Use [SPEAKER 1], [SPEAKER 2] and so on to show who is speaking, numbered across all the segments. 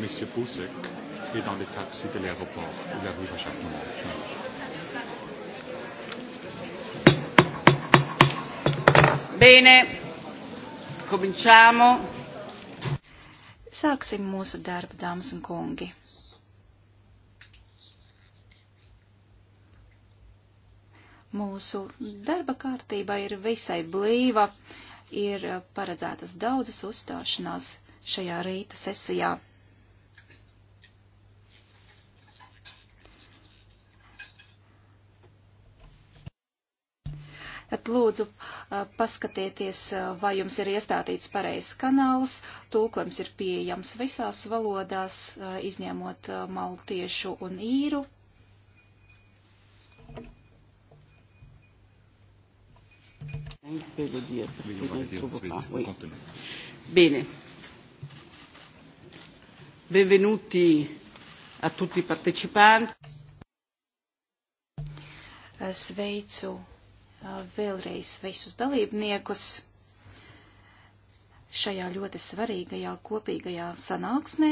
[SPEAKER 1] Monsieur Poussek est dans le taxi de l'aéroport. Il arrive à chaque moment.
[SPEAKER 2] Bene, cominciamo. Sāksim mūsu darbu, dāmas un kungi. Mūsu darba kārtība ir visai blīva, ir paredzētas daudzas uzstāšanās šajā rīta sesijā. Tad lūdzu paskatieties, vai jums ir iestādīts pareizs kanāls. Tulkojums ir pieejams visās valodās, izņemot maltiešu un īru. Bene.
[SPEAKER 1] Benvenuti a tutti i partecipanti.
[SPEAKER 2] Sveicu vēlreiz visus dalībniekus šajā ļoti svarīgajā kopīgajā sanāksmē.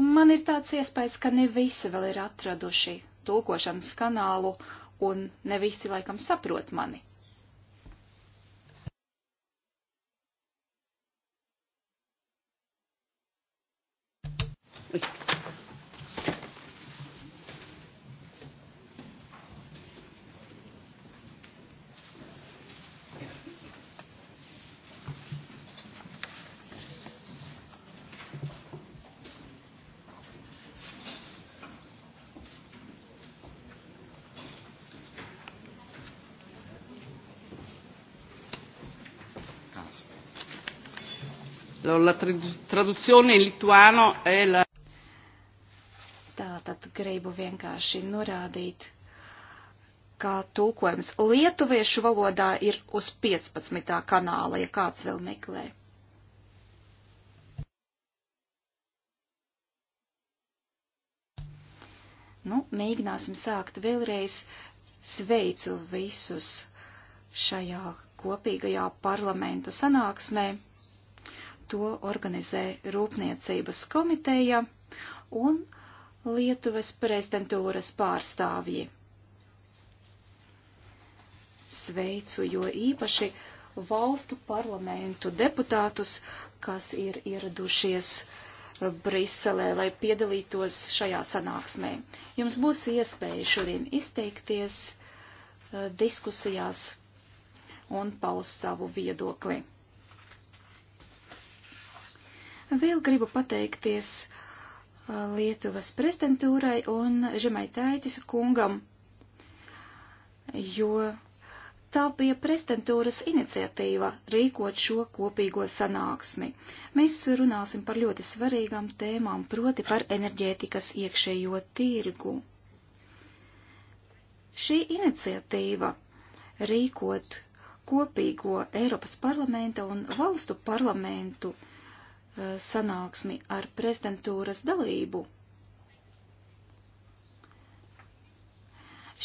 [SPEAKER 2] Man ir tāds iespējas, ka ne visi vēl ir atraduši tulkošanas kanālu un ne visi laikam saprot mani. Uj. La traduzione in lituano è la. Tātad gribu vienkārši norādīt, ka tulkojums lietuviešu valodā ir uz 15. kanāla, ja kāds vēl meklē. Nu, mēģināsim sākt vēlreiz. Sveicu visus šajā kopīgajā parlamentu sanāksmē. To organizē Rūpniecības komiteja un Lietuvas prezidentūras pārstāvji. Sveicu jo īpaši valstu parlamentu deputātus, kas ir ieradušies eh, Briselē, lai piedalītos šajā sanāksmē. Jums būs iespēja šodien izteikties eh, diskusijās un paust savu viedokli. Vēl gribu pateikties uh, Lietuvas prezidentūrai un Žemaitaitis kungam, jo tā bija prezidentūras iniciatīva rīkot šo kopīgo sanāksmi. Mēs runāsim par ļoti svarīgām tēmām, proti par enerģētikas iekšējo tirgu. Šī iniciatīva rīkot kopīgo Eiropas parlamenta un valstu parlamentu uh, Uh, sanāksmi ar prezidentūras dalību.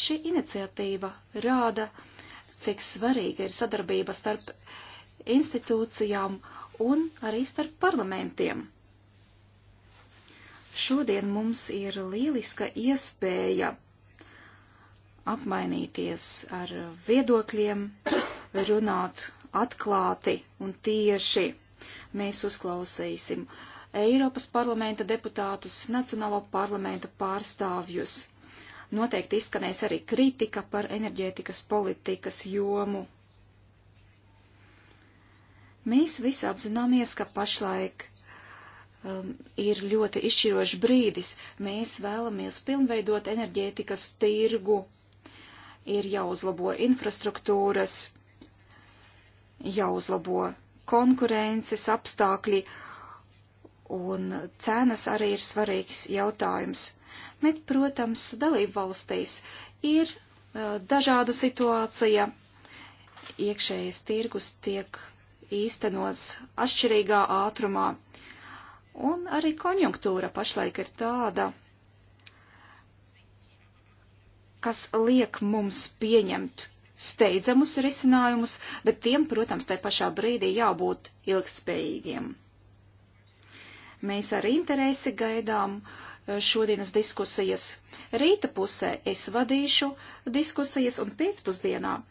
[SPEAKER 2] Šī iniciatīva rāda, cik svarīga ir sadarbība starp institūcijām un arī starp parlamentiem. Šodien mums ir lieliska iespēja apmainīties ar viedokļiem, runāt atklāti un tieši Mēs uzklausīsim Eiropas parlamenta deputātus, Nacionālo parlamenta pārstāvjus. Noteikti izskanēs arī kritika par enerģētikas politikas jomu. Mēs visi apzināmies, ka pašlaik um, ir ļoti izšķirošs brīdis. Mēs vēlamies pilnveidot enerģētikas tirgu, ir jāuzlabo infrastruktūras, jāuzlabo konkurences apstākļi un cenas arī ir svarīgs jautājums. Bet, protams, dalību valstīs ir dažāda situācija. Iekšējais tirgus tiek īstenots atšķirīgā ātrumā. Un arī konjunktūra pašlaik ir tāda, kas liek mums pieņemt, steidzamus risinājumus, bet tiem, protams, tai pašā brīdī jābūt ilgspējīgiem. Mēs ar interesi gaidām eh, šodienas diskusijas. Rīta pusē es vadīšu diskusijas un pēcpusdienā eh,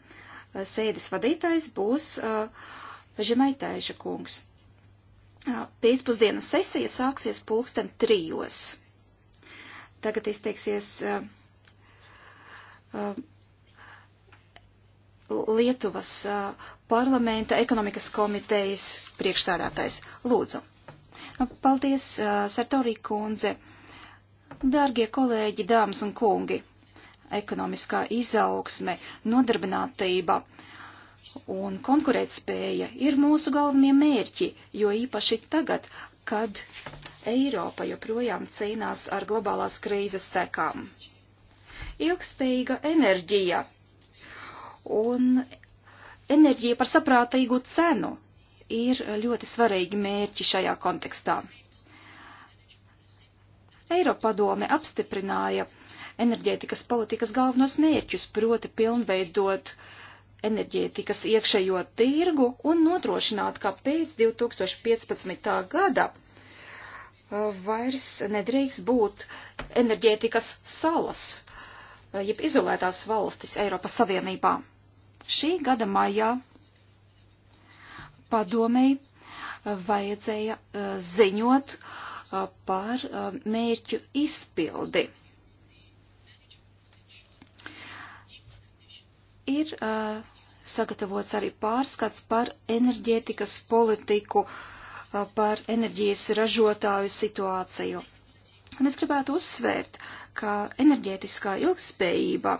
[SPEAKER 2] sēdes vadītājs būs uh, eh, Žemaitēža kungs. Uh, pēcpusdienas sesija sāksies pulksten trijos. Tagad izteiksies uh, Lietuvas parlamenta ekonomikas komitejas priekšstādātais. Lūdzu. Nu, paldies, Sartorī kundze. Dārgie kolēģi, dāmas un kungi, ekonomiskā izaugsme, nodarbinātība un konkurētspēja ir mūsu galvenie mērķi, jo īpaši tagad, kad Eiropa joprojām cīnās ar globālās krīzes sekām. Ilgspējīga enerģija un enerģija par saprātīgu cenu ir ļoti svarīgi mērķi šajā kontekstā. Eiropadome apstiprināja enerģētikas politikas galvenos mērķus, proti pilnveidot enerģētikas iekšējo tirgu un nodrošināt, ka pēc 2015. gada uh, vairs nedrīkst būt enerģētikas salas, Eh, jeb izolētās valstis Eiropas Savienībā. Šī gada maijā padomēji eh, vajadzēja eh, ziņot par mērķu izpildi. Ir sagatavots arī pārskats par enerģētikas politiku, par enerģijas ražotāju situāciju. Un es gribētu uzsvērt, kā enerģētiskā ilgspējība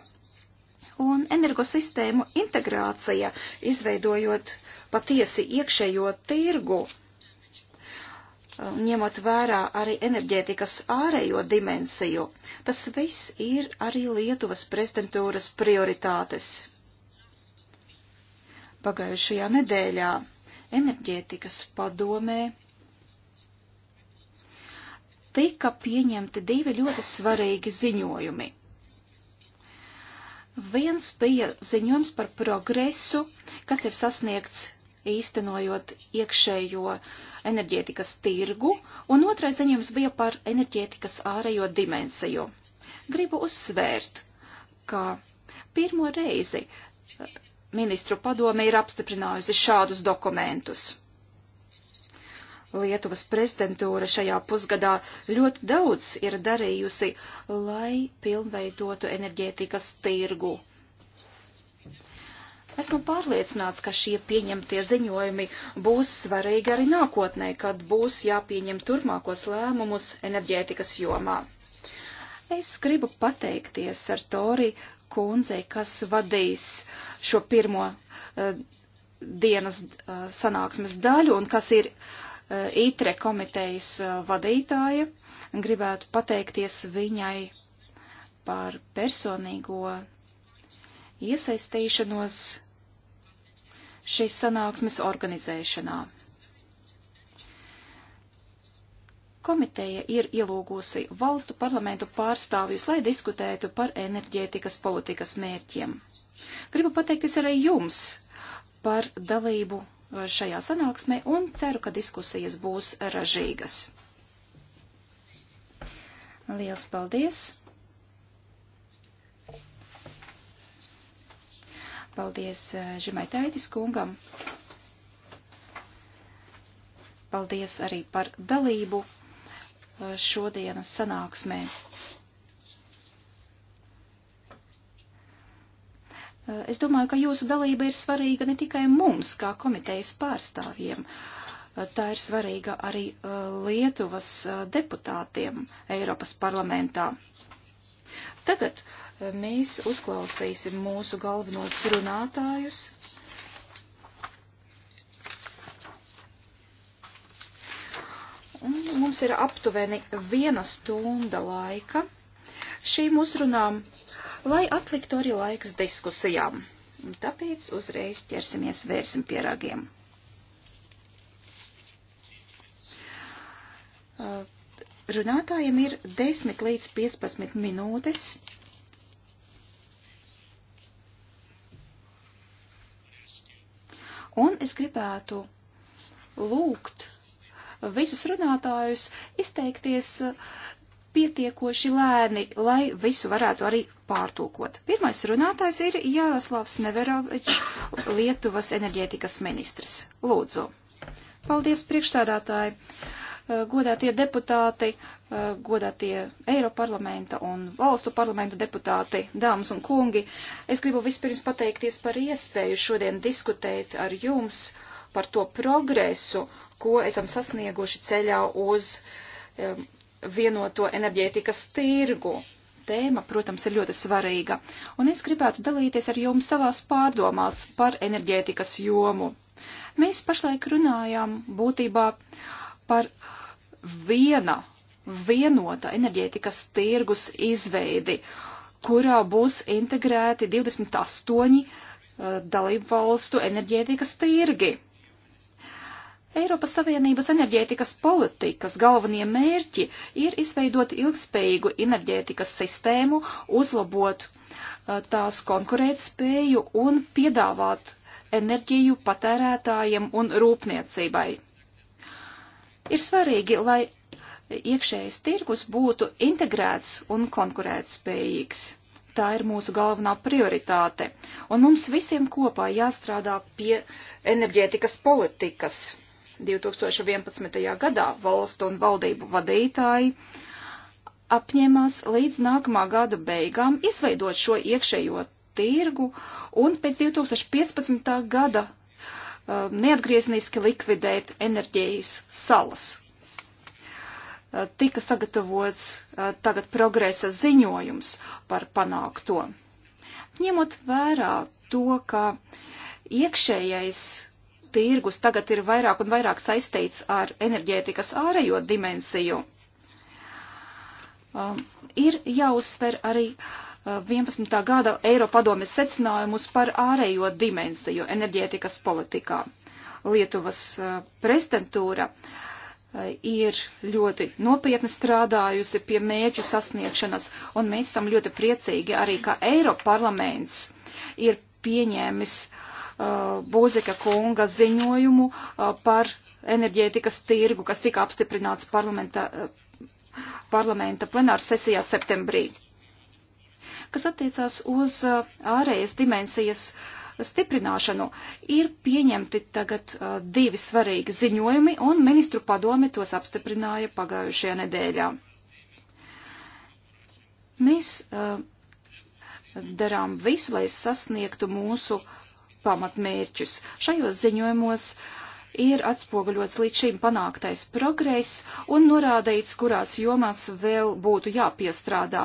[SPEAKER 2] un energosistēmu integrācija, izveidojot patiesi iekšējo tirgu, ņemot vērā arī enerģētikas ārējo dimensiju. Tas viss ir arī Lietuvas prezidentūras prioritātes. Pagājušajā nedēļā enerģētikas padomē tika pieņemti divi ļoti svarīgi ziņojumi. Viens bija ziņojums par progresu, kas ir sasniegts īstenojot iekšējo enerģētikas tirgu, un otrais ziņojums bija par enerģētikas ārējo dimensiju. Gribu uzsvērt, ka pirmo reizi ministru padome ir apstiprinājusi šādus dokumentus. Lietuvas prezidentūra šajā pusgadā ļoti daudz ir darījusi, lai pilnveidotu enerģētikas tirgu. Esmu pārliecināts, ka šie pieņemtie ziņojumi būs svarīgi arī nākotnē, kad būs jāpieņem turpmākos lēmumus enerģētikas jomā. Es gribu pateikties ar Tori kundzei, kas vadīs šo pirmo uh, dienas uh, sanāksmes daļu un kas ir uh, Eh, ITRE komitejas eh, vadītāja. Gribētu pateikties viņai par personīgo iesaistīšanos šīs sanāksmes organizēšanā. Komiteja ir ielūgusi valstu parlamentu pārstāvjus, lai diskutētu par enerģētikas politikas mērķiem. Gribu pateikties arī jums par dalību šajā sanāksmē un ceru, ka diskusijas būs ražīgas. Liels paldies! Paldies eh, Žimai Taitis kungam! Paldies arī par dalību eh, šodienas sanāksmē. Es domāju, ka jūsu dalība ir svarīga ne tikai mums, kā komitejas pārstāvjiem. Tā ir svarīga arī uh, Lietuvas uh, deputātiem Eiropas parlamentā. Tagad uh, mēs uzklausīsim mūsu galvenos runātājus. Un mums ir aptuveni viena stunda laika. Šīm uzrunām lai atliktu arī laiks diskusijām. Un tāpēc uzreiz ķersimies vērsim pie ragiem. Uh, runātājiem ir 10 līdz 15 minūtes. Un es gribētu lūgt visus runātājus izteikties uh, pietiekoši lēni, lai visu varētu arī pārtulkot. Pirmais runātājs ir Jāroslavs Neverovičs, Lietuvas enerģētikas ministrs. Lūdzu. Paldies, priekšstādātāji, eh, godātie deputāti, eh, godātie Eiroparlamenta un valstu parlamentu deputāti, dāmas un kungi. Es gribu vispirms pateikties par iespēju šodien diskutēt ar jums par to progresu, ko esam sasnieguši ceļā uz um, vienoto enerģētikas tirgu. Tēma, protams, ir ļoti svarīga, un es gribētu dalīties ar jums savās pārdomās par enerģētikas jomu. Mēs pašlaik runājām būtībā par viena, vienota enerģētikas tirgus izveidi, kurā būs integrēti 28 eh, dalību valstu enerģētikas tirgi Eiropas Savienības enerģētikas politikas galvenie mērķi ir izveidot ilgspējīgu enerģētikas sistēmu, uzlabot eh, tās konkurētspēju un piedāvāt enerģiju patērētājiem un rūpniecībai. Ir svarīgi, lai iekšējais tirgus būtu integrēts un konkurētspējīgs. Tā ir mūsu galvenā prioritāte, un mums visiem kopā jāstrādā pie enerģētikas politikas 2011. gadā valstu un valdību vadītāji apņēmās līdz nākamā gada beigām izveidot šo iekšējo tirgu un pēc 2015. gada uh, um, neatgriezniski likvidēt enerģijas salas. Uh, tika sagatavots uh, tagad progresa ziņojums par panākto. Ņemot vērā to, ka iekšējais tirgus tagad ir vairāk un vairāk saistīts ar enerģētikas ārējo dimensiju. Um, ir jāuzsver arī uh, 11. gada Eiropadomes secinājumus par ārējo dimensiju enerģētikas politikā. Lietuvas uh, prezidentūra uh, ir ļoti nopietni strādājusi pie mēķu sasniegšanas, un mēs esam ļoti priecīgi arī, ka Eiroparlaments ir pieņēmis uh, Uh, Būzika kunga ziņojumu uh, par enerģētikas tirgu, kas tika apstiprināts parlamenta, uh, parlamenta plenāra sesijā septembrī. Kas attiecās uz ārējas dimensijas stiprināšanu, ir pieņemti tagad divi svarīgi ziņojumi, un ministru padome tos apstiprināja pagājušajā nedēļā. Mēs darām visu, lai sasniegtu mūsu uh, pamatmērķus. Šajos ziņojumos ir atspoguļots līdz šim panāktais progress un norādīts, kurās jomās vēl būtu jāpiestrādā.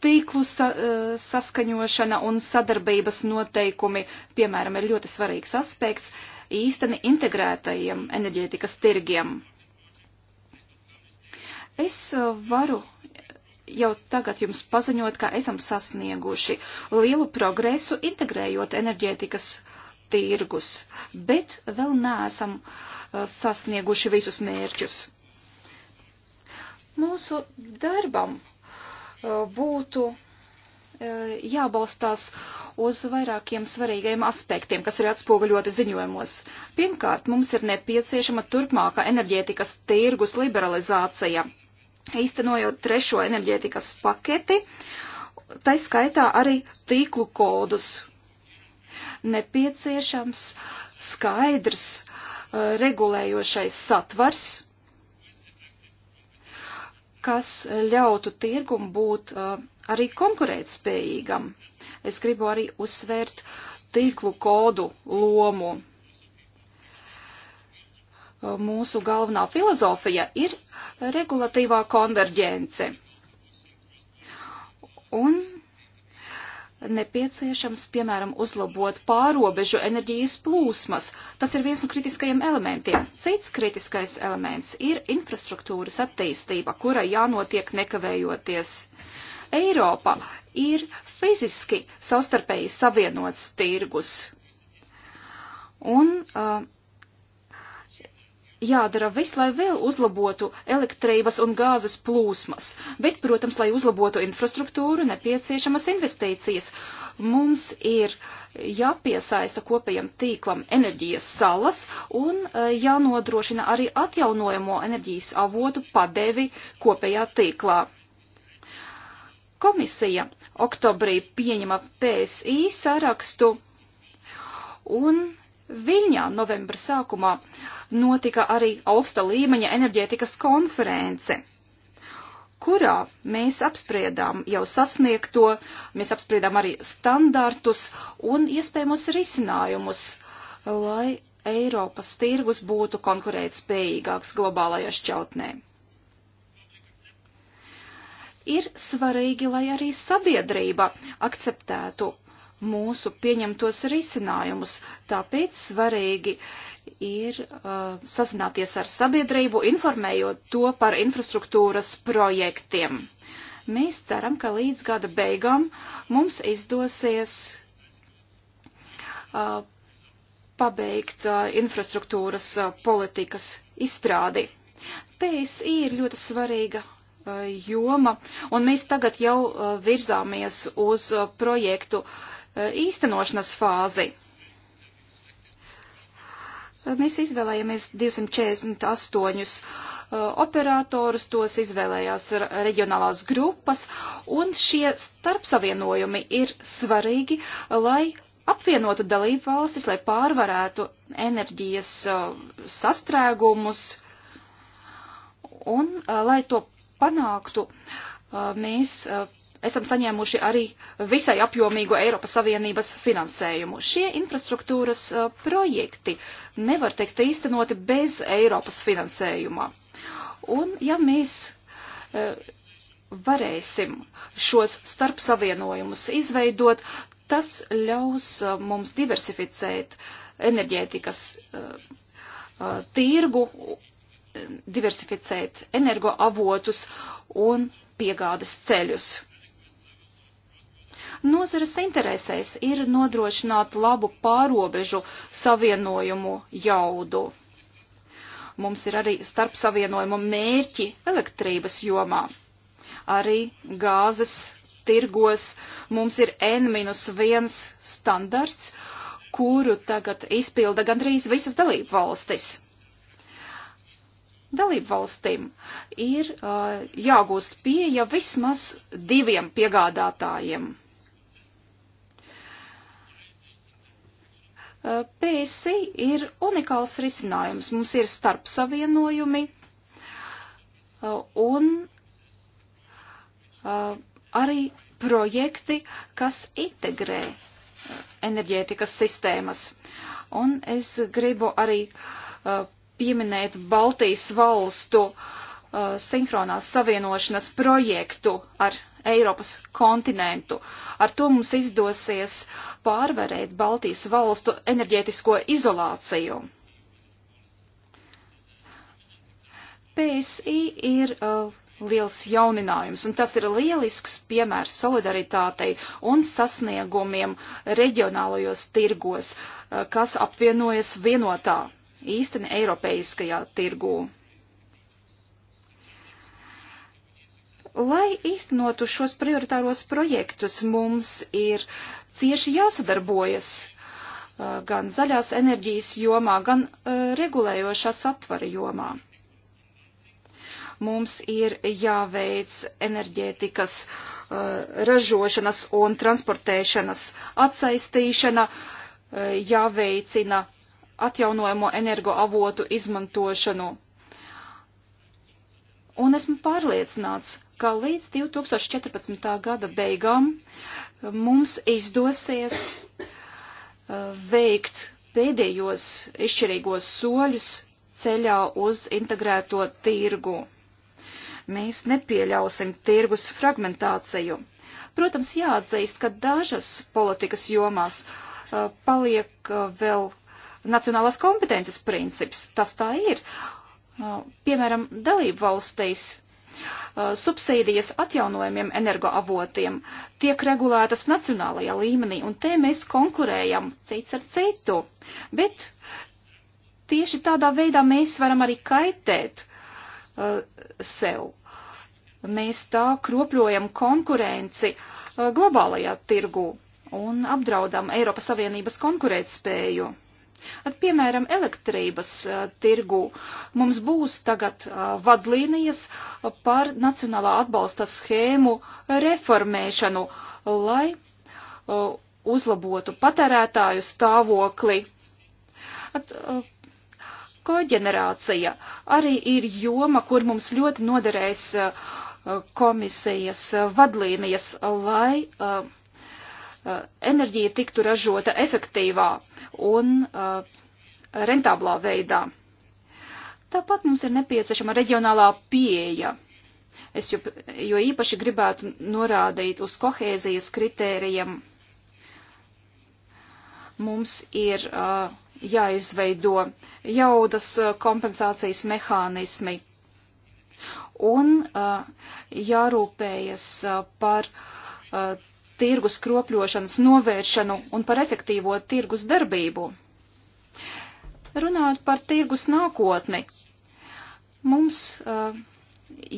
[SPEAKER 2] Tīklu sa e, saskaņošana un sadarbības noteikumi, piemēram, ir ļoti svarīgs aspekts īsteni integrētajiem enerģētikas tirgiem. Es varu jau tagad jums paziņot, ka esam sasnieguši lielu progresu integrējot enerģētikas tirgus, bet vēl neesam uh, sasnieguši visus mērķus. Mūsu darbam uh, būtu uh, jābalstās uz vairākiem svarīgiem aspektiem, kas ir atspoguļoti ziņojumos. Pirmkārt, mums ir nepieciešama turpmāka enerģētikas tirgus liberalizācija īstenojot trešo enerģētikas paketi, tai skaitā arī tīklu kodus. Nepieciešams skaidrs uh, regulējošais satvars, kas ļautu tirgum būt uh, arī konkurētspējīgam. Es gribu arī uzsvērt tīklu kodu lomu mūsu galvenā filozofija ir regulatīvā konverģence. Un nepieciešams, piemēram, uzlabot pārobežu enerģijas plūsmas. Tas ir viens no kritiskajiem elementiem. Cits kritiskais elements ir infrastruktūras attīstība, kura jānotiek nekavējoties. Eiropa ir fiziski savstarpēji savienots tirgus. Un uh, jādara viss, lai vēl uzlabotu elektrības un gāzes plūsmas, bet, protams, lai uzlabotu infrastruktūru, nepieciešamas investīcijas. Mums ir jāpiesaista kopējam tīklam enerģijas salas un e, jānodrošina arī atjaunojamo enerģijas avotu padevi kopējā tīklā. Komisija oktobrī pieņema PSI sarakstu un Viļņā novembra sākumā notika arī augsta līmeņa enerģētikas konference, kurā mēs apspriedām jau sasniegto, mēs apspriedām arī standartus un iespējamos risinājumus, lai Eiropas tirgus būtu konkurētspējīgāks globālajā šķautnē. Ir svarīgi, lai arī sabiedrība akceptētu mūsu pieņemtos risinājumus. Tāpēc svarīgi ir uh, sazināties ar sabiedrību, informējot to par infrastruktūras projektiem. Mēs ceram, ka līdz gada beigām mums izdosies uh, pabeigt uh, infrastruktūras uh, politikas izstrādi. PSI ir ļoti svarīga uh, joma, un mēs tagad jau uh, virzāmies uz uh, projektu uh, Eh, īstenošanas fāzi. Eh, mēs izvēlējāmies 248 eh, operatorus, tos izvēlējās reģionālās grupas, un šie starpsavienojumi ir svarīgi, lai apvienotu dalību valstis, lai pārvarētu enerģijas sastrēgumus, un lai to panāktu, mēs esam saņēmuši arī visai apjomīgu Eiropas Savienības finansējumu. Šie infrastruktūras uh, projekti nevar teikt īstenoti bez Eiropas finansējuma. Un ja mēs uh, varēsim šos starpsavienojumus izveidot, tas ļaus uh, mums diversificēt enerģētikas tirgu, diversificēt energoavotus un piegādes ceļus Nozares interesēs ir nodrošināt labu pārobežu savienojumu jaudu. Mums ir arī starp savienojumu mērķi elektrības jomā. Arī gāzes tirgos mums ir N-1 standarts, kuru tagad izpilda gandrīz visas dalību valstis dalību valstīm ir uh, jāgūst pieeja vismaz diviem piegādātājiem. PSI ir unikāls risinājums. Mums ir starp savienojumi un arī projekti, kas integrē enerģētikas sistēmas. Un es gribu arī pieminēt Baltijas valstu sinhronās savienošanas projektu ar Eiropas kontinentu. Ar to mums izdosies pārvarēt Baltijas valstu enerģētisko izolāciju. PSI ir uh, liels jauninājums, un tas ir lielisks piemērs solidaritātei un sasniegumiem reģionālajos tirgos, uh, kas apvienojas vienotā, īsteni eiropeiskajā tirgū. Lai īstenotu šos prioritāros projektus, mums ir cieši jāsadarbojas uh, gan zaļās enerģijas jomā, gan uh, regulējošā satvara jomā. Mums ir jāveic enerģētikas uh, ražošanas un transportēšanas atsaistīšana, jāveicina atjaunojamo energoavotu izmantošanu Un esmu pārliecināts, ka līdz 2014. gada beigām uh, mums izdosies uh, veikt pēdējos izšķirīgos soļus ceļā uz integrēto tirgu. Mēs nepieļausim tirgus fragmentāciju. Protams, jāatzīst, ka dažas politikas jomās uh, paliek vēl nacionālās kompetences princips. Tas tā ir piemēram, dalību valstīs subsīdijas atjaunojumiem energoavotiem tiek regulētas nacionālajā līmenī, un te mēs konkurējam cits ar citu. Bet tieši tādā veidā mēs varam arī kaitēt uh, sev. Mēs tā kropļojam konkurenci uh, globālajā tirgu un apdraudam Eiropas Savienības konkurētspēju. At, piemēram, elektrības uh, tirgu mums būs tagad uh, vadlīnijas par nacionālā atbalsta schēmu reformēšanu, lai uh, uzlabotu patērētāju stāvokli. At, koģenerācija arī ir joma, kur mums ļoti noderēs komisijas vadlīnijas, lai uh, Uh, enerģija tiktu ražota efektīvā un uh, rentablā veidā. Tāpat mums ir nepieciešama reģionālā pieeja. Es jo, jo īpaši gribētu norādīt uz kohēzijas kritērijiem. Mums ir uh, jāizveido jaudas uh, kompensācijas mehānismi un uh, jārūpējas uh, par uh, tirgus kropļošanas novēršanu un par efektīvo tirgus darbību. Runājot par tirgus nākotni, mums uh,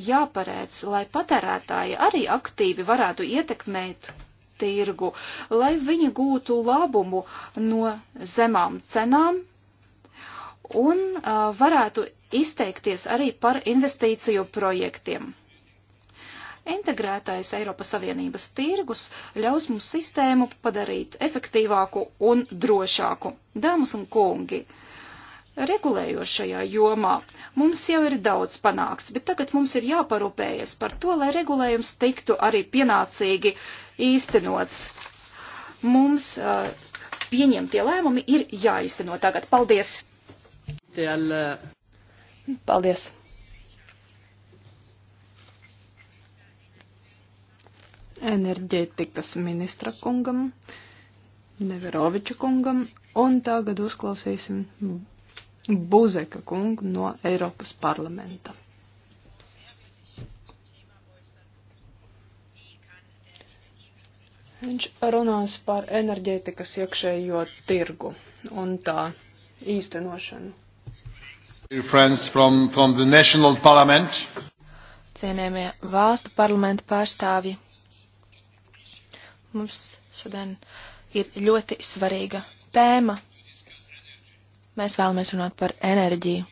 [SPEAKER 2] jāparēc, lai patērētāji arī aktīvi varētu ietekmēt tirgu, lai viņi gūtu labumu no zemām cenām un uh, varētu izteikties arī par investīciju projektiem. Integrētais Eiropas Savienības tirgus ļaus mums sistēmu padarīt efektīvāku un drošāku. Dāmas un kungi, regulējošajā jomā mums jau ir daudz panāks, bet tagad mums ir jāparūpējas par to, lai regulējums tiktu arī pienācīgi īstenots. Mums uh, pieņemtie lēmumi ir jāizteno tagad. Paldies!
[SPEAKER 1] Uh, Paldies! enerģētikas ministra kungam, Neveroviča kungam, un tagad uzklausīsim Buzeka kungu no Eiropas parlamenta. Viņš runās par enerģētikas iekšējo tirgu un tā īstenošanu.
[SPEAKER 3] From, from Cienējamie valstu parlamenta pārstāvji, Mums šodien ir ļoti svarīga tēma. Mēs vēlamies runāt par enerģiju.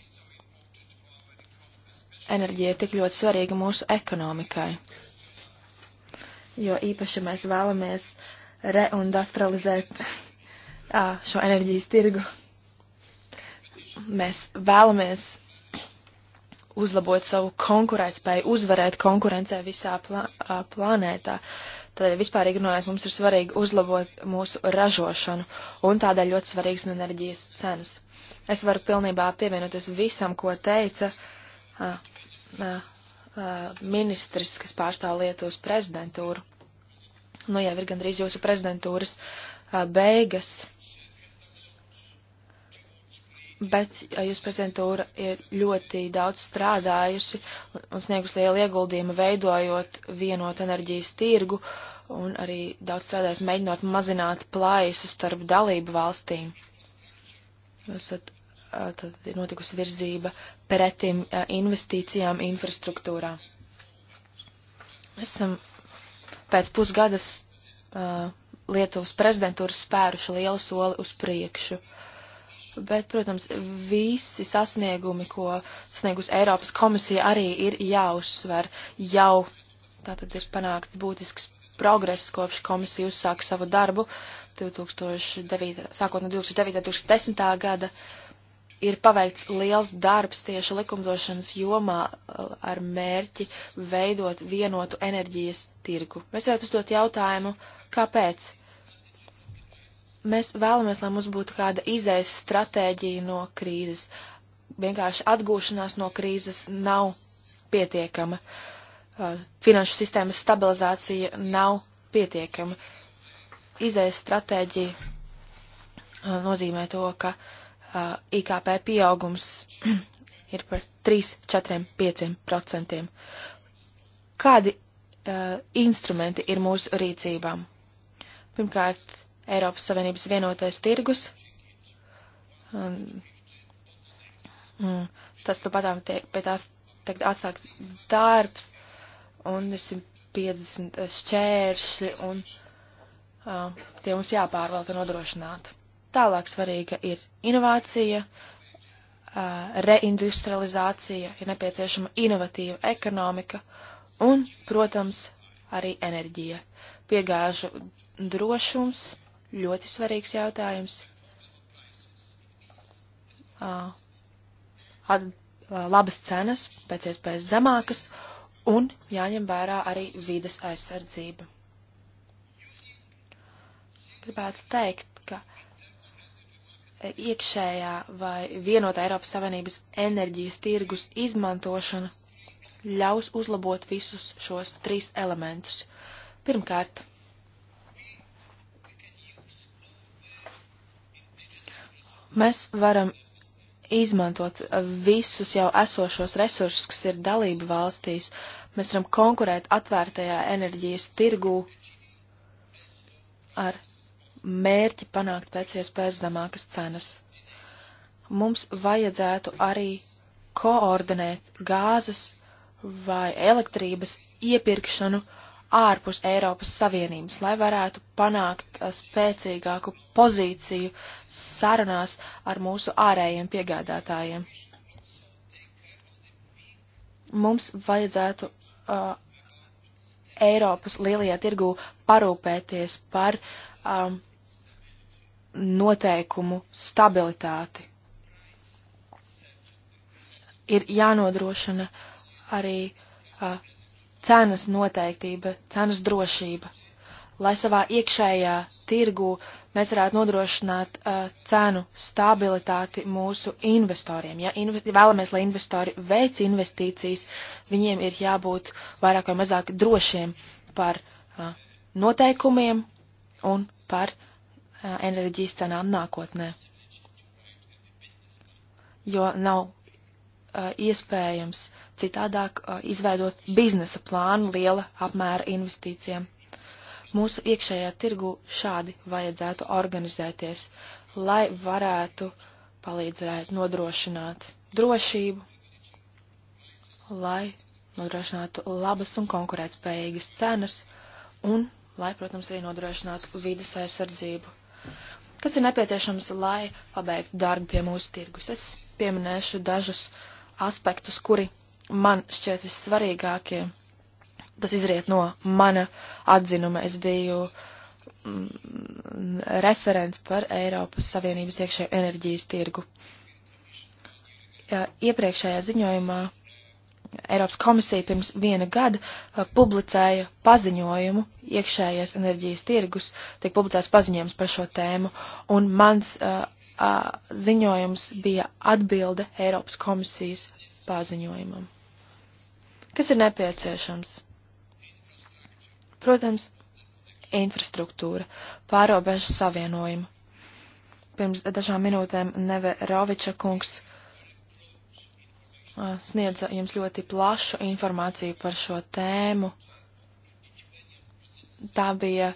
[SPEAKER 3] Enerģija ir tik ļoti svarīga mūsu ekonomikai, jo īpaši mēs vēlamies reindustrializēt šo enerģijas tirgu. Mēs vēlamies uzlabot savu konkurētspēju, uzvarēt konkurencē visā plā, planētā. Uh, Tādēļ eh, vispārīgi runājot, mums ir svarīgi uzlabot mūsu ražošanu un tādēļ ļoti svarīgas ir enerģijas cenas. Es varu pilnībā pievienoties visam, ko teica a, a, a, ministrs, kas pārstāv Lietuvas prezidentūru. Nu, jau ir gandrīz jūsu prezidentūras a, beigas bet jūs prezidentūra ir ļoti daudz strādājusi un sniegus lielu ieguldījumu veidojot vienotu enerģijas tirgu un arī daudz strādājis mēģinot mazināt plājusu starp dalību valstīm. Esat, tad ir notikusi virzība pretim investīcijām infrastruktūrā. Esam pēc pusgadas uh, Lietuvas prezidentūras spēruši lielu soli uz priekšu. Bet, protams, visi sasniegumi, ko sasniegus Eiropas komisija, arī ir jāuzsver. Jau tātad ir panākts būtisks progress kopš komisija uzsāka savu darbu 2009, sākot no 2009. 2010. gada. Ir paveikts liels darbs tieši likumdošanas jomā eh, ar mērķi veidot vienotu enerģijas tirgu. Mēs varētu uzdot jautājumu, kāpēc? Mēs vēlamies, lai mums būtu kāda izējas stratēģija no krīzes. Vienkārši atgūšanās no krīzes nav pietiekama. Uh, finanšu sistēmas stabilizācija nav pietiekama. Izējas stratēģija nozīmē to, ka IKP pieaugums ir par 3, 4, 5 procentiem. Kādi uh, instrumenti ir mūsu rīcībām? Pirmkārt, Eiropas Savienības vienotais tirgus. Un, un, mm, tas tu patām tiek pie tās tagad atsāks darbs un ir 150 šķēršļi, un uh, tie mums jāpārvalk un nodrošināt. Tālāk svarīga ir inovācija, uh, reindustrializācija, ir nepieciešama inovatīva ekonomika un, protams, arī enerģija. Piegāžu drošums ļoti svarīgs jautājums. Uh, at, labas cenas, pēc iespējas zemākas, un jāņem vērā arī vides aizsardzība. Gribētu teikt, ka iekšējā vai vienotā Eiropas Savienības enerģijas tirgus izmantošana ļaus uzlabot visus šos trīs elementus. Pirmkārt, mēs varam izmantot visus jau esošos resursus, kas ir dalību valstīs, uh, Mēs varam konkurēt atvērtajā enerģijas tirgū ar mērķi panākt pēc iespējas zemākas cenas. Mums vajadzētu arī koordinēt gāzes vai elektrības iepirkšanu ārpus Eiropas Savienības, lai varētu panākt uh, spēcīgāku pozīciju sarunās ar mūsu ārējiem piegādātājiem. Mums vajadzētu uh, Eiropas lielajā tirgū parūpēties par um, noteikumu stabilitāti. Ir jānodrošina arī uh, cenas noteiktība, cenas drošība lai savā iekšējā tirgu mēs varētu nodrošināt uh, cenu stabilitāti mūsu investoriem. Ja inv vēlamies, lai investori veic investīcijas, viņiem ir jābūt vairāk vai mazāk drošiem par uh, noteikumiem un par uh, enerģijas cenām nākotnē. Jo nav uh, iespējams citādāk uh, izveidot biznesa plānu liela apmēra investīcijām mūsu iekšējā tirgu šādi vajadzētu organizēties, lai varētu palīdzēt nodrošināt drošību, lai nodrošinātu labas un konkurētspējīgas cenas un, lai, protams, arī nodrošinātu vidas aizsardzību. Kas ir nepieciešams, lai pabeigtu darbu pie mūsu tirgus? Es pieminēšu dažus aspektus, kuri man šķiet vissvarīgākie. Ja tas izriet no mana atzinuma. Es biju mm, referents par Eiropas Savienības iekšējo enerģijas tirgu. Ja, iepriekšējā ziņojumā Eiropas komisija pirms viena gada a, uh, publicēja paziņojumu iekšējais enerģijas tirgus, tiek publicēts paziņojums par šo tēmu, un mans a, uh, a, uh, ziņojums bija atbilde Eiropas komisijas paziņojumam. Kas ir nepieciešams? Protams, infrastruktūra, pārobežu savienojumu. Pirms dažām minūtēm Neve Roviča kungs sniedza jums ļoti plašu informāciju par šo tēmu. Tā bija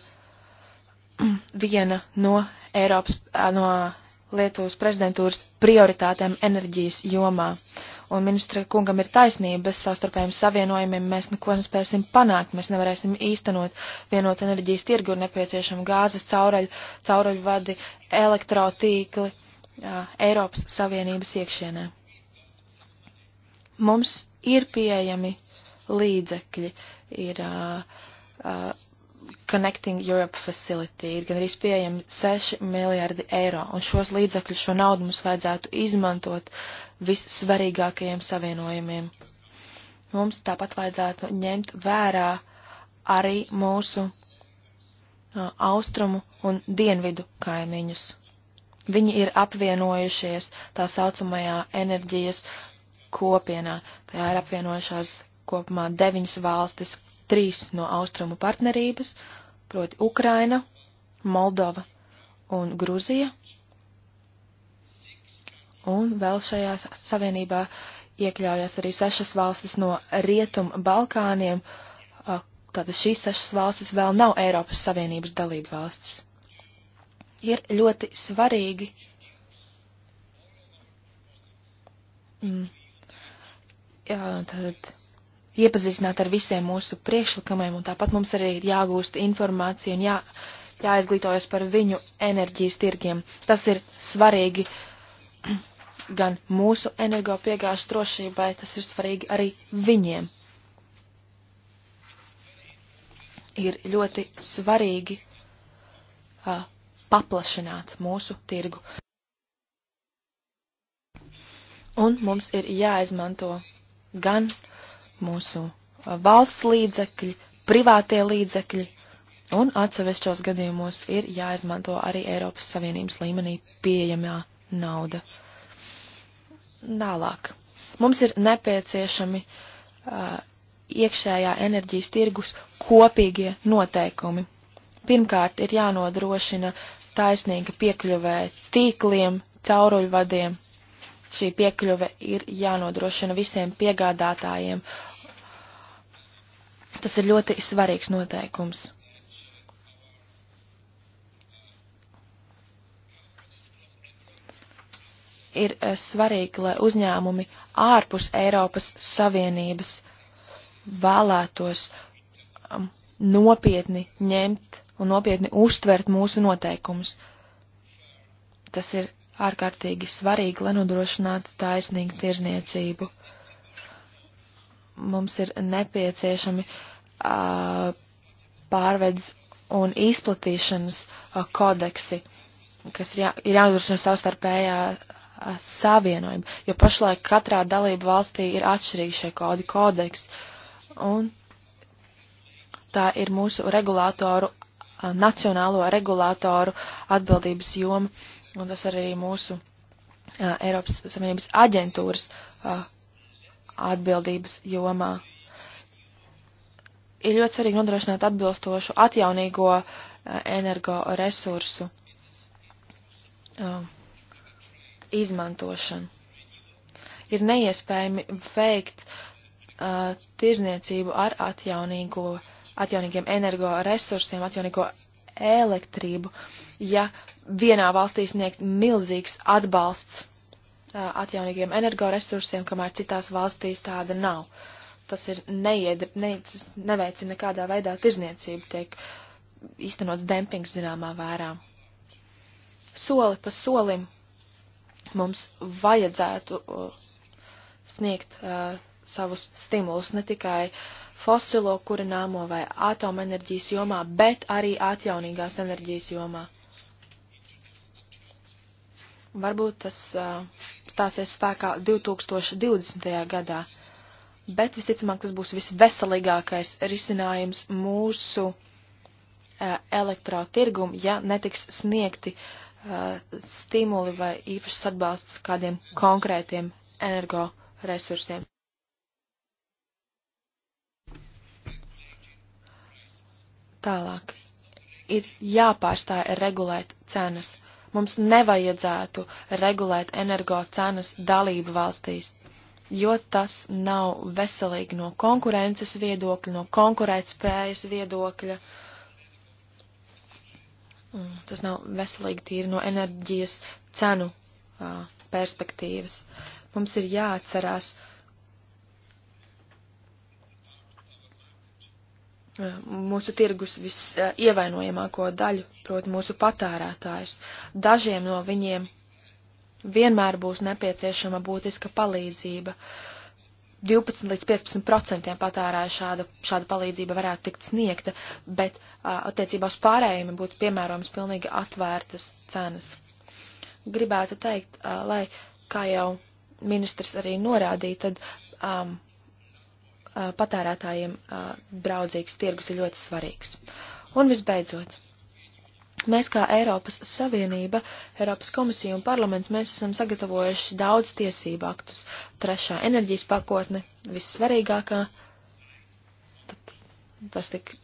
[SPEAKER 3] mm, viena no Eiropas, no Lietuvas prezidentūras prioritātēm enerģijas jomā. Uh, Un ministra kungam ir taisnība, bez sastarpējiem savienojumiem mēs neko nespēsim panākt, mēs nevarēsim īstenot vienot enerģijas tirgu un nepieciešamu gāzes caureļu, caureļu vadi, elektrotīkli jā, Eiropas Savienības iekšienē. Mums ir pieejami līdzekļi, ir uh, uh, Connecting Europe Facility ir gan arī pieejami 6 miljardi eiro, un šos līdzekļus, šo naudu mums vajadzētu izmantot vissvarīgākajiem savienojumiem. Mums tāpat vajadzētu ņemt vērā arī mūsu uh, austrumu un dienvidu kaimiņus. Viņi ir apvienojušies tā saucamajā enerģijas kopienā. Tajā ir apvienojušās kopumā deviņas valstis trīs no austrumu partnerības, proti Ukraina, Moldova un Gruzija. Un vēl šajā savienībā iekļaujas arī sešas valstis no Rietumu Balkāniem. Tātad šīs sešas valstis vēl nav Eiropas Savienības dalība valstis. Ir ļoti svarīgi mm, jā, tad, iepazīstināt ar visiem mūsu priekšlikumiem, un tāpat mums arī ir jāgūst informācija un jā, jāizglītojas par viņu enerģijas tirgiem. Tas ir svarīgi gan mūsu energopiegāžu drošībai, tas ir svarīgi arī viņiem. Ir ļoti svarīgi uh, paplašināt mūsu tirgu. Un mums ir jāizmanto gan uh, mūsu uh, valsts līdzekļi, privātie līdzekļi, un atsevišķos gadījumos ir jāizmanto arī Eiropas Savienības līmenī pieejamā nauda. Tālāk. Mums ir nepieciešami uh, iekšējā enerģijas tirgus kopīgie noteikumi. Pirmkārt, ir jānodrošina taisnīga piekļuvē tīkliem, cauruļvadiem Šī piekļuve ir jānodrošina visiem piegādātājiem. Tas ir ļoti svarīgs noteikums. ir eh, svarīgi, lai uzņēmumi ārpus Eiropas Savienības vēlētos um, nopietni ņemt un nopietni uztvert mūsu noteikumus. Tas ir ārkārtīgi svarīgi, lai nodrošinātu taisnīgu tirzniecību. Mums ir nepieciešami uh, pārvedz un izplatīšanas uh, kodeksi, kas ir, jā, ir jānodrošina savstarpējā uh, savienojuma, jo pašlaik katrā dalību valstī ir atšķirīgi šie kodi kodeks. Un tā ir mūsu regulātoru, nacionālo regulātoru atbildības joma un tas arī mūsu uh, Eiropas Savienības aģentūras uh, atbildības jomā. Ir ļoti svarīgi nodrošināt atbilstošu atjaunīgo uh, energoresursu uh, izmantošanu. Ir neiespējami veikt uh, tirzniecību ar atjaunīgo, atjaunīgiem energoresursiem, atjaunīgo elektrību, ja vienā valstī sniegt milzīgs atbalsts atjaunīgiem energoresursiem, kamēr citās valstīs tāda nav. Tas ir neiedri, ne, neveicina nekādā veidā tirzniecību, tiek īstenots dempings zināmā vērā. Soli pa solim mums vajadzētu sniegt uh, savus stimulus ne tikai uh, fosilo kurināmo vai atomenerģijas jomā, bet arī atjaunīgās enerģijas jomā. Varbūt tas uh, stāsies spēkā 2020. gadā, bet visticamāk tas būs visveselīgākais risinājums mūsu uh, elektrotirgumu, ja netiks sniegti uh, stimuli vai īpašs atbalsts kādiem konkrētiem energoresursiem. Tālāk. Ir jāpārstāja regulēt cenas. Mums nevajadzētu regulēt energo cenas dalību valstīs, jo tas nav veselīgi no konkurences viedokļa, no konkurētspējas viedokļa. Tas nav veselīgi tīri no enerģijas cenu perspektīvas. Mums ir jāatcerās, uh, Eh, mūsu tirgus visievainojamāko eh, daļu, proti mūsu patērētājus. Dažiem no viņiem vienmēr būs nepieciešama būtiska palīdzība. 12 līdz 15 procentiem patērēju šāda, šāda palīdzība varētu tikt sniegta, bet eh, attiecībā uz pārējiem būtu piemērojams pilnīgi atvērtas cenas. Gribētu teikt, lai, kā jau ministrs arī norādīja, tad um, patērētājiem draudzīgs tirgus ir ļoti svarīgs. Un visbeidzot, mēs kā Eiropas Savienība, Eiropas komisija un parlaments, mēs esam sagatavojuši daudz tiesību aktus. Trešā enerģijas pakotne, vissvarīgākā, tad tas tika,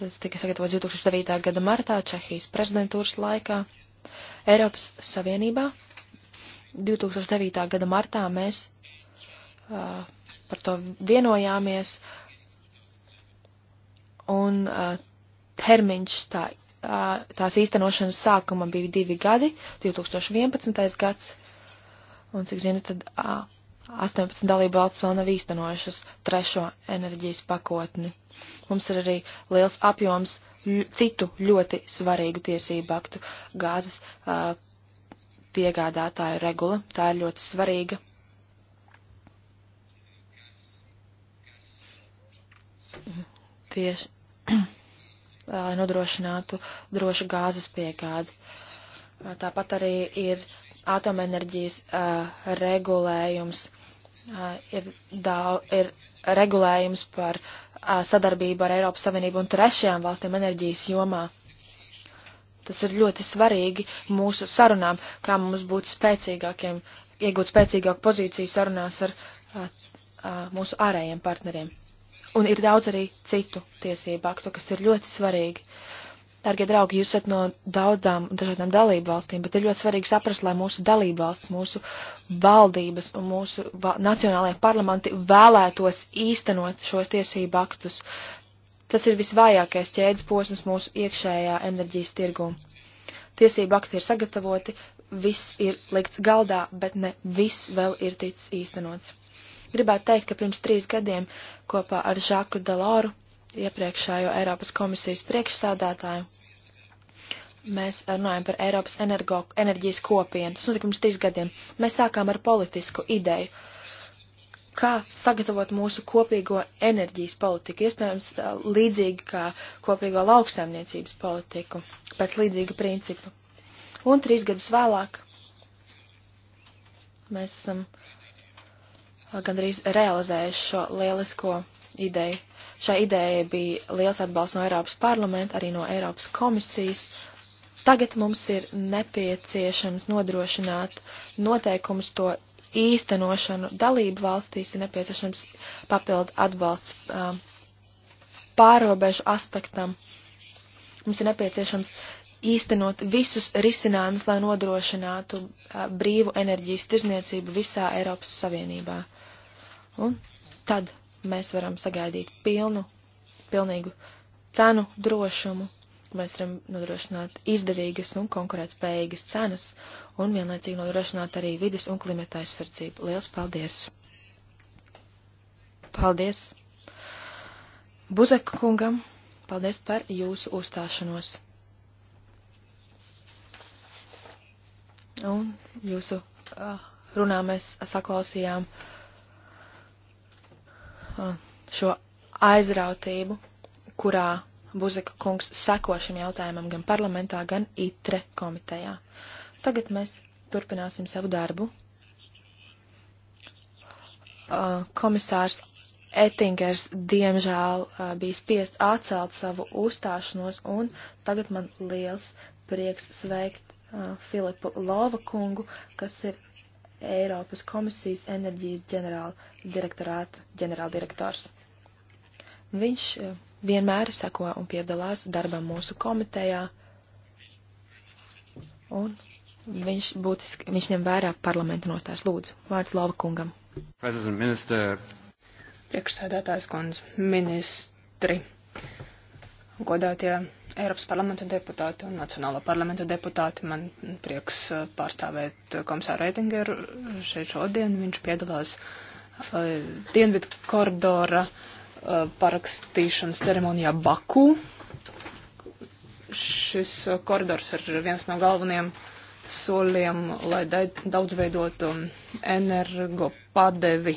[SPEAKER 3] tas tika sagatavots 2009. gada martā Čehijas prezidentūras laikā. Eiropas Savienībā 2009. gada martā mēs uh, par to vienojāmies, un uh, termiņš tā, uh, tās īstenošanas sākuma bija divi gadi, 2011. gads, un cik zinu, tad uh, 18 dalība valsts vēl nav īstenojušas trešo enerģijas pakotni. Mums ir arī liels apjoms citu ļoti svarīgu tiesību aktu gāzes uh, piegādātāju regula. Tā ir ļoti svarīga tieši, lai nodrošinātu drošu gāzes piegādi. Tāpat arī ir atomenerģijas uh, regulējums, uh, ir, daudz, ir regulējums par uh, sadarbību ar Eiropas Savienību un trešajām valstīm enerģijas jomā. Tas ir ļoti svarīgi mūsu sarunām, kā mums būt spēcīgākiem, iegūt spēcīgāku pozīciju sarunās ar mūsu ārējiem partneriem. Un ir daudz arī citu tiesību aktu, kas ir ļoti svarīgi. Dargie draugi, jūs esat no daudzām dažādām dalību valstīm, bet ir ļoti svarīgi saprast, lai mūsu dalību valsts, mūsu valdības un mūsu va nacionālajie parlamenti vēlētos īstenot šos tiesību aktus. Tas ir visvājākais ķēdes posms mūsu iekšējā enerģijas tirgū. Tiesību akti ir sagatavoti, viss ir likts galdā, bet ne viss vēl ir ticis īstenots. Gribētu teikt, ka pirms trīs gadiem kopā ar Žaku Deloru, iepriekšējo Eiropas komisijas priekšsādātāju, mēs runājam par Eiropas energo, enerģijas kopienu. Tas notika pirms trīs gadiem. Mēs sākām ar politisku ideju, kā sagatavot mūsu kopīgo enerģijas politiku, iespējams līdzīgi kā kopīgo lauksaimniecības politiku, pēc līdzīga principa. Un trīs gadus vēlāk mēs esam gandrīz realizējuši šo lielisko ideju. Šai idejai bija liels atbalsts no Eiropas parlamenta, arī no Eiropas komisijas. Tagad mums ir nepieciešams nodrošināt noteikumus to īstenošanu dalību valstīs, ir nepieciešams papildu atbalsts um, pārobežu aspektam. Mums ir nepieciešams īstenot visus risinājumus, lai nodrošinātu a, brīvu enerģijas tirzniecību visā Eiropas Savienībā. Un tad mēs varam sagaidīt pilnu, pilnīgu cenu drošumu, mēs varam nodrošināt izdevīgas un konkurētspējīgas cenas un vienlaicīgi nodrošināt arī vidas un klimata aizsardzību. Liels paldies! Paldies! Buzek kungam, paldies par jūsu uzstāšanos! Un jūsu runā mēs saklausījām šo aizrautību, kurā Buzeka kungs seko šim jautājumam gan parlamentā, gan ITRE komitejā. Tagad mēs turpināsim savu darbu. Komisārs Ettingers, diemžēl, bija spiest atcelt savu uzstāšanos, un tagad man liels prieks sveikt Filipu Lovakungu, kas ir Eiropas komisijas enerģijas ģenerāla direktorāta ģenerāldirektors. Viņš vienmēr seko un piedalās darbā mūsu komitejā, un viņš būtiski, viņš ņem vērā parlamenta nostājas lūdzu. Vārds
[SPEAKER 1] Lovakungam. Priekšsēdētājs kundze, ministri, godātie Eiropas parlamenta deputāti un Nacionālo parlamenta deputāti. Man prieks eh, pārstāvēt eh, komisāru Reitingeru šeit šodien. Viņš piedalās eh, Dienvidu koridora parakstīšanas ceremonijā Baku. Šis koridors ir viens no galvenajiem soļiem, lai daudzveidotu um, energopadevi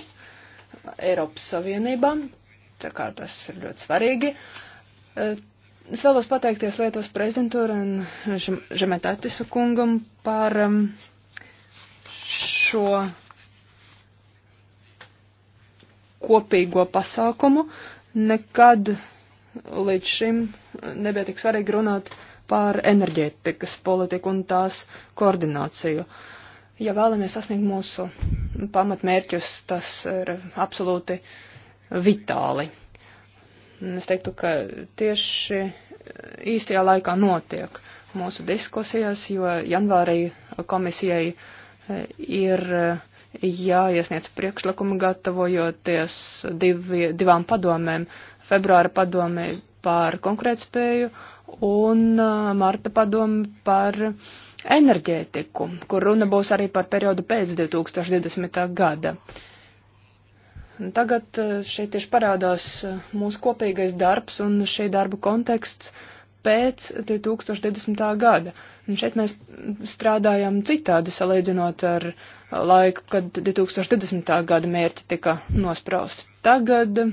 [SPEAKER 1] Eiropas Savienībā. Tā kā tas ir ļoti svarīgi. Es vēlos pateikties Lietuvas prezidentūra un Žemetatis kungam par um, šo kopīgo pasākumu. Nekad līdz šim nebija tik svarīgi runāt par enerģētikas politiku un tās koordināciju. Ja vēlamies sasniegt mūsu pamatmērķus, tas ir absolūti vitāli. Es teiktu, ka tieši eh, īstajā laikā notiek mūsu diskusijas, jo janvārī komisijai eh, ir eh, jāiesniedz priekšlikumi gatavojoties divi, divām padomēm - februāra padomē par konkurētspēju un marta padomu par enerģētiku, kur runa būs arī par periodu pēc 2020. gada. Uh, Tagad eh, šeit tieši parādās eh, mūsu kopīgais darbs un šī darba konteksts pēc 2020. gada. Un šeit mēs strādājam citādi, salīdzinot ar eh, laiku, kad 2020. gada mērķi tika nosprausti. Tagad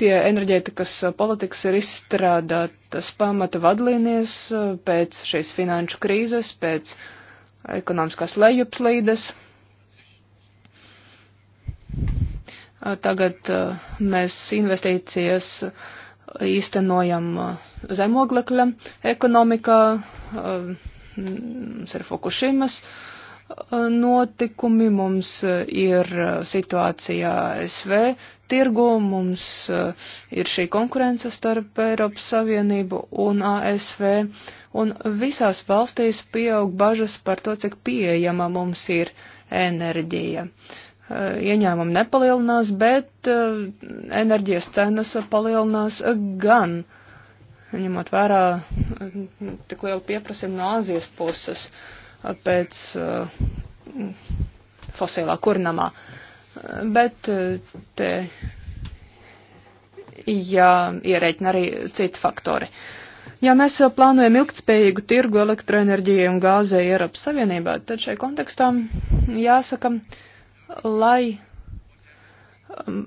[SPEAKER 1] pie enerģētikas politikas ir izstrādātas pamata vadlīnijas pēc šīs finanšu krīzes, pēc ekonomiskās lejupslīdes, Tagad mēs investīcijas īstenojam zemoglekļa ekonomikā, mums ir Fukushimas notikumi, mums ir situācija SV tirgu, mums ir šī konkurence starp Eiropas Savienību un ASV, un visās valstīs pieaug bažas par to, cik pieejama mums ir enerģija. Uh, Eh, ieņēmumi nepalielinās, bet eh, enerģijas cenas palielinās eh, gan, ņemot vērā tik lielu pieprasījumu no Āzijas puses pēc fosilā kurnamā. Bet te jāierēķina arī citi faktori. Ja mēs plānojam ilgtspējīgu tirgu elektroenerģijai un gāzei Eiropas Savienībā, tad šai kontekstā jāsaka, uh, lai, um,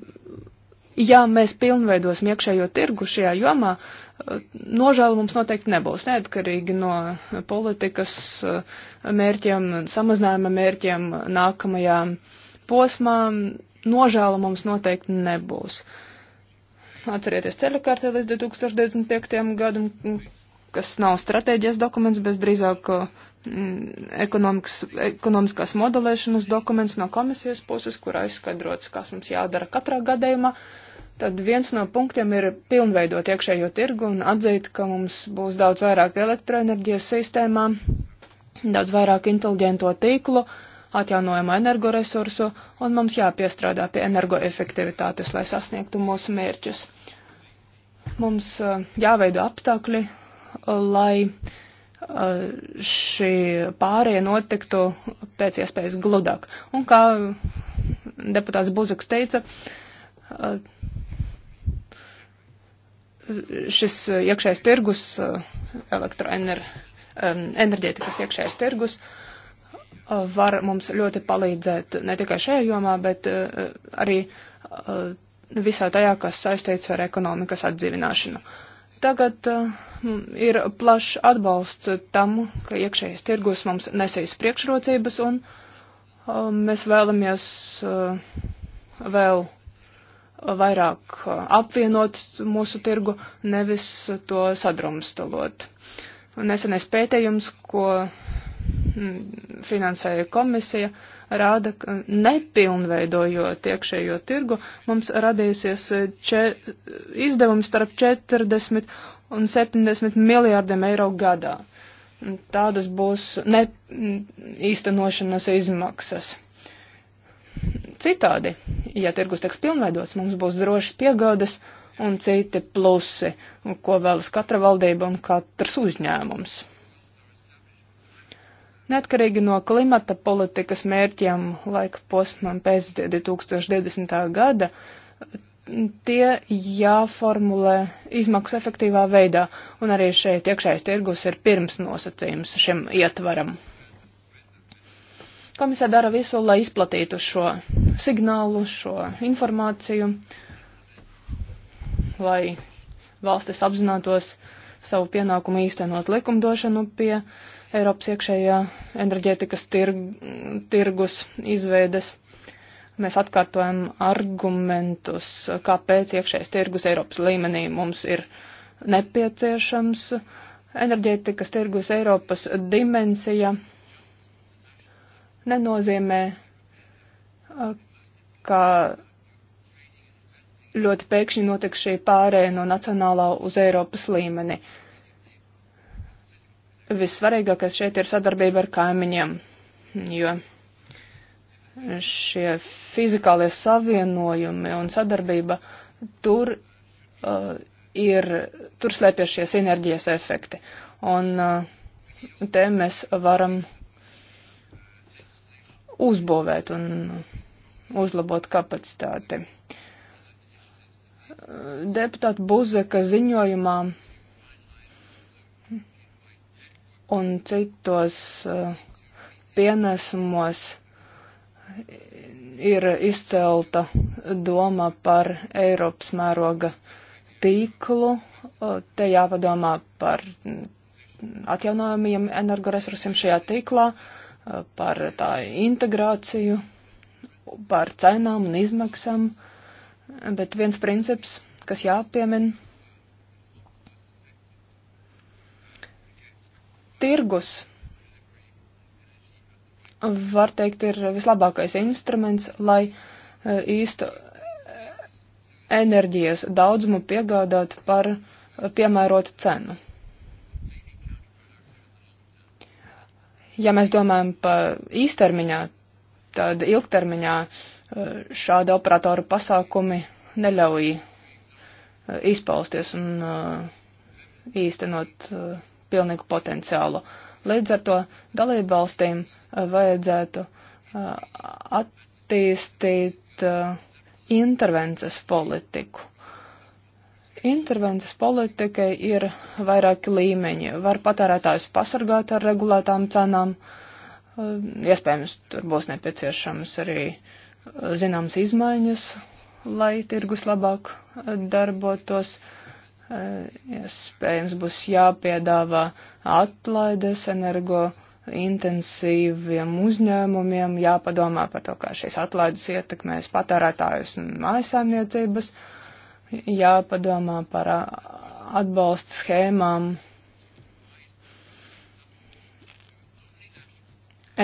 [SPEAKER 1] ja mēs pilnveidosim iekšējo tirgu šajā jomā, uh, nožēla mums noteikti nebūs, neatkarīgi no politikas uh, mērķiem, samazinājuma mērķiem nākamajā posmā, nožēla mums noteikti nebūs. Atcerieties ceļu kartē līdz 2025. gadam, kas nav stratēģijas dokuments, bet drīzāk uh, Mm, ekonomiskās modelēšanas dokuments no komisijas puses, kurā izskaidrots, kas mums jādara katrā gadījumā. Tad viens no punktiem ir pilnveidot iekšējo tirgu un atzīt, ka mums būs daudz vairāk elektroenerģijas sistēmām, daudz vairāk inteliģento tīklu, atjaunojama energoresursu, un mums jāpiestrādā pie energoefektivitātes, lai sasniegtu mūsu mērķus. Mums eh, jāveido apstākļi, eh, lai uh, šī pārēja notiktu pēc iespējas gludāk. Un kā deputāts Buzaks teica, šis iekšējais tirgus, elektroenerģētikas iekšējais tirgus, var mums ļoti palīdzēt ne tikai šajā jomā, bet arī visā tajā, kas saistīts ar ekonomikas atdzīvināšanu. Uh, Tagad uh, ir plašs atbalsts tam, ka iekšējais tirgus mums nesīs priekšrocības un uh, mēs vēlamies uh, vēl vairāk apvienot mūsu tirgu, nevis to sadrumstalot. Nesenais pētījums, ko finansēja komisija, rāda, ka nepilnveidojot iekšējo tirgu, mums radīsies če, izdevums starp 40 un 70 miljārdiem eiro gadā. Tādas būs ne, īstenošanas izmaksas. Citādi, ja tirgus tiks pilnveidots, mums būs drošas piegādes un citi plusi, ko vēlas katra valdība un katrs uzņēmums. Neatkarīgi no klimata politikas mērķiem laika posmam pēc 2020. gada, tie jāformulē izmaksu efektīvā veidā, un arī šeit iekšējais tirgus ir pirms nosacījums šim ietvaram. Komisija dara visu, lai izplatītu šo signālu, šo informāciju, lai valstis apzinātos savu pienākumu īstenot likumdošanu pie uh, Eiropas iekšējā enerģētikas tirg, tirgus izveides. Mēs atkārtojam argumentus, kāpēc iekšējais tirgus Eiropas līmenī mums ir nepieciešams. Enerģētikas tirgus Eiropas dimensija nenozīmē, ka ļoti pēkšņi notiek šī pārēja no nacionālā uz Eiropas līmeni. Uh, vissvarīgākais šeit ir sadarbība ar kaimiņiem, jo šie fizikālie savienojumi un sadarbība tur uh, ir, tur slēpjas šie sinerģijas efekti. Un uh, te mēs varam uzbūvēt un uzlabot kapacitāti. Deputāta Buzeka ziņojumā un citos eh, pienesumos ir izcelta doma par Eiropas mēroga tīklu. Eh, te jāpadomā par atjaunojumiem energoresursiem šajā tīklā, eh, par tā integrāciju, par cenām un izmaksām. Bet viens princips, kas jāpiemina, tirgus, var teikt, ir vislabākais instruments, lai e, īstu e, enerģijas daudzumu piegādāt par e, piemērotu cenu. Ja mēs domājam par īstermiņā, tad ilgtermiņā šāda operatora pasākumi neļauj izpausties un īstenot pilnīgu potenciālu. Līdz ar to dalību valstīm eh, vajadzētu eh, attīstīt eh, intervences politiku. Intervences politikai ir vairāki līmeņi. Var patērētājus pasargāt ar regulētām cenām, iespējams, tur būs nepieciešams arī zināms izmaiņas, lai tirgus labāk darbotos. Uh, Eh, iespējams ja būs jāpiedāvā atlaides energo intensīviem uzņēmumiem, jāpadomā par to, kā šīs atlaides ietekmēs patērētājus un mājasāmniecības, jāpadomā par atbalsta schēmām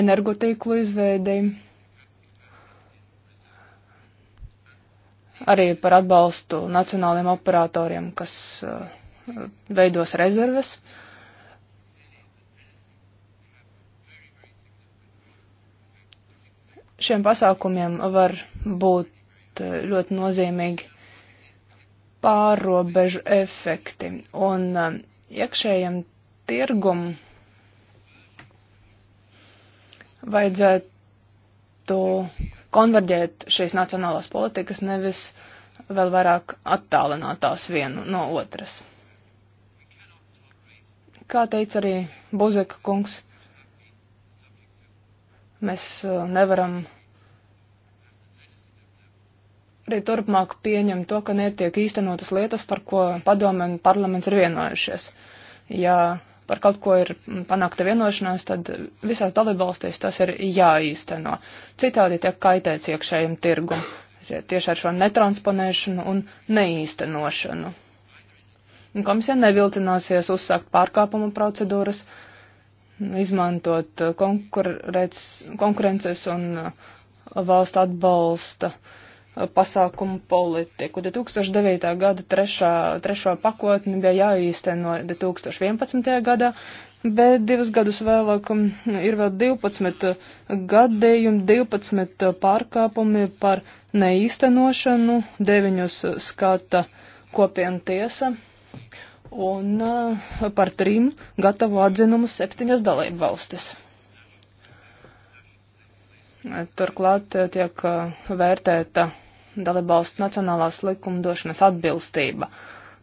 [SPEAKER 1] energotīklu izveidēji. arī par atbalstu nacionāliem operatoriem, kas eh, veidos rezerves. Šiem pasākumiem var būt eh, ļoti nozīmīgi pārobežu efekti un eh, iekšējiem tirgum vajadzētu konverģēt šīs nacionālās politikas, nevis vēl vairāk attālināt tās vienu no otras. Kā teica arī Buzeka kungs, mēs uh, nevaram arī turpmāk pieņemt to, ka netiek īstenotas lietas, par ko padome un parlaments ir vienojušies. Ja par kaut ko ir panākta vienošanās, tad visās dalībvalstīs tas ir jāīsteno. Citādi tiek kaitēts iekšējiem tirgum tieši ar šo netransponēšanu un neīstenošanu. Komisija nevilcināsies uzsākt pārkāpumu procedūras, izmantot konkurences un valsts atbalsta uh, pasākumu politiku. 2009. gada trešā, trešā pakotne bija jāīsteno 2011. gadā, bet divus gadus vēlāk um, ir vēl 12 gadījumi, 12 pārkāpumi par neīstenošanu, 9 skata kopiena tiesa un uh, par trim gatavo atzinumu septiņas dalību valstis. Turklāt eh, tiek eh, vērtēta dalībvalstu nacionālās likumdošanas atbilstība,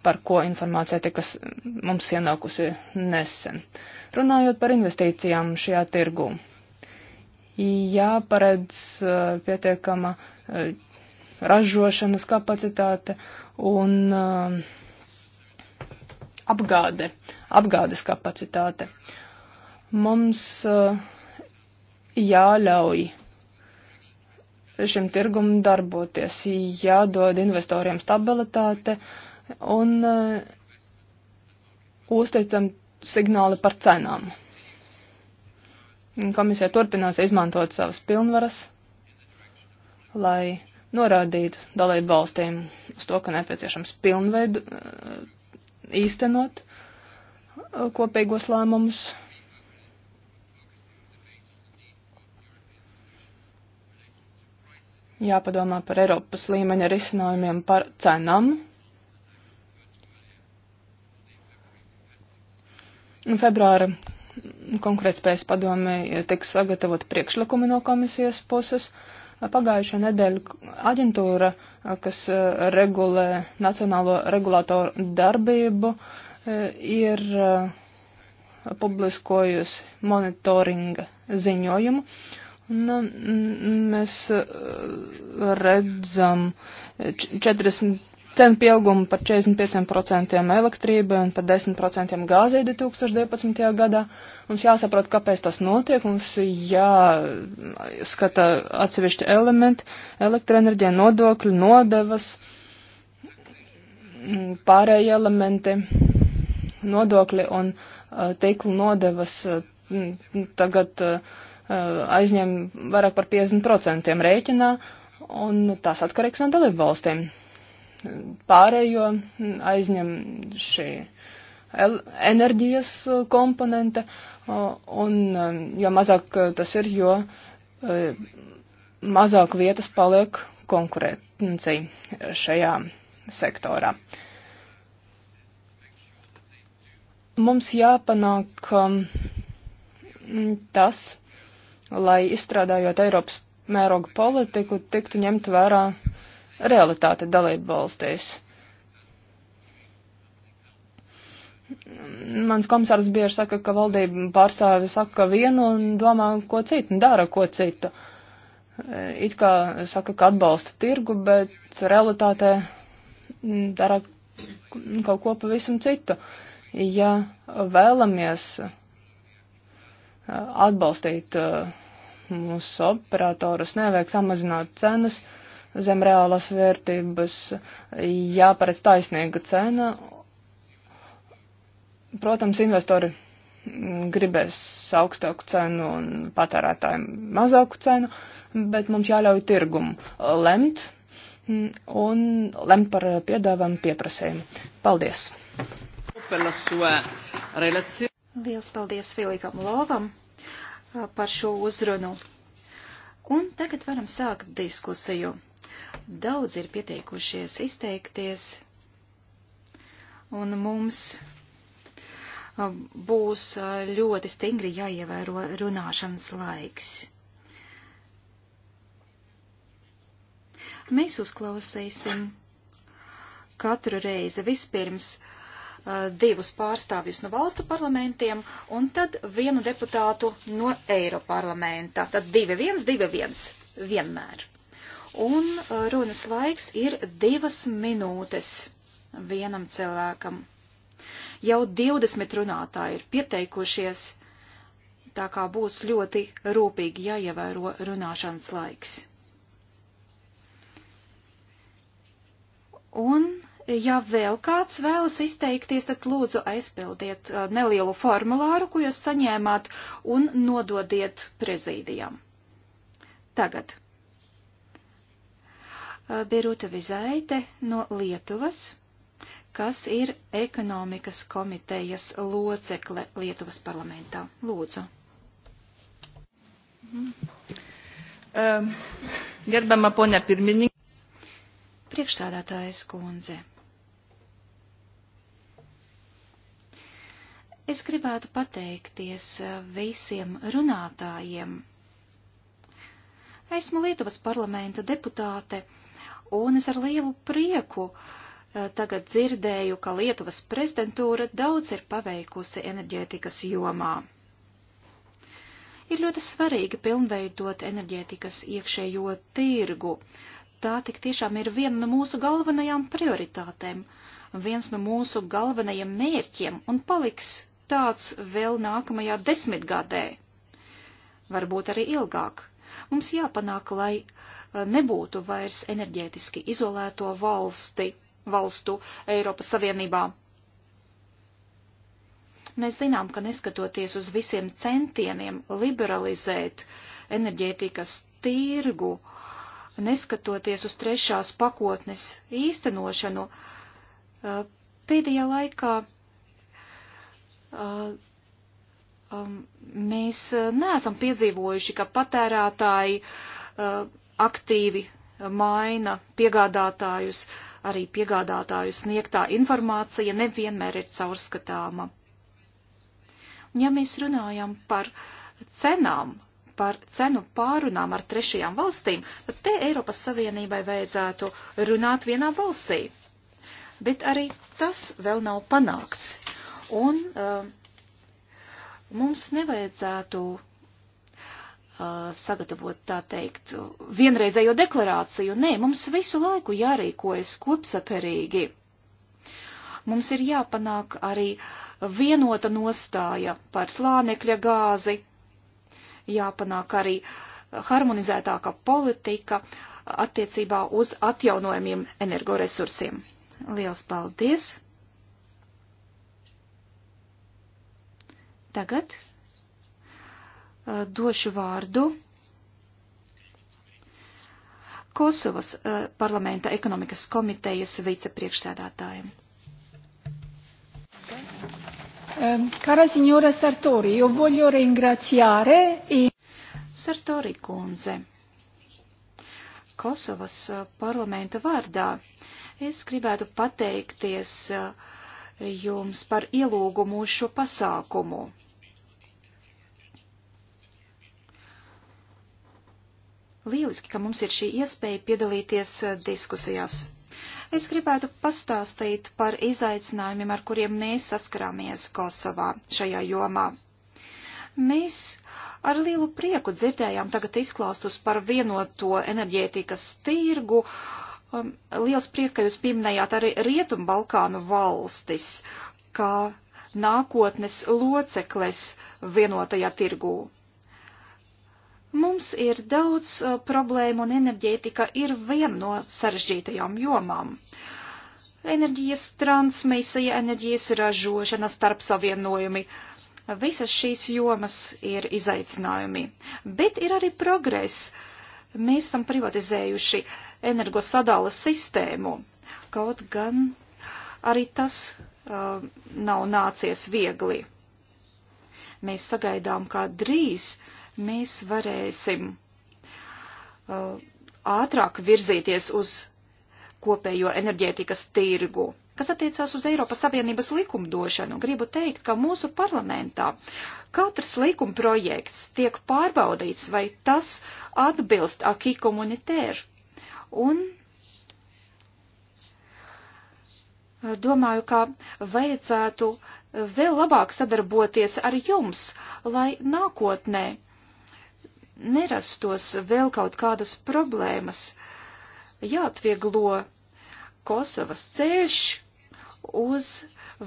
[SPEAKER 1] par ko informācija tika mums ienākusi nesen. Runājot par investīcijām šajā tirgū, jāparedz eh, pietiekama ražošanas kapacitāte un apgāde, apgādes kapacitāte. Mums jāļauj šim tirgum darboties, jādod investoriem stabilitāte un eh, uzticam signāli par cenām. Komisija turpinās izmantot savas pilnvaras, lai norādītu dalību valstīm uz to, ka nepieciešams pilnveidu eh, īstenot eh, kopīgos lēmumus Jāpadomā par Eiropas līmeņa risinājumiem par cenām. Februāra konkrētspējas padomē tiks sagatavot priekšlikumi no komisijas puses. Pagājušo nedēļu aģentūra, kas eh, regulē nacionālo regulātoru darbību, eh, ir eh, publiskojusi monitoringa ziņojumu Nu, mēs uh, redzam 40 cenu pieaugumu par 45% elektrībai un par 10% gāzei 2012. gadā. Mums jāsaprot, kāpēc tas notiek. Mums jāskata atsevišķi elementi - elektroenerģija, nodokļi, nodevas, pārējie elementi, nodokļi un uh, tīklu nodevas. Uh, tagad uh, Eh, aizņem vairāk par 50% rēķinā, un tas atkarīgs no dalību valstīm. Pārējo aizņem šī enerģijas eh, komponente, eh, un jo mazāk tas ir, jo mazāk vietas paliek konkurencei šajā sektorā. Mums jāpanāk tas, lai izstrādājot Eiropas mēroga politiku, tiktu ņemt vērā realitāte dalību valstīs. Mans komisārs bieži saka, ka valdība pārstāvi saka vienu un domā ko citu, un dara ko citu. It kā saka, ka atbalsta tirgu, bet realitātē dara kaut ko pavisam citu. Ja vēlamies atbalstīt eh, mūsu operatorus, nevajag samazināt cenas zem reālās vērtības, jāparedz taisnīga cena. Protams, investori gribēs augstāku cenu un patērētājiem mazāku cenu, bet mums jāļauj tirgumu lemt un lemt par piedāvājumu pieprasējumu. Paldies!
[SPEAKER 2] Liels paldies Filipam Lovam uh, par šo uzrunu. Un tagad varam sākt diskusiju. Daudz ir pieteikušies izteikties, un mums uh, būs uh, ļoti stingri jāievēro runāšanas laiks. Mēs uzklausīsim katru reizi vispirms Uh, divus pārstāvjus no valstu parlamentiem un tad vienu deputātu no Eiroparlamenta. Tad divi viens, divi viens vienmēr. Un uh, runas laiks ir divas minūtes vienam cilvēkam. Jau 20 runātāji ir pieteikušies, tā kā būs ļoti rūpīgi jāievēro runāšanas laiks. Un Ja vēl kāds vēlas izteikties, tad lūdzu aizpildiet uh, nelielu formulāru, ko jūs saņēmāt, un nododiet prezīdijam. Tagad. Uh, Birūta Vizaite no Lietuvas, kas ir ekonomikas komitejas locekle Lietuvas parlamentā. Lūdzu. Mhm. Um, gerbama poņa pirmininkā. Priekšsādātājas kundze. Es gribētu pateikties eh, visiem runātājiem. Esmu Lietuvas parlamenta deputāte, un es ar lielu prieku eh, tagad dzirdēju, ka Lietuvas prezidentūra daudz ir paveikusi enerģētikas jomā ir ļoti svarīgi pilnveidot enerģētikas iekšējo tirgu. Tā tik tiešām ir viena no mūsu galvenajām prioritātēm, viens no mūsu galvenajiem mērķiem un paliks tāds vēl nākamajā desmitgadē, varbūt arī ilgāk. Mums jāpanāk, lai eh, nebūtu vairs enerģētiski izolēto valsti, valstu Eiropas Savienībā. Mēs zinām, ka neskatoties uz visiem centieniem liberalizēt enerģētikas tirgu, neskatoties uz trešās pakotnes īstenošanu, eh, pēdējā laikā Uh, um, mēs uh, neesam piedzīvojuši, ka patērētāji uh, aktīvi maina piegādātājus, arī piegādātāju sniegtā informācija nevienmēr ir caurskatāma. Ja mēs runājam par cenām, par cenu pārunām ar trešajām valstīm, tad te Eiropas Savienībai vajadzētu runāt vienā balsī. Bet arī tas vēl nav panākts. Un uh, mums nevajadzētu uh, sagatavot, tā teikt, vienreizējo deklarāciju. Nē, mums visu laiku jārīkojas kopsaperīgi. Mums ir jāpanāk arī vienota nostāja par slānekļa gāzi, jāpanāk arī harmonizētāka politika attiecībā uz atjaunojumiem energoresursiem. Liels paldies! Tagad uh, došu vārdu Kosovas uh, parlamenta ekonomikas komitejas vicepriekšsēdātājiem. Ehm, cara signora Sartori, io voglio ringraziare i... Sartori kundze, Kosovas uh, parlamenta vārdā es gribētu pateikties uh, jums par ielūgumu uz šo pasākumu. Lieliski, ka mums ir šī iespēja piedalīties eh, diskusijās. Es gribētu pastāstīt par izaicinājumiem, ar kuriem mēs saskarāmies Kosovā šajā jomā. Mēs ar lielu prieku dzirdējām tagad izklāstus par vienoto enerģētikas tirgu, uh, Um, liels prieks, ka jūs pieminējāt arī Rietumu Balkānu valstis, kā nākotnes locekles vienotajā tirgū. Mums ir daudz uh, problēmu un enerģētika ir viena no sarežģītajām jomām. Enerģijas transmisija, enerģijas ražošana, starpsavienojumi. Visas šīs jomas ir izaicinājumi, bet ir arī progress. Mēs esam privatizējuši uh, energosadales sistēmu. Kaut gan arī tas uh, nav nācies viegli. Mēs sagaidām, kā drīz mēs varēsim uh, ātrāk virzīties uz kopējo enerģētikas tirgu. Kas attiecās uz Eiropas Savienības likumdošanu, gribu teikt, ka mūsu parlamentā katrs likumprojekts tiek pārbaudīts, vai tas atbilst aki komunitēru Un domāju, ka vajadzētu vēl labāk sadarboties ar jums, lai nākotnē nerastos vēl kaut kādas problēmas, jāatvieglo Kosovas ceļš uz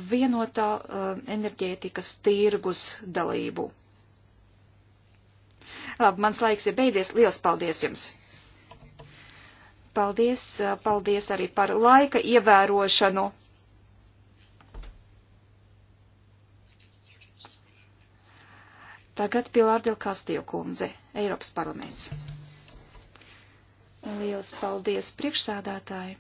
[SPEAKER 2] vienotā uh, enerģētikas tirgus dalību. Labi, mans laiks ir beidzies. Lielas paldies jums! Paldies, eh, paldies arī par laika ievērošanu. Tagad Pilārdēl Kastīju kundze, Eiropas parlaments. Lielas paldies priekšsādātāji.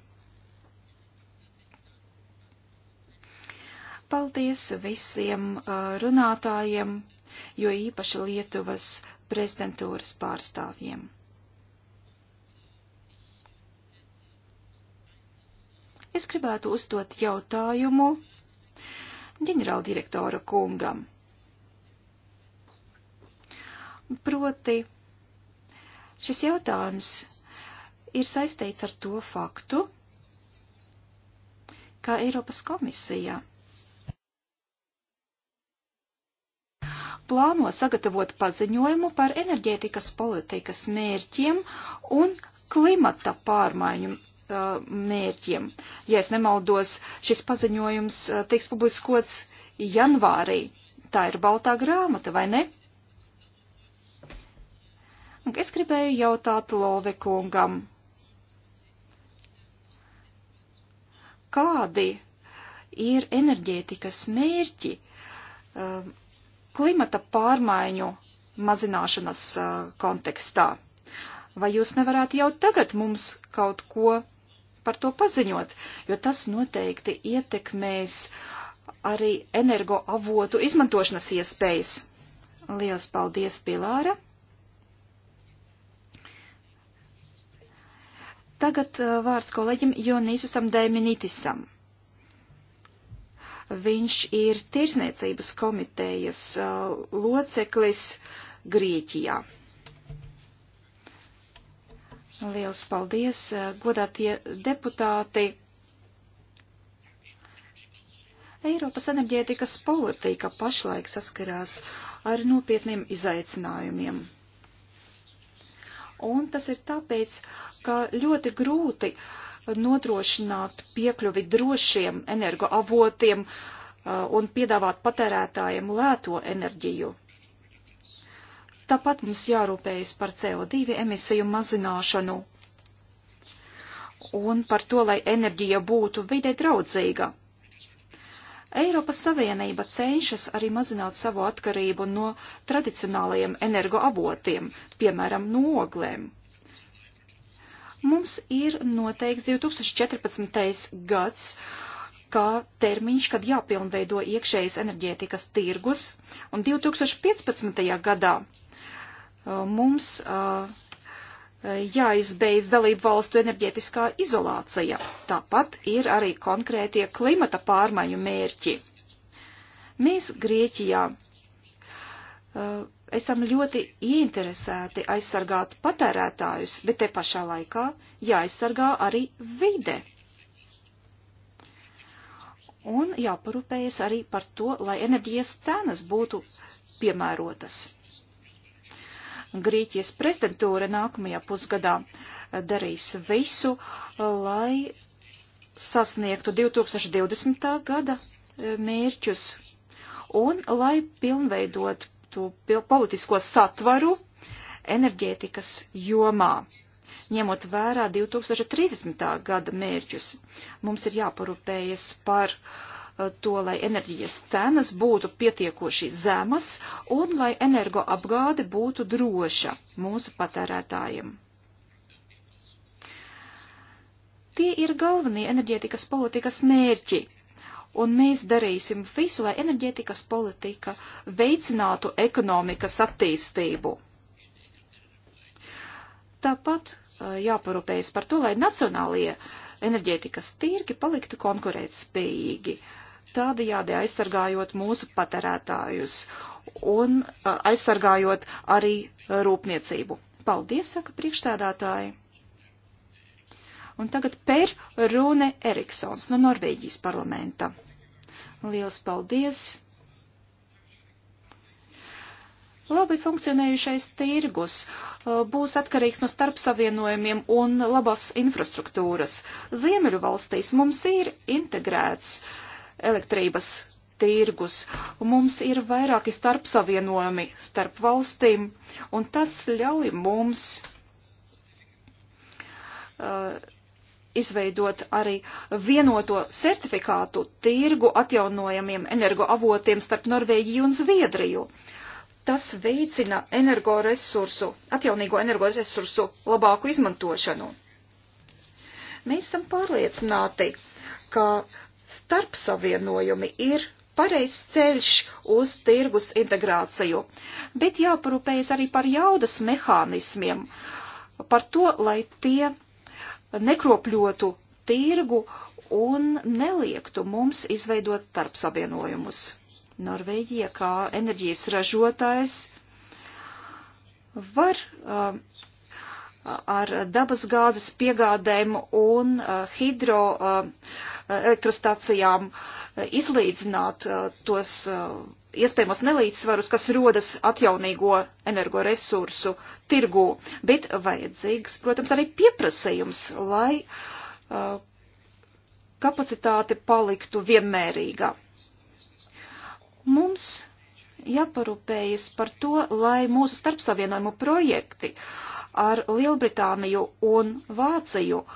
[SPEAKER 2] Paldies visiem eh, runātājiem, jo īpaši Lietuvas prezidentūras pārstāvjiem. Es gribētu uzdot jautājumu ģenerāldirektora kungam. Proti, šis jautājums ir saistīts ar to faktu, kā Eiropas komisija plāno sagatavot paziņojumu par enerģētikas politikas mērķiem un klimata pārmaiņu Uh, mērķiem. Ja es nemaldos, šis paziņojums uh, tiks publiskots janvārī. Tā ir baltā grāmata, vai ne? Un es gribēju jautāt Love kungam, kādi ir enerģētikas mērķi uh, klimata pārmaiņu mazināšanas kontekstā? Vai jūs nevarētu jau tagad mums kaut ko par to paziņot, jo tas noteikti ietekmēs arī energoavotu izmantošanas iespējas. Lielas paldies, Pilāra! Tagad uh, vārds kolēģim Jonīsusam Dēminītisam. Viņš ir tirzniecības komitejas uh, loceklis Grieķijā. Liels paldies, eh, godātie deputāti! Eiropas enerģētikas politika pašlaik saskarās ar nopietniem izaicinājumiem. Un tas ir tāpēc, ka ļoti grūti nodrošināt piekļuvi drošiem energoavotiem eh, un piedāvāt patērētājiem lēto enerģiju. Tāpat mums jārūpējas par CO2 emisiju mazināšanu un par to, lai enerģija būtu vidē draudzīga. Eiropas Savienība cenšas arī mazināt savu atkarību no tradicionālajiem energoavotiem, piemēram, no oglēm. Mums ir noteikts 2014. gads kā termiņš, kad jāpilnveido iekšējas enerģētikas tirgus, un 2015. gadā Uh, mums uh, jāizbeidz dalību valstu enerģētiskā izolācija. Tāpat ir arī konkrētie klimata pārmaiņu mērķi. Mēs Grieķijā uh, esam ļoti ieinteresēti aizsargāt patērētājus, bet te pašā laikā jāaizsargā arī vide. Un jāparūpējas arī par to, lai enerģijas cenas būtu piemērotas. Grieķijas prezidentūra nākamajā pusgadā darīs visu, lai sasniegtu 2020. gada e, mērķus un lai pilnveidot to politisko satvaru enerģētikas jomā ņemot vērā 2030. gada mērķus. Mums ir jāparūpējas par uh, Uh, to, lai enerģijas cenas būtu pietiekoši zemas un lai energoapgāde būtu droša mūsu patērētājiem. Tie ir galvenie enerģētikas politikas mērķi, un mēs darīsim visu, lai enerģētikas politika veicinātu ekonomikas attīstību. Tāpat uh, jāparūpējas par to, lai nacionālie enerģētikas tirgi paliktu konkurētspējīgi. Uh, tādajādi aizsargājot mūsu patērētājus un aizsargājot arī rūpniecību. Paldies, saka priekšstādātāji. Un tagad Per Rune Eriksons no Norvēģijas parlamenta. Liels paldies! Labi funkcionējušais tirgus būs atkarīgs no starpsavienojumiem un labas infrastruktūras. Ziemeļu valstīs mums ir integrēts uh, elektrības tirgus, un mums ir vairāki starpsavienojumi starp valstīm, un tas ļauj mums uh, izveidot arī vienoto certifikātu tirgu atjaunojamiem energoavotiem starp Norvēģiju un Zviedriju. Tas veicina energoresursu, atjaunīgo energoresursu labāku izmantošanu. Mēs esam pārliecināti, ka starpsavienojumi ir pareizs ceļš uz tirgus integrāciju, bet jāparūpējas arī par jaudas mehānismiem, par to, lai tie nekropļotu tirgu un neliektu mums izveidot starpsavienojumus. Norvēģija kā enerģijas ražotājs var uh, ar dabas gāzes piegādēm un uh, hidroelektrostacijām uh, uh, izlīdzināt tos iespējamos nelīdzsvarus, kas rodas atjaunīgo energoresursu tirgū, bet vajadzīgs, protams, arī pieprasījums, lai kapacitāte paliktu vienmērīga. Mums jāparūpējas par to, lai mūsu starpsavienojumu projekti uh, ar Lielbritāniju un Vāciju uh,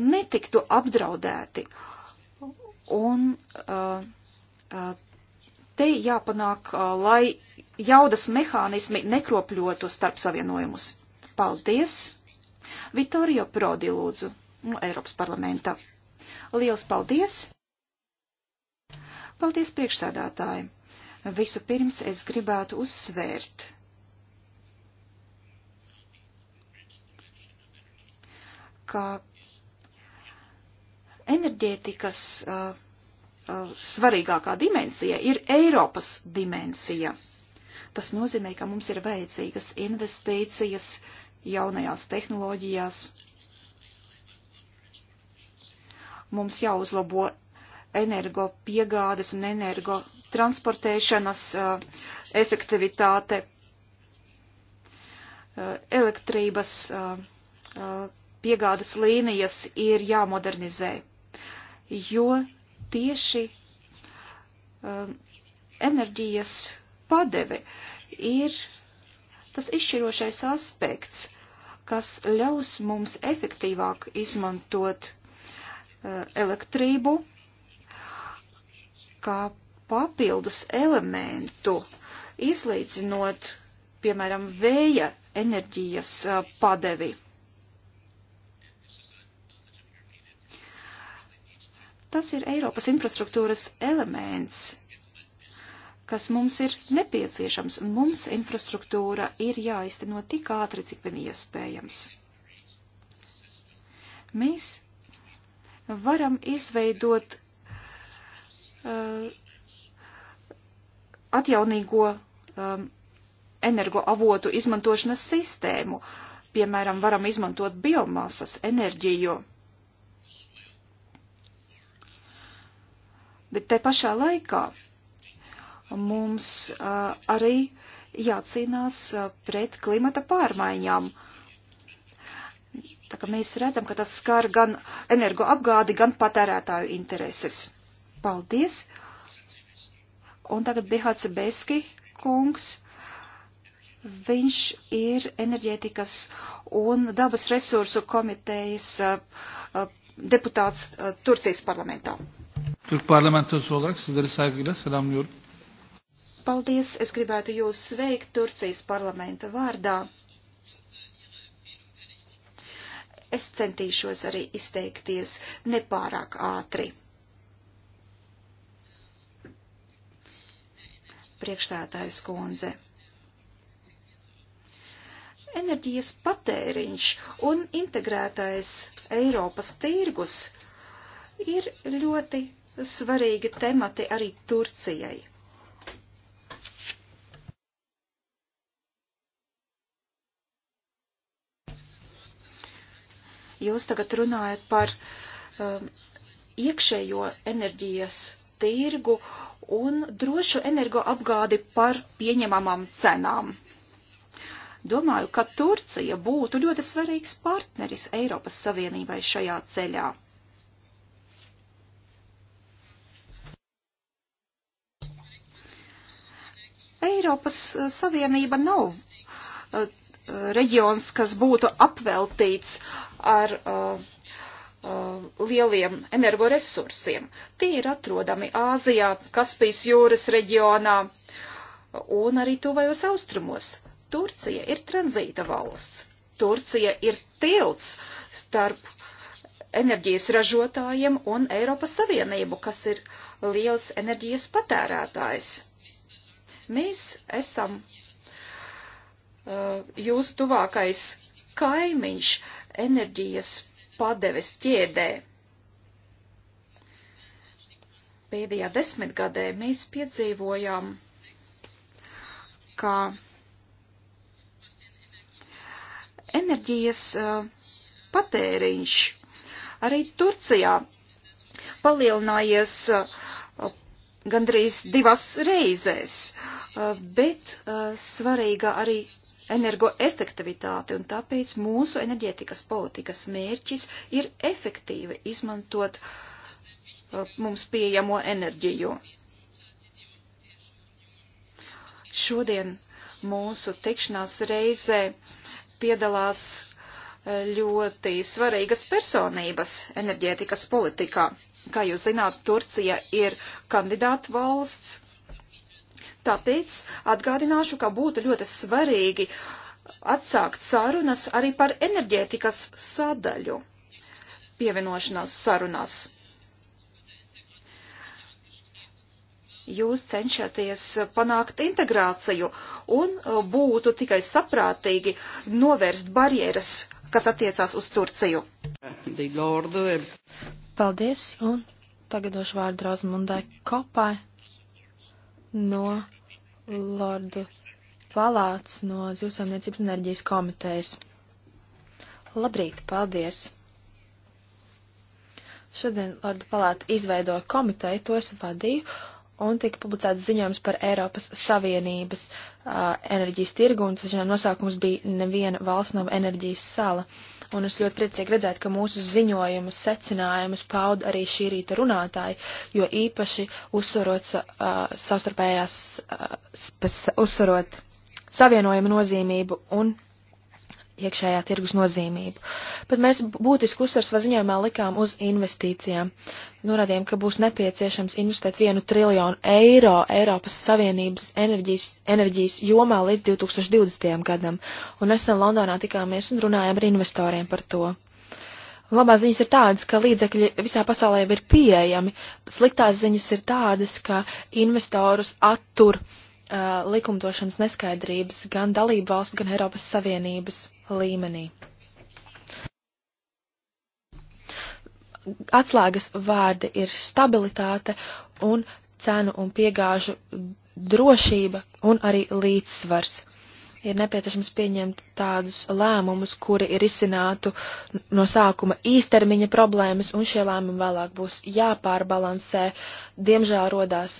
[SPEAKER 2] netiktu apdraudēti. Un uh, uh, te jāpanāk, lai jaudas mehānismi nekropļotu starp savienojumus. Paldies! Vittorio Prodi lūdzu no Eiropas parlamenta. Liels paldies! Paldies priekšsēdātāji! Visu pirms es gribētu uzsvērt ka enerģētikas uh, uh, svarīgākā dimensija ir Eiropas dimensija. Tas nozīmē, ka mums ir vajadzīgas investīcijas jaunajās tehnoloģijās. Mums jāuzlabo energo piegādes un energo transportēšanas uh, efektivitāte, elektrības piegādas līnijas ir jāmodernizē, jo tieši um, enerģijas padeve ir tas izšķirošais aspekts, kas ļaus mums efektīvāk izmantot uh, elektrību kā papildus elementu, izlīdzinot, piemēram, vēja enerģijas uh, padevi. Tas ir Eiropas infrastruktūras elements, kas mums ir nepieciešams, un mums infrastruktūra ir jāizteno tik ātri, cik vien iespējams. Mēs varam izveidot uh, atjaunīgo um, energoavotu izmantošanas sistēmu. Piemēram, varam izmantot biomasas enerģiju Bet te pašā laikā mums uh, arī jācīnās uh, pret klimata pārmaiņām. Tā kā mēs redzam, ka tas skar gan energoapgādi, gan patērētāju intereses. Paldies! Un tagad Bihāca Beski kungs. Viņš ir enerģētikas un dabas resursu komitejas uh, deputāts Turcijas parlamentā.
[SPEAKER 3] Türk parlamentosu olarak sizleri saygıyla selamlıyorum.
[SPEAKER 2] Paldies! Es gribētu jūs sveikt Turcijas parlamenta vārdā. Es centīšos arī izteikties nepārāk ātri. Priekšstādājas kundze. Enerģijas patēriņš un integrētais Eiropas tirgus ir ļoti svarīgi temati arī Turcijai. Jūs tagad runājat par um, iekšējo enerģijas tirgu un drošu energoapgādi par pieņemamām cenām. Domāju, ka Turcija būtu ļoti svarīgs partneris Eiropas Savienībai šajā ceļā. Eiropas eh, Savienība nav uh, reģions, kas būtu apveltīts ar uh, uh, lieliem energoresursiem. Tie ir atrodami Āzijā, Kaspijas jūras reģionā un arī tuvajos austrumos. Turcija ir tranzīta valsts. Turcija ir tilts starp enerģijas ražotājiem un Eiropas Savienību, kas ir liels enerģijas patērētājs Mēs esam uh, jūsu tuvākais kaimiņš enerģijas padeves ķēdē. Pēdējā desmitgadē mēs piedzīvojām, ka enerģijas uh, patēriņš arī Turcijā palielinājies uh, gandrīz divas reizes. Uh, Eh, bet eh, svarīga arī energoefektivitāte, un tāpēc mūsu enerģētikas politikas mērķis ir efektīvi izmantot eh, mums pieejamo enerģiju. Šodien mūsu tikšanās reizē piedalās ļoti svarīgas personības enerģētikas politikā. Kā jūs zināt, Turcija ir kandidāta valsts Tāpēc atgādināšu, ka būtu ļoti svarīgi atsākt sarunas arī par enerģētikas sadaļu pievienošanās sarunās. Jūs cenšaties panākt integrāciju un uh, būtu tikai saprātīgi novērst barjeras, kas attiecās uz Turciju.
[SPEAKER 3] Paldies, un tagad došu vārdu Rozmundai Kopai no Lordu Valāts no Zivsaimniecības un enerģijas komitejas. Labrīt, paldies! Šodien Lordu palāta izveidoja komiteju, to es vadīju, un tika publicēts ziņojums par Eiropas Savienības uh, enerģijas tirgu, un tas, zinām, nosaukums bija Neviena valsts nav enerģijas sala. Uh, un es ļoti priecīgi redzēt, ka mūsu ziņojumus, secinājumus pauda arī šī rīta runātāji, jo īpaši uzsvarot uh, savstarpējās, uh, uzsvarot savienojumu nozīmību un iekšējā tirgus nozīmību. Bet mēs būtisku uzsvars ziņojumā likām uz investīcijām. Norādījām, ka būs nepieciešams investēt vienu triljonu eiro Eiropas Savienības enerģijas, enerģijas jomā līdz 2020. gadam. Un esam Londonā tikāmies un runājām ar investoriem par to. Labā ziņas ir tādas, ka līdzekļi visā pasaulē ir pieejami. Sliktās ziņas ir tādas, ka investorus attur uh, uh, likumdošanas neskaidrības gan dalību valstu, gan Eiropas Savienības līmenī. Atslēgas vārdi ir stabilitāte un cenu un piegāžu drošība un arī līdzsvars ir nepieciešams pieņemt tādus lēmumus, kuri ir izcinātu no sākuma īstermiņa problēmas, un šie lēmumi vēlāk būs jāpārbalansē. Diemžēl rodās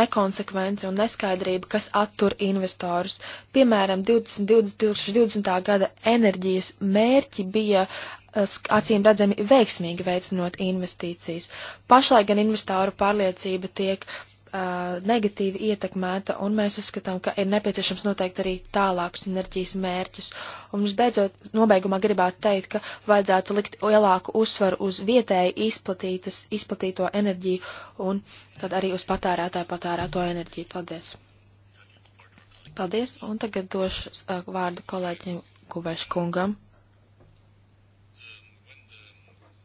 [SPEAKER 3] nekonsekvence un neskaidrība, kas attur investorus. Piemēram, 2020, 2020. gada enerģijas mērķi bija eh, acīm redzami veiksmīgi veicinot investīcijas. Pašlaik gan investoru pārliecība tiek uh, negatīvi ietekmēta, un mēs uzskatām, ka ir nepieciešams noteikt arī tālākus enerģijas mērķus. Un mums beidzot, nobeigumā gribētu teikt, ka vajadzētu likt lielāku uzsvaru uz vietēji izplatītas, izplatīto enerģiju un tad arī uz patērētāju patērēto enerģiju. Paldies! Paldies, un tagad došu uh, vārdu kolēģim Guvēš kungam.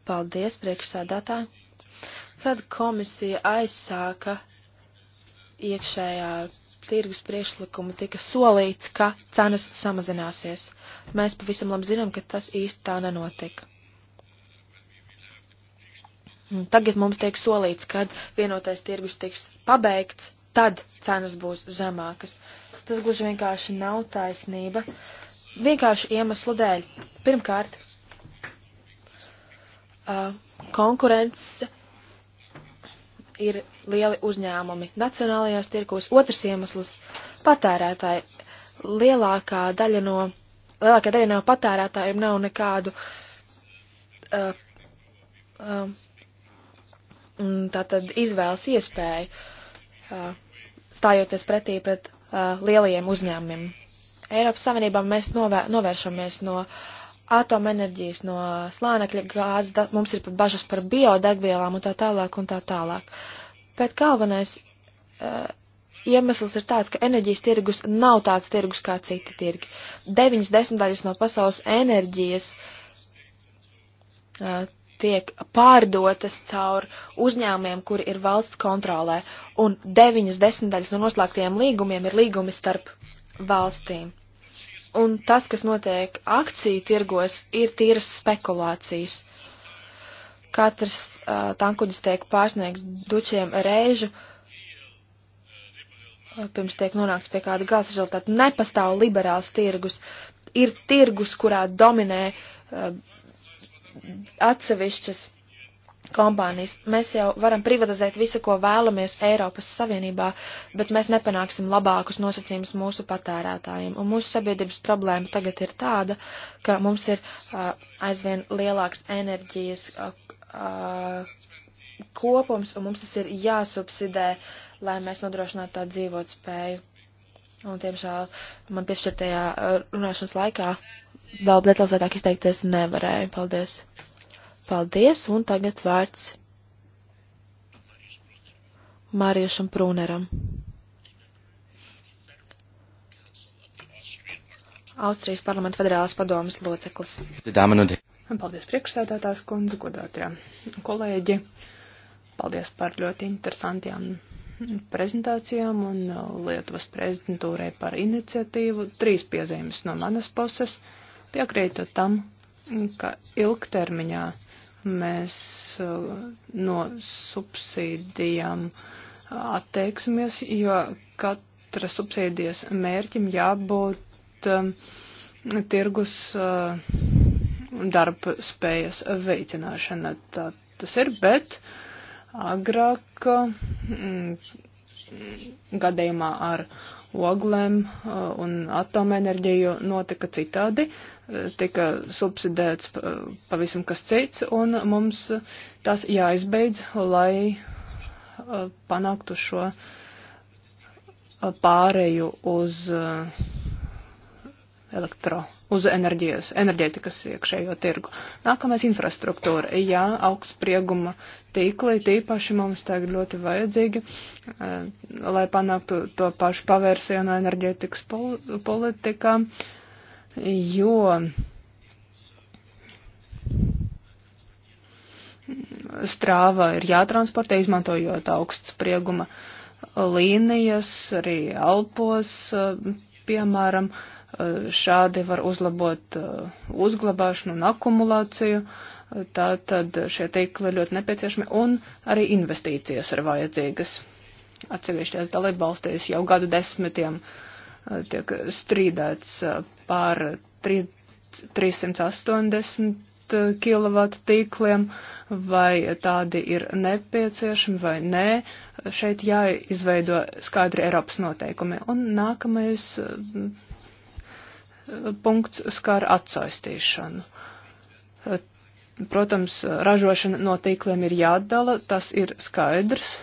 [SPEAKER 3] Paldies, priekšsādātāji! kad komisija aizsāka iekšējā tirgus priekšlikuma tika solīts, ka cenas samazināsies. Mēs pavisam labi zinām, ka tas īsti tā nenotika. Un tagad mums tiek solīts, kad vienotais tirgus tiks pabeigts, tad cenas būs zemākas. Tas gluži vienkārši nav taisnība. Vienkārši iemeslu dēļ. Pirmkārt, uh, konkurence ir lieli uzņēmumi nacionālajos tirkos. Otrs iemesls - patērētāji. Lielākā daļa no, lielākā daļa no patērētājiem nav nekādu uh, uh, tātad izvēles iespēju, uh, stājoties pretī pret uh, lielajiem uzņēmumiem. Eiropas Savienībā mēs novē, novēršamies no uh, atomenerģijas, no slānekļa gāzes, mums ir bažas par biodegvielām un tā tālāk un tā tālāk. Bet galvenais uh, iemesls ir tāds, ka enerģijas tirgus nav tāds tirgus kā citi tirgi. Deviņas desmitaļas no pasaules enerģijas uh, tiek pārdotas caur uzņēmumiem, kuri ir valsts kontrolē, un deviņas desmitaļas no noslēgtajiem līgumiem ir līgumi starp valstīm un tas, kas notiek akciju tirgos, ir tīras spekulācijas. Katrs uh, tankuņis tiek pārsniegts dučiem reižu, pirms tiek nonākts pie kāda gala rezultāta. Nepastāv liberāls tirgus. Ir tirgus, kurā dominē uh, atsevišķas kompānijas. Mēs jau varam privatizēt visu, ko vēlamies Eiropas Savienībā, bet mēs nepanāksim labākus nosacījumus mūsu patērētājiem. Un mūsu sabiedrības problēma tagad ir tāda, ka mums ir uh, aizvien lielāks enerģijas uh, uh, kopums, un mums tas ir jāsubsidē, lai mēs nodrošinātu tādu dzīvot spēju. Un, tiemžēl, man piešķirtajā runāšanas laikā vēl detalizētāk izteikties nevarēju. Paldies! Paldies, un tagad vārds Māriešam Prūneram.
[SPEAKER 1] Austrijas parlamenta federālās padomas loceklis. Paldies priekšsēdētās kundze, godātie kolēģi. Paldies par ļoti interesantiem prezentācijām un uh, Lietuvas prezidentūrai par iniciatīvu. Trīs piezīmes no manas puses. Piekrītu tam, ka ilgtermiņā mēs uh, no subsīdijām atteiksimies, jo katra subsīdijas mērķim jābūt um, tirgus uh, darba spējas veicināšana. Tā tas ir, bet agrāk mm, gadījumā ar oglēm uh, un atomenerģiju notika citādi, uh, tika subsidēts uh, pavisam kas cits, un mums tas jāizbeidz, lai panāktu šo pāreju uz uh, elektro, uz enerģijas, enerģētikas iekšējo tirgu. Nākamais infrastruktūra. Jā, augstsprieguma tīkli tīpaši mums tagad ļoti vajadzīgi, eh, lai panāktu to pašu pavērsienu enerģētikas politikā, jo strāva ir jātransportē, izmantojot augstsprieguma līnijas, arī Alpos eh, piemēram, eh, šādi var uzlabot eh, uzglabāšanu un akumulāciju. Tā tad šie tīkli ir ļoti nepieciešami un arī investīcijas ir vajadzīgas. Atsevišķās dalībvalstīs jau gadu desmitiem eh, tiek strīdēts pār 380 kilovatu tīkliem, vai tādi ir nepieciešami vai nē. Šeit jāizveido skaidri Eiropas noteikumi. Un nākamais mm, punkts skar atsaistīšanu. Protams, ražošana no tīkliem ir jāatdala, tas ir skaidrs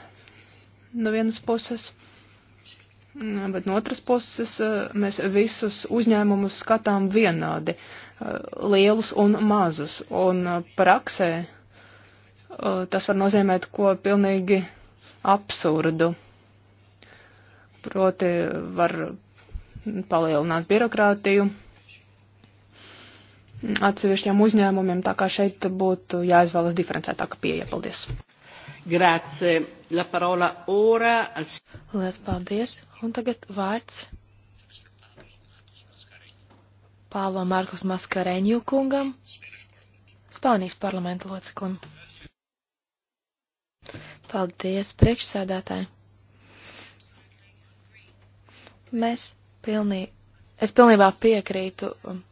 [SPEAKER 1] no vienas puses. Mm, bet no otras puses mm, mēs visus uzņēmumus skatām vienādi lielus un mazus. Un uh, praksē uh, tas var nozīmēt ko pilnīgi absurdu. Proti var palielināt birokrātiju atsevišķiem uzņēmumiem, tā kā šeit būtu jāizvēlas diferencētāka pieeja. Paldies! Grāce, la
[SPEAKER 3] parola ora. Lielas paldies! Un tagad vārds Pālo Markus Maskareņu kungam, Spānijas parlamenta loceklim. Paldies, priekšsēdētāji! Mēs pilnī, es pilnībā piekrītu um,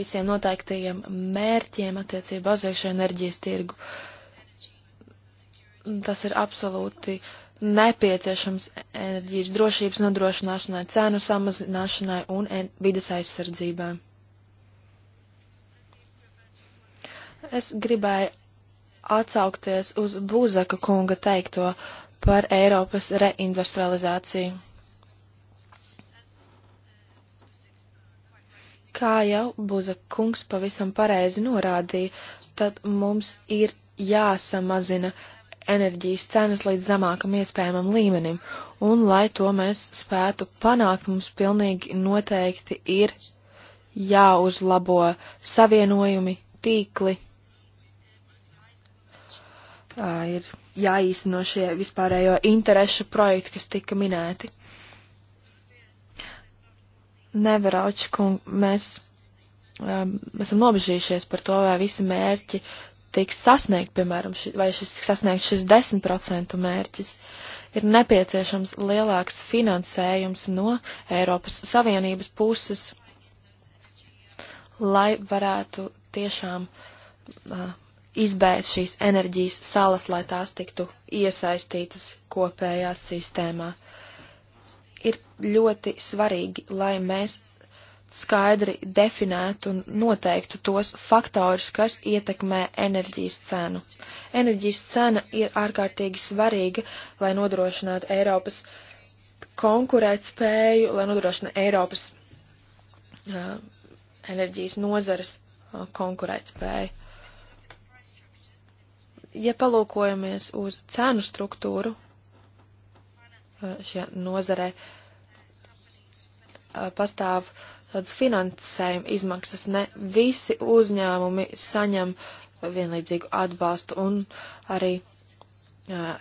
[SPEAKER 3] visiem noteiktajiem mērķiem attiecībā uz iekšējo enerģijas tirgu. Tas ir absolūti uh, nepieciešams enerģijas drošības nodrošināšanai, cēnu samazināšanai un vides aizsardzībai. Es gribēju atsaukties uz Būzaka kunga teikto par Eiropas reindustrializāciju. Kā jau Būzaka kungs pavisam pareizi norādīja, tad mums ir jāsamazina enerģijas cenas līdz zemākam iespējamam līmenim, un lai to mēs spētu panākt, mums pilnīgi noteikti ir jāuzlabo savienojumi, tīkli, ir jāīsteno šie vispārējo interešu projekti, kas tika minēti. Nevarauči, kung, mēs um, esam nobežījušies par to, vai visi mērķi tiks sasniegt, piemēram, ši, vai šis tiks sasniegt šis 10% mērķis, ir nepieciešams lielāks finansējums no Eiropas Savienības puses, lai varētu tiešām uh, izbēgt šīs enerģijas salas, lai tās tiktu iesaistītas kopējā sistēmā. Ir ļoti svarīgi, lai mēs skaidri definētu un noteiktu tos faktorus, kas ietekmē enerģijas cenu. Enerģijas cena ir ārkārtīgi svarīga, lai nodrošinātu Eiropas konkurētspēju, lai nodrošinātu Eiropas uh, enerģijas nozares uh, konkurētspēju. Ja palūkojamies uz cenu struktūru uh, šajā nozarē, uh, pastāv uh, tāds finansējuma izmaksas. Ne visi uzņēmumi saņem vienlīdzīgu atbalstu un arī uh,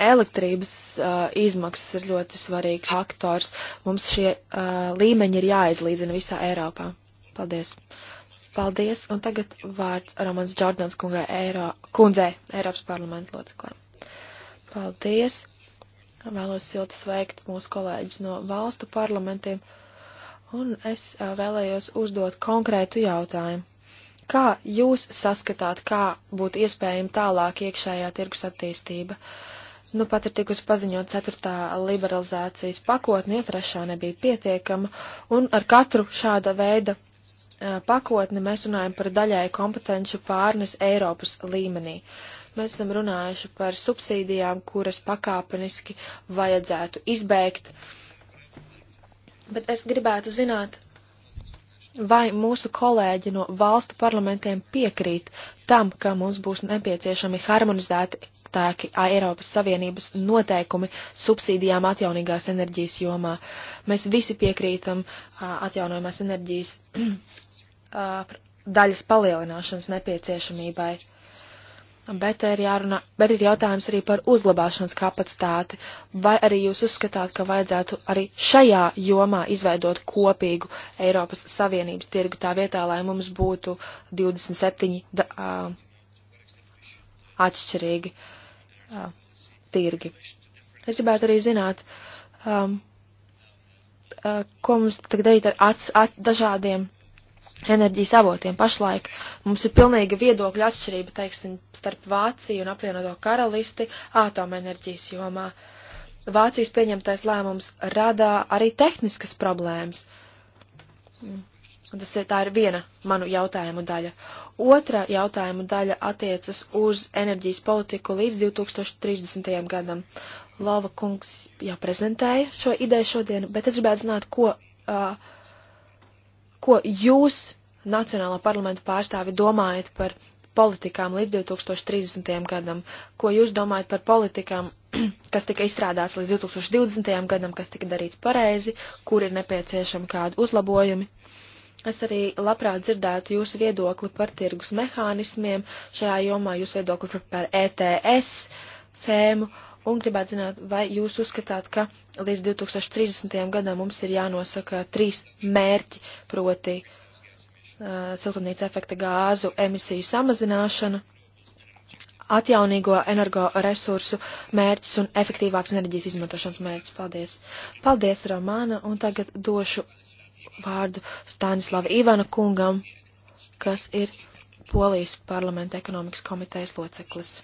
[SPEAKER 3] elektrības uh, izmaksas ir ļoti svarīgs faktors. Mums šie uh, līmeņi ir jāizlīdzina visā Eiropā. Paldies! Paldies! Un tagad vārds Romans Džordans kungai Eiro, kundzei Eiropas parlamenta loceklēm. Paldies! Vēlos silti sveikt mūsu kolēģis no valstu parlamentiem. Uh, Un es vēlējos uzdot konkrētu jautājumu. Kā jūs saskatāt, kā būtu iespējama tālāk iekšējā tirgus attīstība? Nu, pat ir tikusi paziņot ceturtā liberalizācijas pakotne, jo trešā nebija pietiekama, un ar katru šāda veida pakotni mēs runājam par daļēju kompetenci pārnes Eiropas līmenī. Mēs esam runājuši par subsīdijām, kuras pakāpeniski vajadzētu izbeigt. Uh, Bet es gribētu zināt, vai mūsu kolēģi no valstu parlamentiem piekrīt tam, ka mums būs nepieciešami harmonizēti tāki Eiropas Savienības noteikumi subsīdijām atjaunīgās enerģijas jomā. Mēs visi piekrītam atjaunojumās enerģijas daļas palielināšanas nepieciešamībai. Uh, Bet ir jārunā, bet ir jautājums arī par uzglabāšanas kapacitāti. Vai arī jūs uzskatāt, ka vajadzētu arī šajā jomā izveidot kopīgu Eiropas Savienības tirgu tā vietā, lai mums būtu 27 da, uh, atšķirīgi uh, tirgi? Es gribētu arī zināt, um, uh, ko mums tagad darīt ar ats, at, dažādiem enerģijas avotiem. Pašlaik mums ir pilnīga viedokļa atšķirība, teiksim, starp Vāciju un apvienoto karalisti ātomenerģijas jomā. Vācijas pieņemtais lēmums radā arī tehniskas problēmas. Tas ir, tā ir viena manu jautājumu daļa. Otra jautājumu daļa attiecas uz enerģijas politiku līdz 2030. gadam. Lova kungs jau prezentēja šo ideju šodien, bet es gribētu zināt, ko uh, ko jūs, Nacionālā parlamenta pārstāvi, domājat par politikām līdz 2030. gadam? Ko jūs domājat par politikām, kas tika izstrādāts līdz 2020. gadam, kas tika darīts pareizi, kur ir nepieciešami kādi uzlabojumi? Es arī labprāt dzirdētu jūsu viedokli par tirgus mehānismiem, šajā jomā jūsu viedokli par ETS sēmu. Uh, un gribētu zināt, vai jūs uzskatāt, ka līdz 2030. gadam mums ir jānosaka trīs mērķi, proti uh, siltumnīca efekta gāzu emisiju samazināšana, atjaunīgo energoresursu mērķis un efektīvāks enerģijas izmantošanas mērķis. Paldies! Paldies, Romāna, un tagad došu vārdu Stanislava Ivana kungam, kas ir Polijas parlamenta ekonomikas komitejas loceklis.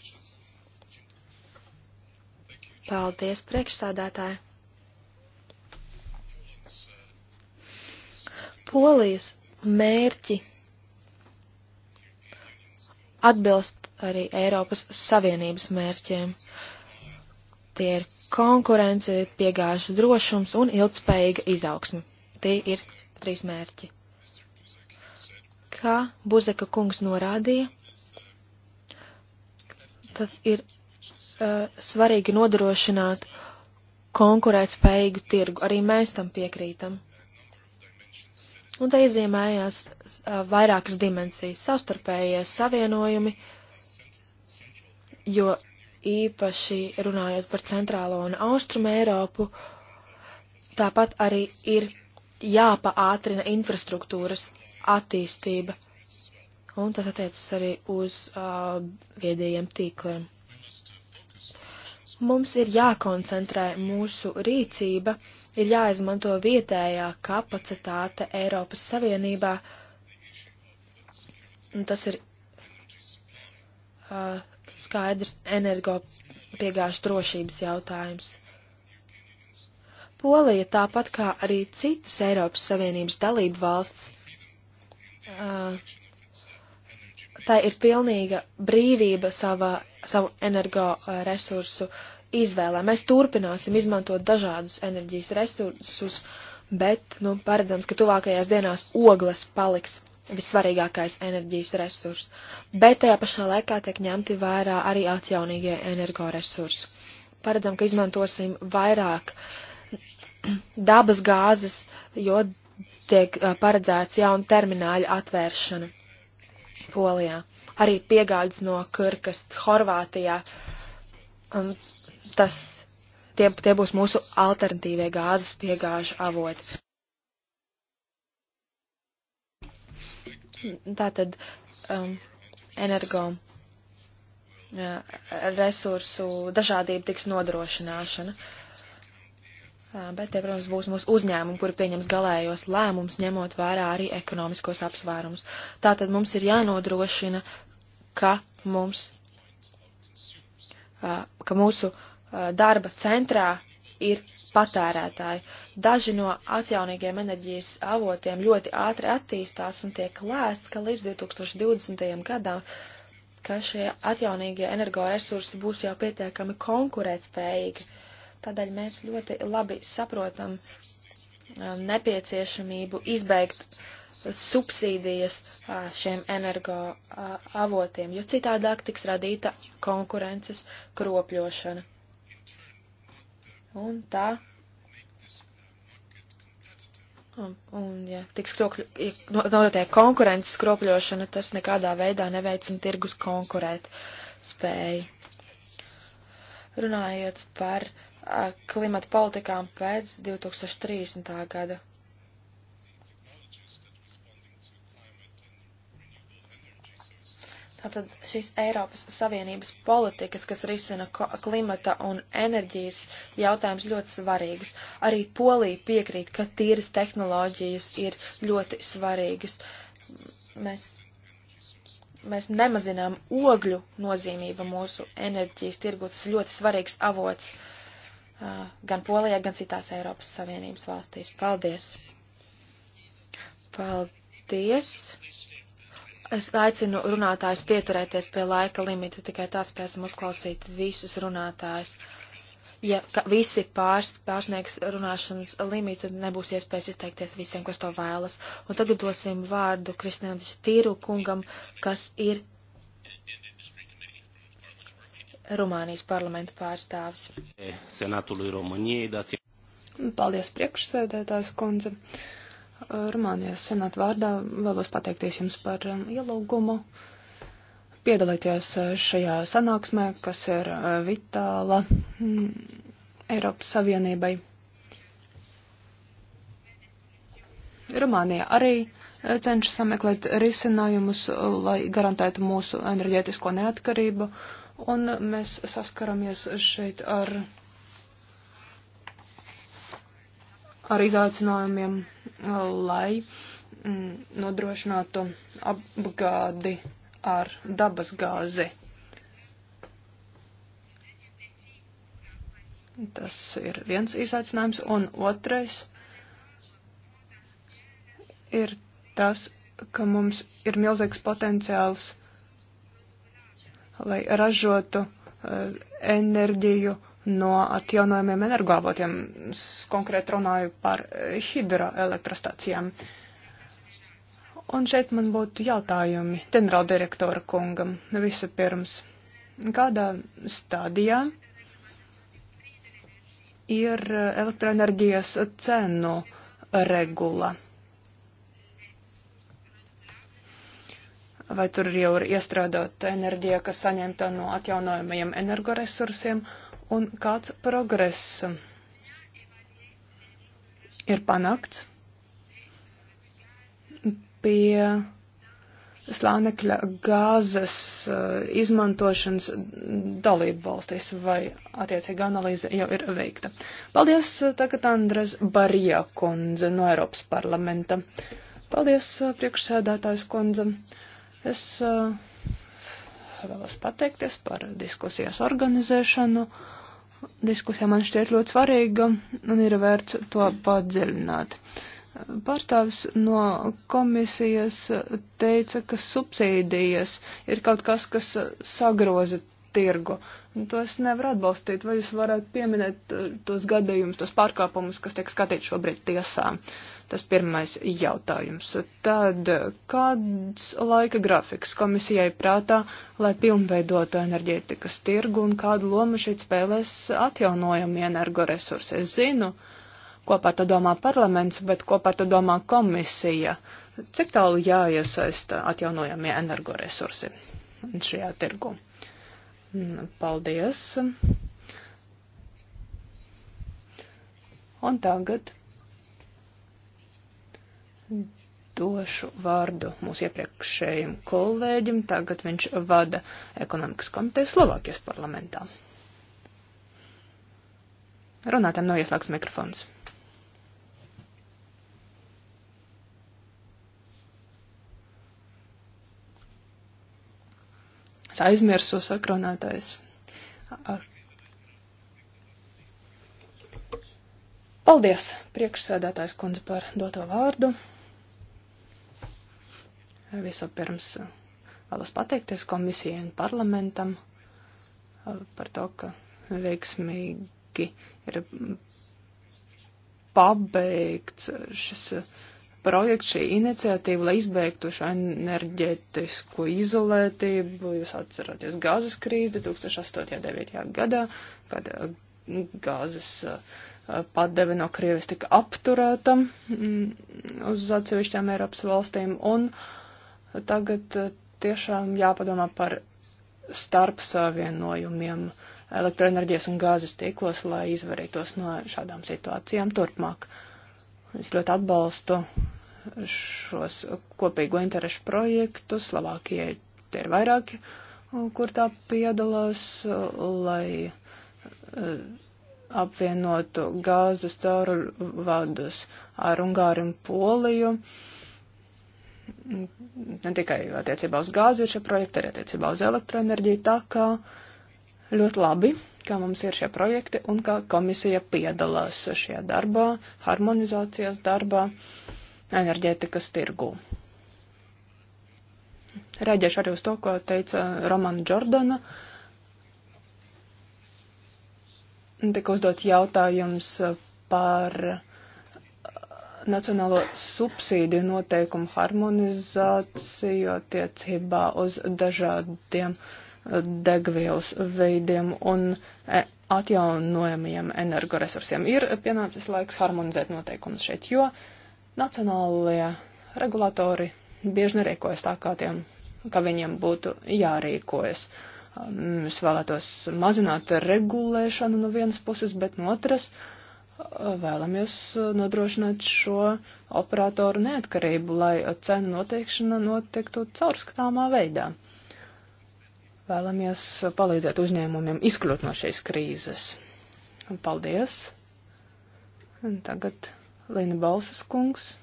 [SPEAKER 3] Paldies, priekšsādātāji! Polijas mērķi atbilst arī Eiropas Savienības mērķiem. Tie ir konkurence, piegāžu drošums un ilgspējīga izaugsme. Tie ir trīs mērķi. Kā Buzeka kungs norādīja, tad ir uh, svarīgi nodrošināt konkurētspējīgu tirgu. Arī mēs tam piekrītam. Un te izzīmējās uh, vairākas dimensijas - savstarpējie savienojumi, jo īpaši runājot par centrālo un austrumu Eiropu, tāpat arī ir jāpaātrina infrastruktūras attīstība. Un tas attiecas arī uz uh, viedajiem tīkliem. Mums ir jākoncentrē mūsu rīcība, ir jāizmanto vietējā kapacitāte Eiropas Savienībā. Un tas ir uh, skaidrs energopiegāžu drošības jautājums. Polija, tāpat kā arī citas Eiropas Savienības dalību valsts, uh, tā ir pilnīga brīvība savā, savu energoresursu izvēlē. Mēs turpināsim izmantot dažādus enerģijas resursus, bet, nu, paredzams, ka tuvākajās dienās ogles paliks vissvarīgākais enerģijas resurs, bet tajā pašā laikā tiek ņemti vērā arī atjaunīgie energoresursi. Paredzam, ka izmantosim vairāk dabas gāzes, jo tiek paredzēts jauna termināļa atvēršana. Polijā, arī piegādes no Kirkas Horvātijā. Un tas, tie, tie būs mūsu alternatīvie gāzes piegāžu avoti. Tātad um, energo uh, resursu dažādība tiks nodrošināšana. Uh, bet tie, protams, būs mūsu uzņēmumi, kuri pieņems galējos lēmumus, ņemot vērā arī ekonomiskos apsvērumus. Tātad mums ir jānodrošina, ka mums, ka mūsu darba centrā ir patērētāji. Daži no atjaunīgiem enerģijas avotiem ļoti ātri attīstās un tiek lēsts, ka līdz 2020. gadam ka šie atjaunīgie energoresursi būs jau pietiekami konkurētspējīgi. Uh, Tādēļ mēs ļoti labi saprotam uh, nepieciešamību izbeigt subsīdijas uh, šiem energo uh, avotiem, jo citādāk tiks radīta konkurences kropļošana. Un tā Un, un ja tiks kropļu, ja notiek konkurences skropļošana, tas nekādā veidā neveicina tirgus konkurēt spēju. Runājot par klimata politikām pēc 2030. gada. Tātad šīs Eiropas Savienības politikas, kas risina klimata un enerģijas jautājums ļoti svarīgas. Arī Polija piekrīt, ka tīras tehnoloģijas ir ļoti svarīgas. Mēs, mēs nemazinām ogļu nozīmību mūsu enerģijas tirgu, tas ir ļoti svarīgs avots uh, Eh, gan Polijā, gan citās Eiropas Savienības valstīs. Paldies! Paldies! Es aicinu runātājus pieturēties pie laika limita tikai tās, ka esam uzklausīt visus runātājus. Ja visi pārs, pārsniegs runāšanas limitu, nebūs iespējas izteikties visiem, kas to vēlas. Un tagad dosim vārdu Kristīnam Tīru kungam, kas ir
[SPEAKER 1] Rumānijas parlamenta pārstāvis. E,
[SPEAKER 2] senatului Rumānijai dați.
[SPEAKER 1] Paldies priekšsēdētājs kundze. E, Rumānijas senāta vārdā vēlos pateikties jums par um, ielūgumu piedalīties e, šajā sanāksmē, kas ir vitāla mm, Eiropas Savienībai. Rumānija arī cenšas sameklēt risinājumus, lai garantētu mūsu enerģētisko neatkarību. Uh, un mēs saskaramies šeit ar, ar izaicinājumiem, lai mm, nodrošinātu apgādi ar dabas gāzi. Tas ir viens izaicinājums, un otrais ir tas, ka mums ir milzīgs potenciāls lai ražotu eh, enerģiju no atjaunojumiem energoavotiem. Es konkrēti runāju par eh, hidroelektrostacijām. Un šeit man būtu jautājumi ģenerāldirektora kungam visu pirms. Kādā stadijā ir eh, elektroenerģijas cenu regula? vai tur jau ir iestrādāta enerģija, kas saņemta no atjaunojumiem energoresursiem, un kāds progress ir panākts pie slānekļa gāzes eh, izmantošanas dalību valstīs, vai attiecīga analīze jau ir veikta. Paldies eh, tagad Andres Barija kundze no Eiropas parlamenta. Paldies eh, priekšsēdētājs kundze. Uh, Es uh, vēlos pateikties par diskusijas organizēšanu. Diskusija man šķiet ļoti svarīga un ir vērts to padziļināt. Pārstāvis no komisijas teica, ka subsīdijas ir kaut kas, kas sagroza tirgu. Un to es nevaru atbalstīt. Vai jūs varētu pieminēt eh, tos gadījumus, tos pārkāpumus, kas tiek skatīti šobrīd tiesā? Tas pirmais jautājums. Tad eh, kāds laika grafiks komisijai prātā, lai pilnveidotu enerģētikas tirgu un kādu lomu šeit spēlēs atjaunojami energoresursi? Es zinu, kopā to domā parlaments, bet kopā to domā komisija. Cik tālu jāiesaista atjaunojamie energoresursi šajā tirgu? Paldies. Un tagad došu vārdu mūsu iepriekšējiem kolēģim. Tagad viņš vada ekonomikas komiteju Slovākijas parlamentā. Runātājiem nav ieslēgts mikrofons. Es aizmirsu sakronētājs. Paldies, priekšsēdētājs kundze, par doto vārdu. Vispirms eh, vēlos pateikties komisijai un parlamentam eh, par to, ka veiksmīgi ir pabeigts eh, šis uh, projekts, šī iniciatīva, lai izbeigtu šo enerģētisko izolētību. Jūs atceraties gāzes krīzi 2008.9. gadā, kad uh, gāzes uh, padeve no Krievis tika apturēta mm, uz atsevišķām Eiropas valstīm. Un tagad uh, tiešām jāpadomā par starpsavienojumiem elektroenerģijas un gāzes tīklos, lai izvarītos no šādām situācijām turpmāk. Es ļoti atbalstu šos kopīgo interešu projektus. Slovākijai te ir vairāki, kur tā piedalās, lai eh, apvienotu gāzes cauru vadus ar Ungāru un Poliju. Ne tikai attiecībā uz gāzi ir šie projekti, arī attiecībā uz elektroenerģiju. Tā kā ļoti labi, ka mums ir šie projekti un ka komisija piedalās šajā darbā, harmonizācijas darbā. Uh, enerģētikas tirgū. Rēģēšu arī uz to, ko teica Romana Džordana. Tika uzdots jautājums par nacionālo subsīdiju noteikumu harmonizāciju attiecībā uz dažādiem degvielas veidiem un atjaunojamajiem energoresursiem. Ir pienācis laiks harmonizēt noteikumus šeit, jo uh, Nacionālajie regulatori bieži nerīkojas tā, kā, tiem, kā viņiem būtu jārīkojas. Es vēlētos mazināt regulēšanu no vienas puses, bet no otras uh, vēlamies uh, nodrošināt šo operatoru neatkarību, lai uh, cenu noteikšana notiktu caurskatāmā veidā. Vēlamies palīdzēt uzņēmumiem izkļūt no šīs krīzes. Paldies! Un tagad Lina Balsas kungs.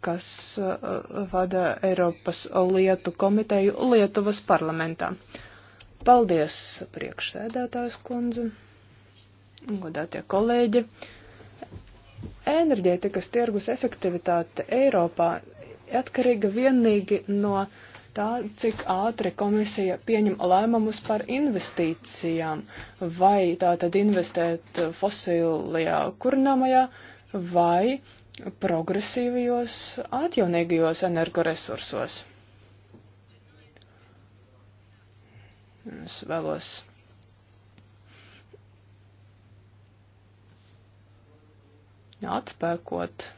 [SPEAKER 1] kas vada Eiropas lietu komiteju Lietuvas parlamentā. Paldies, priekšsēdētājs kundze, godātie kolēģi. Enerģētikas tirgus efektivitāte Eiropā atkarīga vienīgi no uh, tā, cik ātri komisija pieņem lēmumus par investīcijām, vai tā tad investēt fosilijā kurināmajā, vai progresīvajos atjaunīgajos energoresursos. Es vēlos atspēkot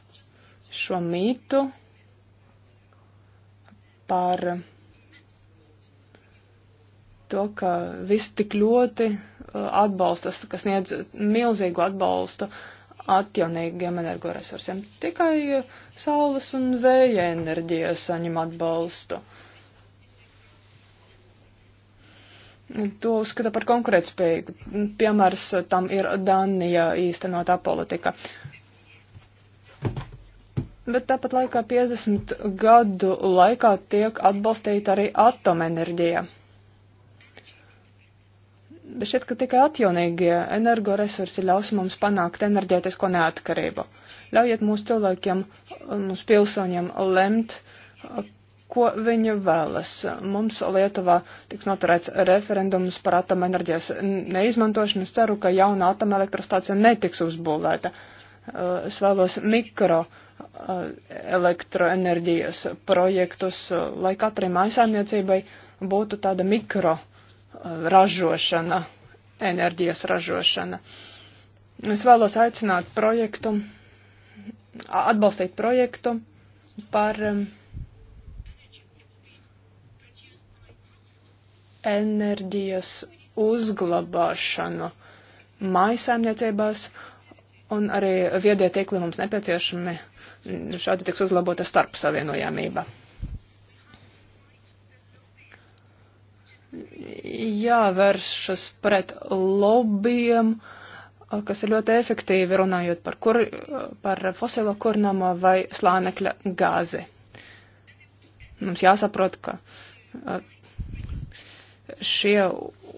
[SPEAKER 1] šo mītu par to, ka visi tik ļoti uh, atbalsta, kas sniedz milzīgu atbalstu atjaunīgiem energoresursiem. Tikai uh, saules un vēja enerģija saņem atbalstu. To uzskata par konkurētspējīgu. Piemērs tam ir Danija īstenotā politika. Uh, Bet tāpat laikā 50 gadu laikā tiek atbalstīta arī atomenerģija. Bet šķiet, ka tikai atjaunīgie energoresursi ļaus mums panākt enerģētisko neatkarību. Ļaujiet mūsu cilvēkiem, mūsu pilsoņiem lemt, ko viņi vēlas. Mums Lietuvā tiks noturēts referendums par atomenerģijas neizmantošanu. Es ceru, ka jauna atomelektrostācija netiks uzbūvēta. Uh, savas eh, mikro eh, elektroenerģijas projektus, eh, lai katrai mājasāmniecībai būtu tāda mikro ražošana, enerģijas ražošana. Es vēlos aicināt projektu, atbalstīt projektu par enerģijas uzglabāšanu mājasēmniecībās, uh, un arī viedie tīkli mums nepieciešami. Šādi tiks uzlabota starp savienojamība. Jāvēršas pret lobbyiem, kas ir ļoti efektīvi runājot par, kur, par fosilo kurnamo vai slānekļa gāzi. Mums jāsaprot, ka šie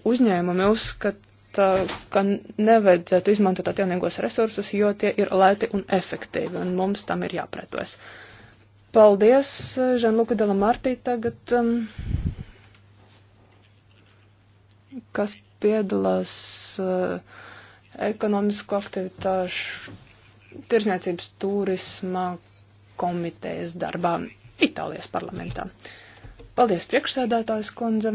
[SPEAKER 1] uzņēmumi uzskata ka nevajadzētu izmantot atjaunīgos resursus, jo tie ir lēti un efektīvi, un mums tam ir jāprētos. Paldies, Žanluka Dela Martī, tagad, um, kas piedalās uh, ekonomisko aktivitāšu tirzniecības turisma komitejas darbā Itālijas parlamentā. Paldies, priekšsēdētājs kundze.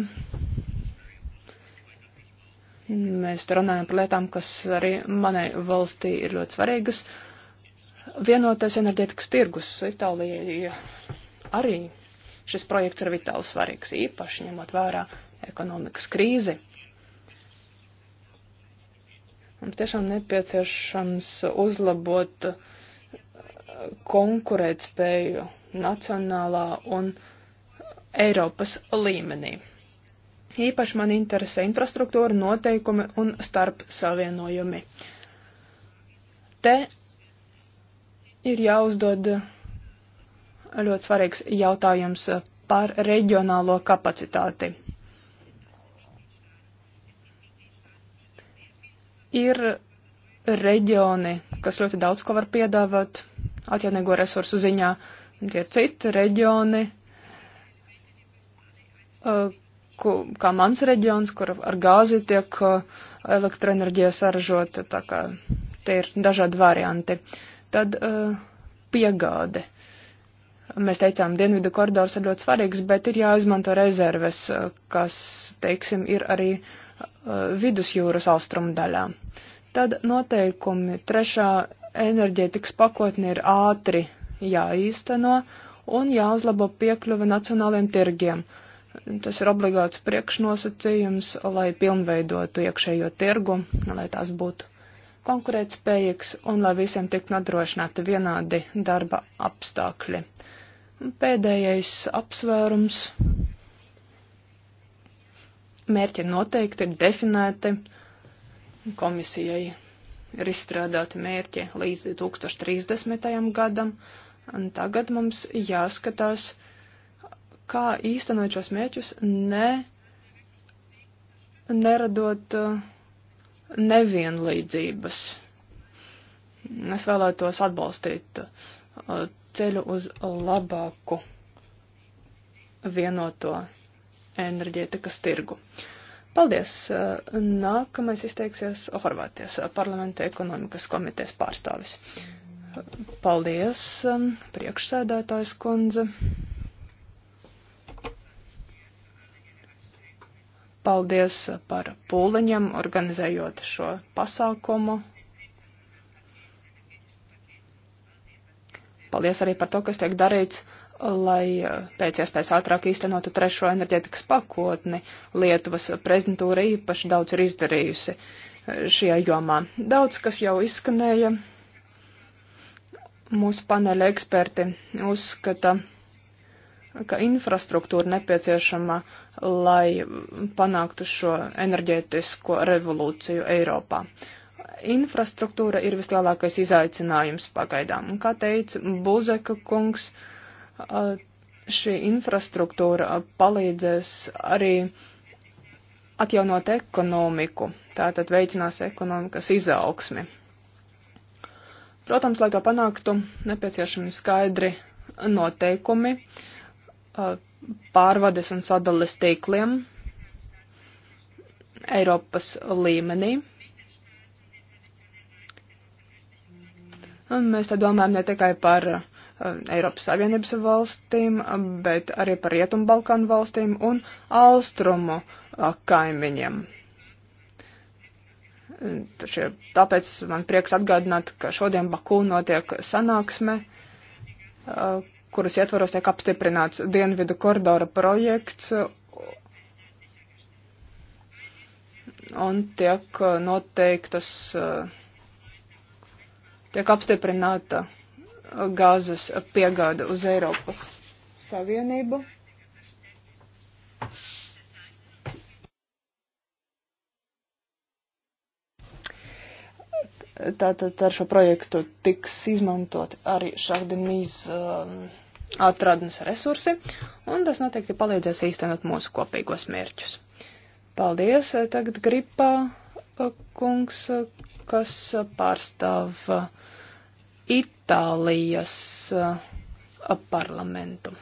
[SPEAKER 1] Mēs runājam par lietām, kas arī manai valstī ir ļoti svarīgas. Vienotais enerģētikas tirgus Itālijai arī šis projekts ir vitāli svarīgs, īpaši ņemot vērā ekonomikas krīzi. Mums tiešām nepieciešams uzlabot konkurētspēju nacionālā un Eiropas līmenī. Īpaši man interesē infrastruktūra, noteikumi un starp savienojumi. Te ir jāuzdod ļoti svarīgs jautājums par reģionālo kapacitāti. Ir reģioni, kas ļoti daudz ko var piedāvāt atjaunīgo resursu ziņā, tie ir citi reģioni, kā mans reģions, kur ar gāzi tiek uh, elektroenerģija saražota, tā kā te ir dažādi varianti. Tad uh, piegāde. Mēs teicām, dienvidu koridors ir ļoti svarīgs, bet ir jāizmanto rezerves, uh, kas, teiksim, ir arī uh, vidusjūras austrumu daļā. Tad noteikumi trešā enerģētikas pakotne ir ātri jāīsteno un jāuzlabo piekļuve nacionāliem tirgiem. Uh, Tas ir obligāts priekšnosacījums, lai pilnveidotu iekšējo tirgu, lai tās būtu konkurētspējīgs un lai visiem tiktu nodrošināti vienādi darba apstākļi. Pēdējais apsvērums. Mērķi noteikti ir definēti. Komisijai ir izstrādāti mērķi līdz 2030. gadam. Un tagad mums jāskatās, uh, kā īstenot šos mērķus, ne, neradot uh, nevienlīdzības. Es vēlētos atbalstīt uh, ceļu uz labāku vienoto enerģētikas tirgu. Paldies! Uh, nākamais izteiksies Horvātijas parlamenta ekonomikas komitejas pārstāvis. Paldies, um, priekšsēdētājs kundze. Paldies par pūliņam, organizējot šo pasākumu. Paldies arī par to, kas tiek darīts, lai eh, pēc iespējas ātrāk īstenotu trešo enerģetikas pakotni. Lietuvas prezidentūra īpaši daudz ir izdarījusi eh, šajā jomā. Daudz, kas jau izskanēja, mūsu paneļa eksperti uzskata, ka ka infrastruktūra nepieciešama, lai panāktu šo enerģētisko revolūciju Eiropā. Infrastruktūra ir vislielākais izaicinājums pagaidām. Kā teica Buzeka kungs, šī infrastruktūra palīdzēs arī atjaunot ekonomiku, tātad veicinās ekonomikas izaugsmi. Protams, lai to panāktu, nepieciešami skaidri noteikumi. Uh, Uh, pārvades un sadales tīkliem Eiropas līmenī. Un mēs te domājam ne tikai par uh, Eiropas Savienības valstīm, bet arī par Rietumu Balkānu valstīm un Austrumu uh, kaimiņiem. Taču, tāpēc man prieks atgādināt, ka šodien Bakū notiek sanāksme, uh, kuras ietvaros tiek apstiprināts Dienvidu koridora projekts un tiek uh, noteiktas, uh, tiek apstiprināta gāzes piegāde uz Eiropas Savienību. Tātad ar šo projektu tiks izmantoti arī šādienīs um, atradnes resursi, un tas noteikti palīdzēs īstenot mūsu kopīgos mērķus. Paldies, eh, tagad gripā eh, kungs, eh, kas pārstāv Itālijas parlamentu.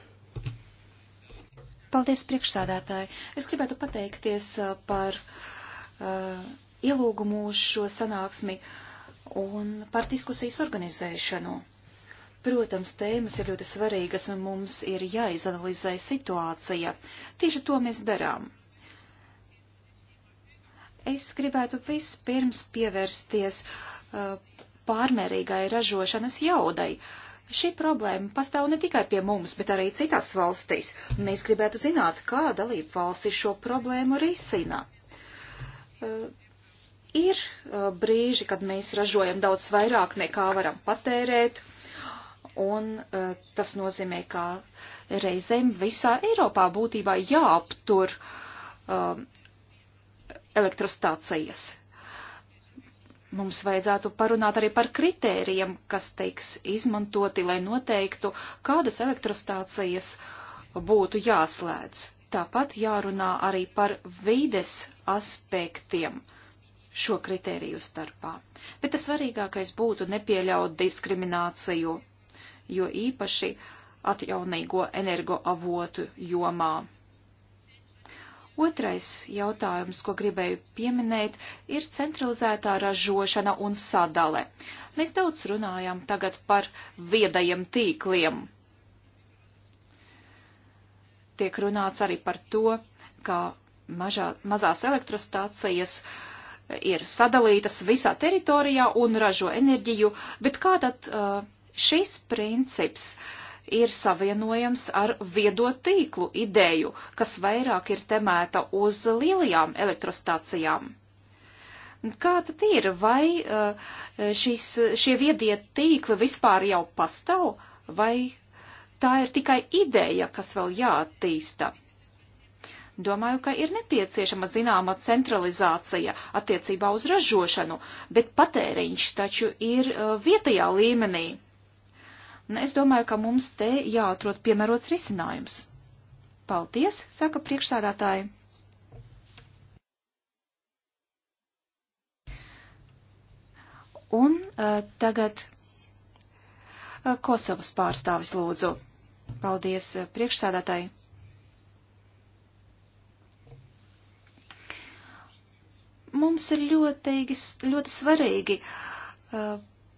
[SPEAKER 2] Paldies, priekšsādātāji. Es gribētu pateikties par uh, ielūgumu uz šo sanāksmi. Uh, un par diskusijas organizēšanu. Protams, tēmas ir ļoti svarīgas un mums ir jāizanalizē situācija. Tieši to mēs darām. Es gribētu vispirms pievērsties uh, pārmērīgai ražošanas jaudai. Šī problēma pastāv ne tikai pie mums, bet arī citās valstīs. Mēs gribētu zināt, kā dalību valstis šo problēmu risina. Uh, Ir uh, brīži, kad mēs ražojam daudz vairāk nekā varam patērēt, un uh, tas nozīmē, ka reizēm visā Eiropā būtībā jāaptur uh, elektrostācijas. Mums vajadzētu parunāt arī par kritērijiem, kas teiks izmantoti, lai noteiktu, kādas elektrostācijas būtu jāslēdz. Tāpat jārunā arī par vides aspektiem. Uh, šo kritēriju starpā. Bet tas svarīgākais būtu nepieļaut diskrimināciju, jo īpaši atjaunīgo energoavotu jomā. Otrais jautājums, ko gribēju pieminēt, ir centralizētā ražošana un sadale. Mēs daudz runājam tagad par viedajiem tīkliem. Tiek runāts arī par to, ka mažā, mazās elektrostācijas uh, ir sadalītas visā teritorijā un ražo enerģiju, bet kā tad uh, šis princips ir savienojams ar viedo tīklu ideju, kas vairāk ir temēta uz lielajām elektrostācijām? Kā tad ir? Vai uh, šis, šie viedie tīkli vispār jau pastāv, vai tā ir tikai ideja, kas vēl jāattīsta? Domāju, ka ir nepieciešama zināma centralizācija attiecībā uz ražošanu, bet patēriņš taču ir uh, vietējā līmenī. Un es domāju, ka mums te jāatrod piemērots risinājums. Paldies, saka priekšsādātāji. Un uh, tagad uh, Kosovas pārstāvis lūdzu. Paldies uh, priekšsādātāji. Mums ir ļoti, ļoti svarīgi uh,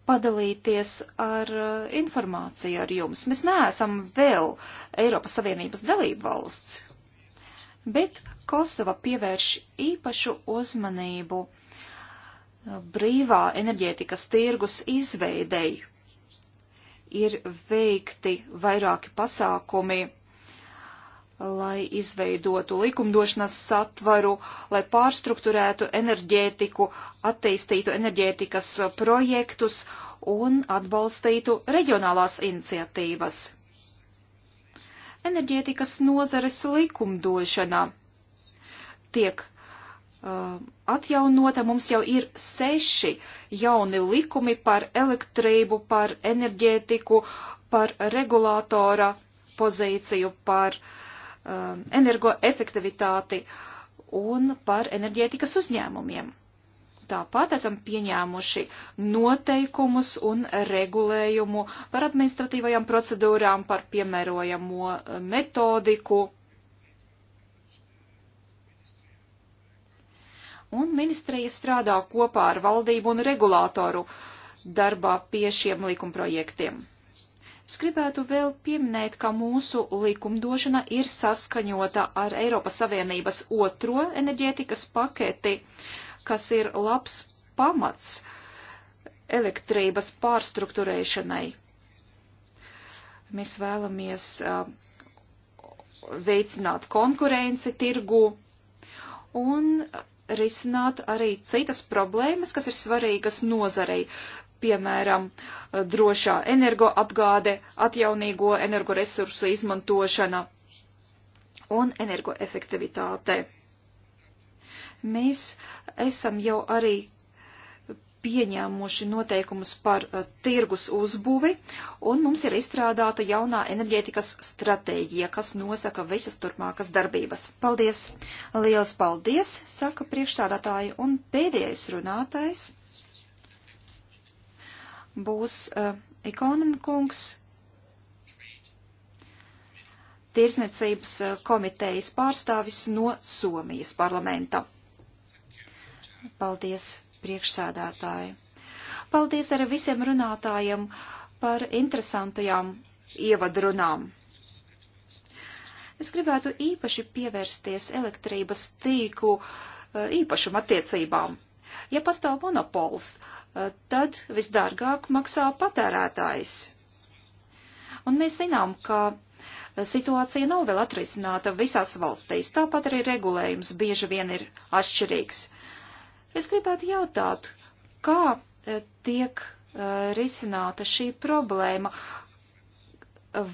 [SPEAKER 2] padalīties ar uh, informāciju ar jums. Mēs neesam vēl Eiropas Savienības dalība valsts, bet Kosova pievērš īpašu uzmanību uh, brīvā enerģētikas tirgus izveidei. Ir veikti vairāki pasākumi lai izveidotu likumdošanas satvaru, lai pārstruktūrētu enerģētiku, attīstītu enerģētikas projektus un atbalstītu reģionālās iniciatīvas. Enerģētikas nozares likumdošana tiek uh, atjaunota. Mums jau ir seši jauni likumi par elektrību, par enerģētiku, par regulātora pozīciju, par uh, um, energoefektivitāti un par enerģētikas uzņēmumiem. Tāpat esam pieņēmuši noteikumus un regulējumu par administratīvajām procedūrām, par piemērojamo metodiku. Un ministrija strādā kopā ar valdību un regulātoru darbā pie šiem likumprojektiem. Es gribētu vēl pieminēt, ka mūsu likumdošana ir saskaņota ar Eiropas Savienības otro enerģētikas paketi, kas ir labs pamats elektrības pārstruktūrēšanai. Mēs vēlamies uh, veicināt konkurenci tirgu un risināt arī citas problēmas, kas ir svarīgas nozarei piemēram, eh, drošā energoapgāde, atjaunīgo energoresursu izmantošana un energoefektivitāte. Mēs esam jau arī pieņēmuši noteikumus par uh, tirgus uzbūvi, un mums ir izstrādāta jaunā enerģētikas stratēģija, kas nosaka visas turpmākas darbības. Paldies! Liels paldies, saka priekšsādātāji, un pēdējais runātājs būs uh, Ikonenkungs, tirsniecības komitejas pārstāvis no Somijas parlamenta. Paldies, priekšsēdētāji! Paldies arī visiem runātājiem par interesantajām ievadrunām. Es gribētu īpaši pievērsties elektrības tīklu īpašuma attiecībām. Ja pastāv monopols, eh, tad visdārgāk maksā patērētājs. Un mēs zinām, ka eh, situācija nav vēl atrisināta visās valstīs, tāpat arī regulējums bieži vien ir atšķirīgs. Es gribētu jautāt, kā eh, tiek risināta šī problēma,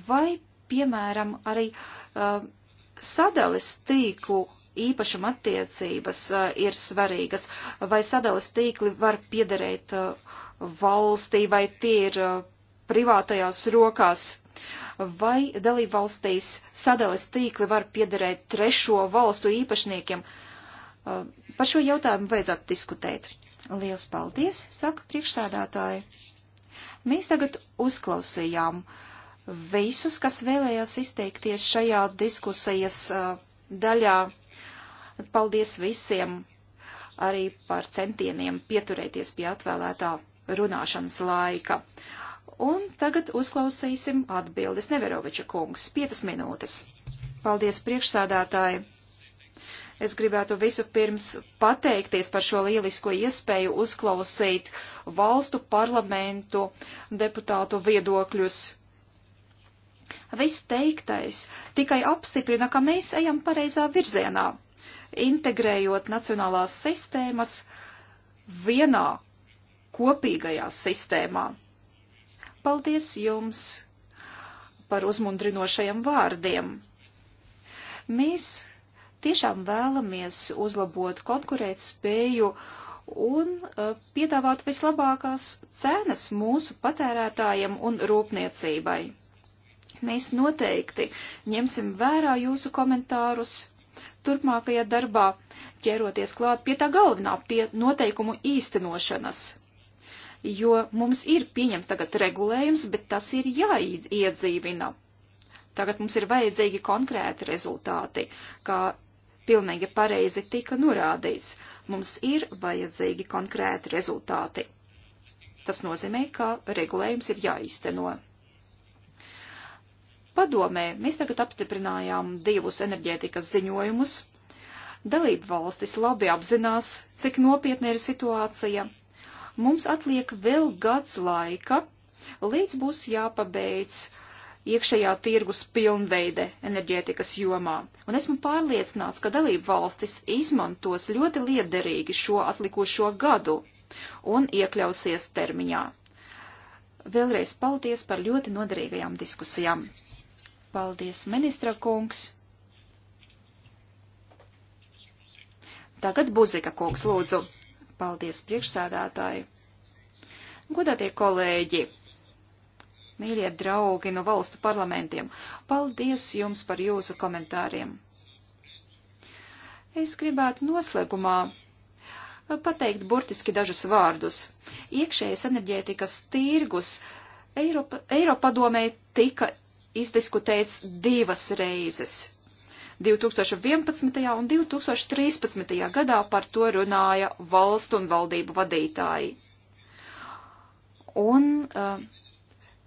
[SPEAKER 2] vai, piemēram, arī sadales tīklu īpašuma attiecības ir svarīgas, vai sadalas tīkli var piederēt valstī, vai tie ir privātajās rokās, vai dalībvalstīs sadalas tīkli var piederēt trešo valstu īpašniekiem. Par šo jautājumu vajadzētu diskutēt. Liels paldies, saka priekšsādātāji. Mēs tagad uzklausījām visus, kas vēlējās izteikties šajā diskusijas daļā. Paldies visiem arī par centieniem pieturēties pie atvēlētā runāšanas laika. Un tagad uzklausīsim atbildes Neveroviča kungs. Piecas minūtes. Paldies priekšsādātāji. Es gribētu visu pirms pateikties par šo lielisko iespēju uzklausīt valstu parlamentu deputātu viedokļus. Viss teiktais tikai apstiprina, ka mēs ejam pareizā virzienā integrējot nacionālās sistēmas vienā kopīgajā sistēmā. Paldies jums par uzmundrinošajiem vārdiem. Mēs tiešām vēlamies uzlabot konkurētspēju un uh, piedāvāt vislabākās cenas mūsu patērētājiem un rūpniecībai. Mēs noteikti ņemsim vērā jūsu komentārus turpmākajā darbā, ķēroties klāt pie tā galvenā, pie noteikumu īstenošanas. Jo mums ir pieņems tagad regulējums, bet tas ir jāiedzīvina. Tagad mums ir vajadzīgi konkrēti rezultāti, kā pilnīgi pareizi tika norādīts. Mums ir vajadzīgi konkrēti rezultāti. Tas nozīmē, ka regulējums ir jāizteno. Padomē, mēs tagad apstiprinājām divus enerģētikas ziņojumus. Dalību valstis labi apzinās, cik nopietna ir situācija. Mums atliek vēl gads laika, līdz būs jāpabeidz iekšējā tirgus pilnveide enerģētikas jomā, un esmu pārliecināts, ka dalību valstis izmantos ļoti liederīgi šo atlikušo gadu un iekļausies termiņā. Vēlreiz paldies par ļoti noderīgajām diskusijām. Paldies, ministra kungs. Tagad Buzika kungs, lūdzu. Paldies, priekšsēdētāji. Godātie kolēģi, mīļie draugi no valstu parlamentiem, paldies jums par jūsu komentāriem. Es gribētu noslēgumā pateikt burtiski dažus vārdus. Iekšējais enerģētikas tirgus Eiropa, Eiropadomē tika izdiskutēts divas reizes. 2011. un 2013. gadā par to runāja valstu un valdību vadītāji. Un uh,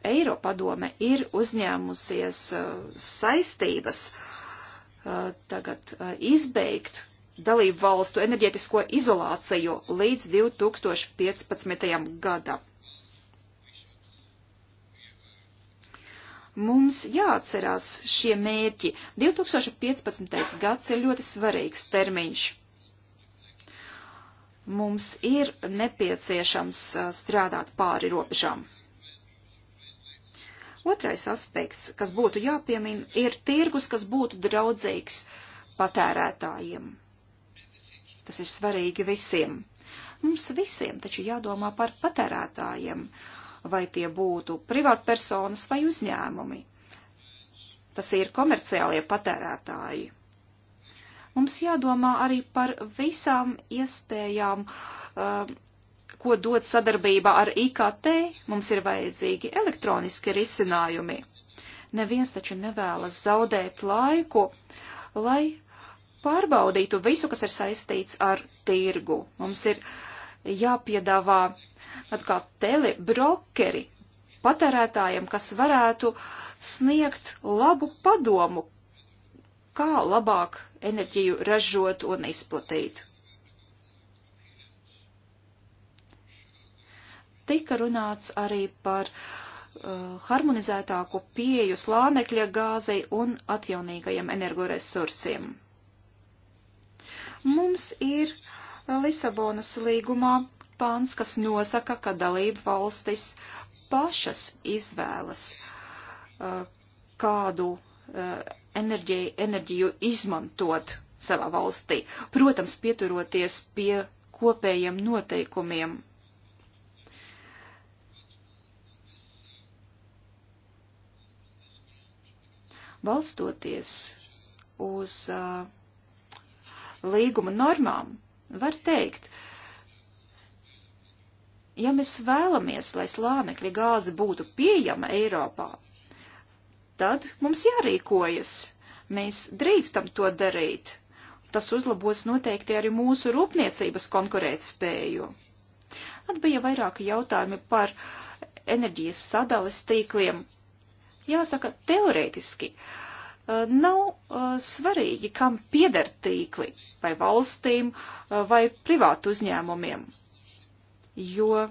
[SPEAKER 2] Eiropadome ir uzņēmusies uh, saistības uh, tagad uh, izbeigt dalību valstu enerģetisko izolāciju līdz 2015. gadam. Mums jāatcerās šie mērķi. 2015. gads ir ļoti svarīgs termiņš. Mums ir nepieciešams strādāt pāri robežām. Otrais aspekts, kas būtu jāpiemina, ir tirgus, kas būtu draudzīgs patērētājiem. Tas ir svarīgi visiem. Mums visiem taču jādomā par patērētājiem. Uh, vai tie būtu privātpersonas vai uzņēmumi. Tas ir komerciālie patērētāji. Mums jādomā arī par visām iespējām, um, ko dod sadarbība ar IKT. Mums ir vajadzīgi elektroniski risinājumi. Neviens taču nevēlas zaudēt laiku, lai pārbaudītu visu, kas ir saistīts ar tirgu. Mums ir jāpiedāvā atkal telebrokeri patērētājiem, kas varētu sniegt labu padomu, kā labāk enerģiju ražot un izplatīt. Tika runāts arī par uh, harmonizētāku pieju slānekļa gāzei un atjaunīgajiem energoresursiem. Mums ir Lisabonas līgumā pāns, kas nosaka, ka dalību valstis pašas izvēlas, uh, kādu uh, enerģiju, enerģiju izmantot savā valstī, protams, pieturoties pie kopējiem noteikumiem. Balstoties uz uh, līguma normām, var teikt, uh, Ja mēs vēlamies, lai slānekļa gāze būtu pieejama Eiropā, tad mums jārīkojas. Mēs drīkstam to darīt. Tas uzlabos noteikti arī mūsu rūpniecības konkurētspēju. Tad bija vairāki jautājumi par enerģijas sadales tīkliem. Jāsaka, teorētiski eh, nav eh, svarīgi, kam pieder tīkli, vai valstīm, eh, vai privātu uzņēmumiem jo uh,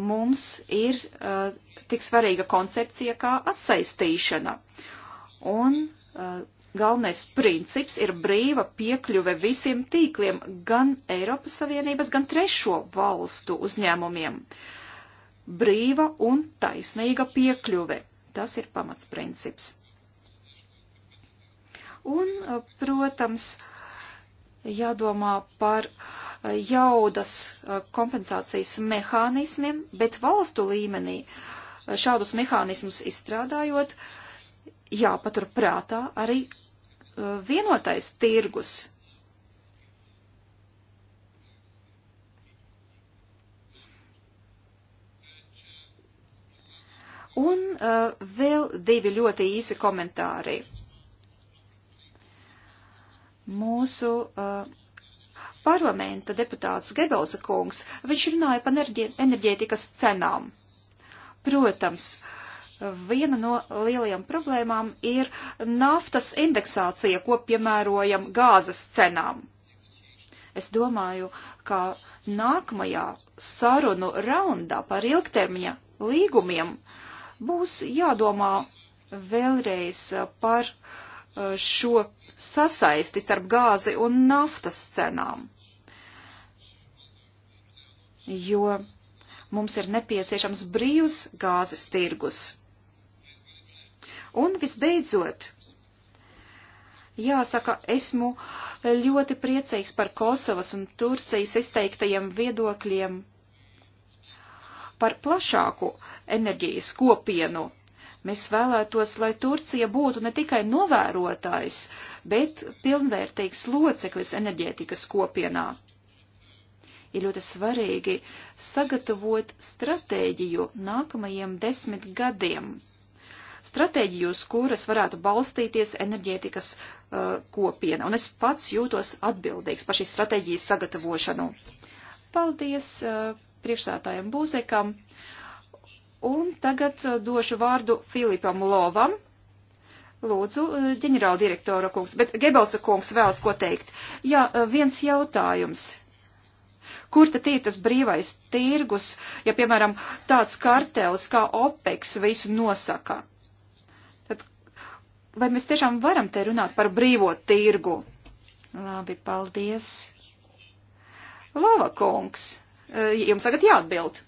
[SPEAKER 2] mums ir uh, tik svarīga koncepcija kā atsaistīšana. Un uh, galvenais princips ir brīva piekļuve visiem tīkliem gan Eiropas Savienības, gan trešo valstu uzņēmumiem. Brīva un taisnīga piekļuve. Tas ir pamats princips. Un, uh, protams, jādomā par uh, jaudas eh, kompensācijas mehānismiem, bet valstu līmenī eh, šādus mehānismus izstrādājot, jāpatur prātā arī eh, vienotais tirgus. Un uh, vēl divi ļoti īsi komentāri. Mūsu uh, parlamenta deputāts Gebelza kungs, viņš runāja par enerģētikas cenām. Protams, viena no lielajām problēmām ir naftas indeksācija, ko piemērojam gāzes cenām. Es domāju, ka nākamajā sarunu raundā par ilgtermiņa līgumiem būs jādomā vēlreiz par uh, Uh, šo sasaisti starp gāzi un naftas cenām. Jo mums ir nepieciešams brīvs gāzes tirgus. Un visbeidzot, jāsaka, esmu ļoti priecīgs par Kosovas un Turcijas izteiktajiem viedokļiem par plašāku enerģijas kopienu Mēs vēlētos, lai Turcija būtu ne tikai novērotājs, bet pilnvērtīgs loceklis enerģētikas kopienā. Ir ļoti svarīgi sagatavot stratēģiju nākamajiem desmit gadiem. Stratēģijos, kuras varētu balstīties enerģētikas uh, kopiena. Un es pats jūtos atbildīgs par šīs stratēģijas sagatavošanu. Paldies! Uh, priekšstādājiem Būzekam. Uh, Un tagad uh, došu vārdu Filipam Lovam. Lūdzu, uh, ģenerāla direktora kungs, bet Gebelsa kungs vēlas ko teikt. Jā, uh, viens jautājums. Kur tad ir tas brīvais tirgus, ja, piemēram, tāds kartelis kā OPEX visu nosaka? Tad vai mēs tiešām varam te runāt par brīvo tirgu? Labi, paldies. Lova kungs, jums tagad jāatbild.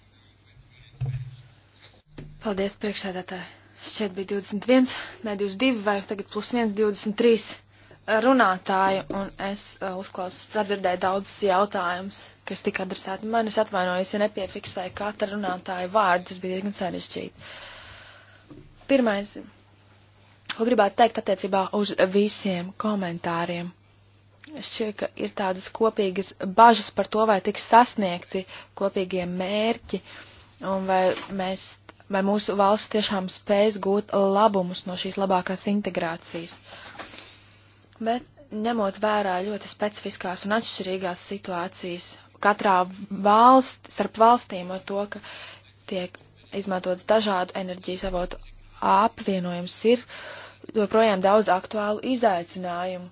[SPEAKER 3] Paldies, priekšsēdētāji. Šķiet bija 21, ne 22, vai tagad plus 1, 23 runātāju, un es uh, uzklausu, sadzirdēju daudzus jautājumus, kas tika adresēti man. Es atvainojos, ja nepiefiksēju katra runātāja vārdu, tas bija diezgan sarežģīti. Pirmais, ko gribētu teikt attiecībā uz visiem komentāriem. Šķiet, ka ir tādas kopīgas bažas par to, vai tiks sasniegti kopīgie mērķi, un vai mēs vai mūsu valsts tiešām spējas gūt labumus no šīs labākās integrācijas. Bet ņemot vērā ļoti specifiskās un atšķirīgās situācijas katrā valsts, starp valstīm ar to, ka tiek izmantots dažādu enerģijas avotu apvienojums, ir joprojām daudz aktuālu izaicinājumu.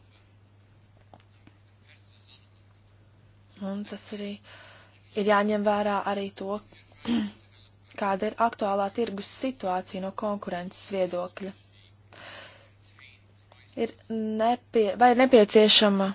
[SPEAKER 3] Un tas arī ir jāņem vērā arī to, kāda ir aktuālā tirgus situācija no konkurences viedokļa. Ir nepie, vai ir nepieciešama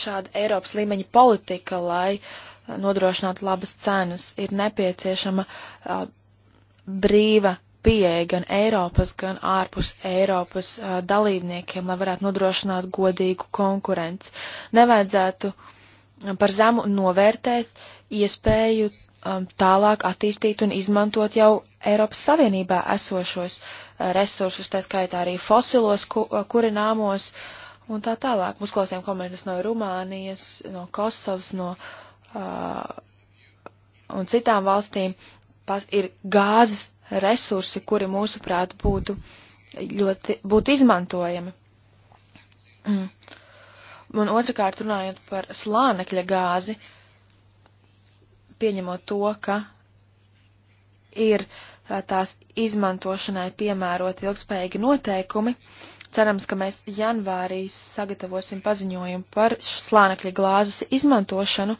[SPEAKER 3] šāda Eiropas līmeņa politika, lai uh, nodrošinātu labas cenas, ir nepieciešama a, uh, brīva pieeja gan Eiropas, gan ārpus Eiropas a, uh, dalībniekiem, lai varētu nodrošināt godīgu konkurenci. Nevajadzētu um, par zemu novērtēt iespēju um, tālāk attīstīt un izmantot jau Eiropas Savienībā esošos uh, resursus, tā skaitā arī fosilos ku, uh, kurināmos un tā tālāk. Mums klausījām komentus no Rumānijas, no Kosovas, no uh, un citām valstīm. Pas, ir gāzes resursi, kuri mūsuprāt būtu ļoti, būtu izmantojami. Mm. Un otrkārt runājot par slānekļa gāzi, uh, pieņemot to, ka ir tās izmantošanai piemēroti ilgspējīgi noteikumi. Cerams, ka mēs janvārī sagatavosim paziņojumu par slānekļa glāzes izmantošanu.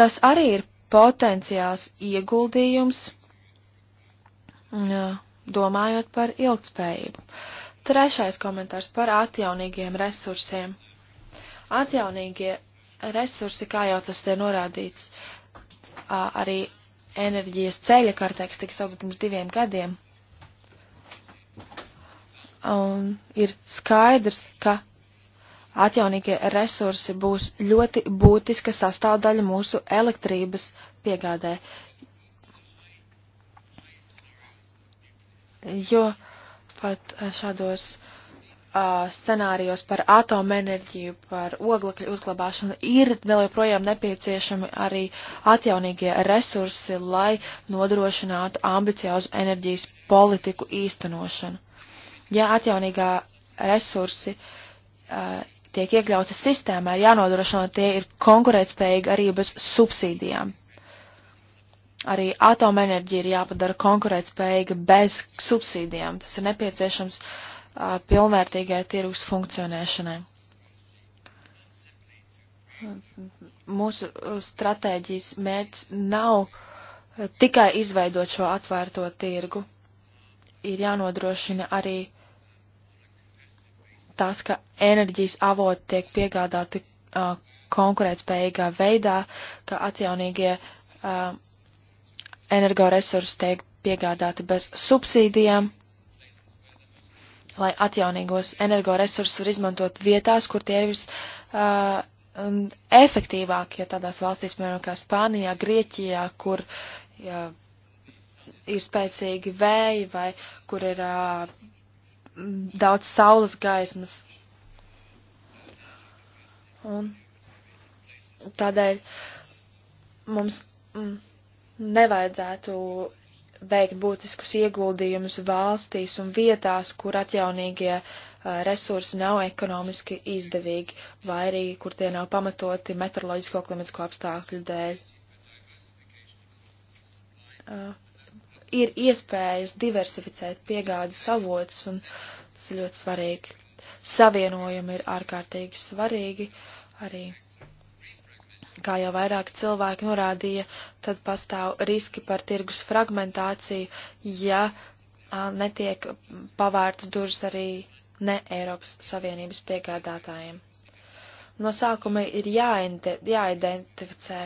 [SPEAKER 3] Tas arī ir potenciāls ieguldījums, domājot par ilgspējību. Trešais komentārs par atjaunīgiem resursiem. Atjaunīgie resursi, kā jau tas te norādīts, arī enerģijas ceļa kartē, kas tika saukta pirms diviem gadiem. Un ir skaidrs, ka atjaunīgie resursi būs ļoti būtiska sastāvdaļa mūsu elektrības piegādē. Jo pat šādos uh, scenārijos par atomenerģiju, par oglekļu uzglabāšanu ir vēl joprojām nepieciešami arī atjaunīgie resursi, lai nodrošinātu ambiciozu enerģijas politiku īstenošanu. Ja atjaunīgā resursi uh, tiek iekļauti sistēmā, ir jānodrošina, tie ir konkurētspējīgi arī bez subsīdijām. Arī atomenerģija ir jāpadara konkurētspējīga bez subsīdijām. Tas ir nepieciešams uh, pilnvērtīgai tirgus funkcionēšanai. Mūsu stratēģijas mērķis nav tikai izveidot šo atvērto tirgu. Ir jānodrošina arī tas, ka enerģijas avoti tiek piegādāti uh, konkurētspējīgā veidā, ka atjaunīgie uh, energoresursi tiek piegādāti bez subsīdijām lai atjaunīgos energoresursus var izmantot vietās, kur tie ir vis uh, efektīvākie ja tādās valstīs, piemēram, kā Spānijā, Grieķijā, kur ja, ir spēcīgi vēji vai kur ir uh, daudz saules gaismas. Un tādēļ mums mm, nevajadzētu veikt būtiskus ieguldījumus valstīs un vietās, kur atjaunīgie resursi nav ekonomiski izdevīgi, vai arī kur tie nav pamatoti meteoroloģisko klimatisko apstākļu dēļ. Ir iespējas diversificēt piegādes avotus, un tas ir ļoti svarīgi. Savienojumi ir ārkārtīgi svarīgi arī Kā jau vairāk cilvēki norādīja, tad pastāv riski par tirgus fragmentāciju, ja netiek pavērts durvis arī ne Eiropas Savienības piegādātājiem. No sākuma ir jāidentificē,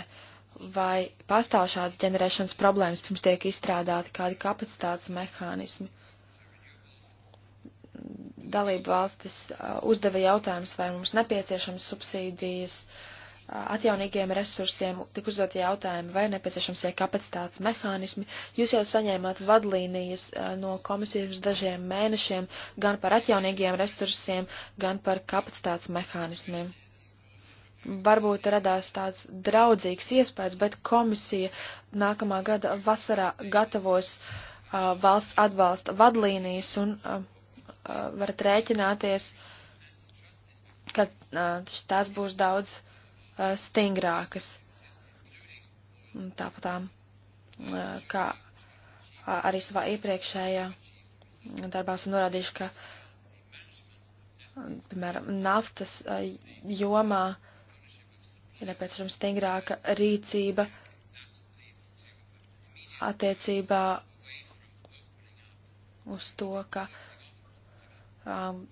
[SPEAKER 3] vai pastāv šādas ģenerēšanas problēmas, pirms tiek izstrādāti kādi kapacitātes mehānismi. Dalība valstis uzdeva jautājums, vai mums nepieciešams subsīdijas uh, atjaunīgiem resursiem tik uzdot jautājumi, vai nepieciešams ir kapacitātes mehānismi. Jūs jau saņēmāt vadlīnijas no komisijas dažiem mēnešiem gan par atjaunīgiem resursiem, gan par kapacitātes mehānismiem. Varbūt radās tāds draudzīgs iespējas, bet komisija nākamā gada vasarā gatavos uh, valsts atbalsta vadlīnijas un uh, uh, varat rēķināties, ka uh, tās būs daudz Uh, stingrākas. Tāpatām uh, kā arī savā iepriekšējā darbā esam norādījuši, ka, piemēram, naftas jomā ir nepieciešama stingrāka rīcība attiecībā uz to, ka um,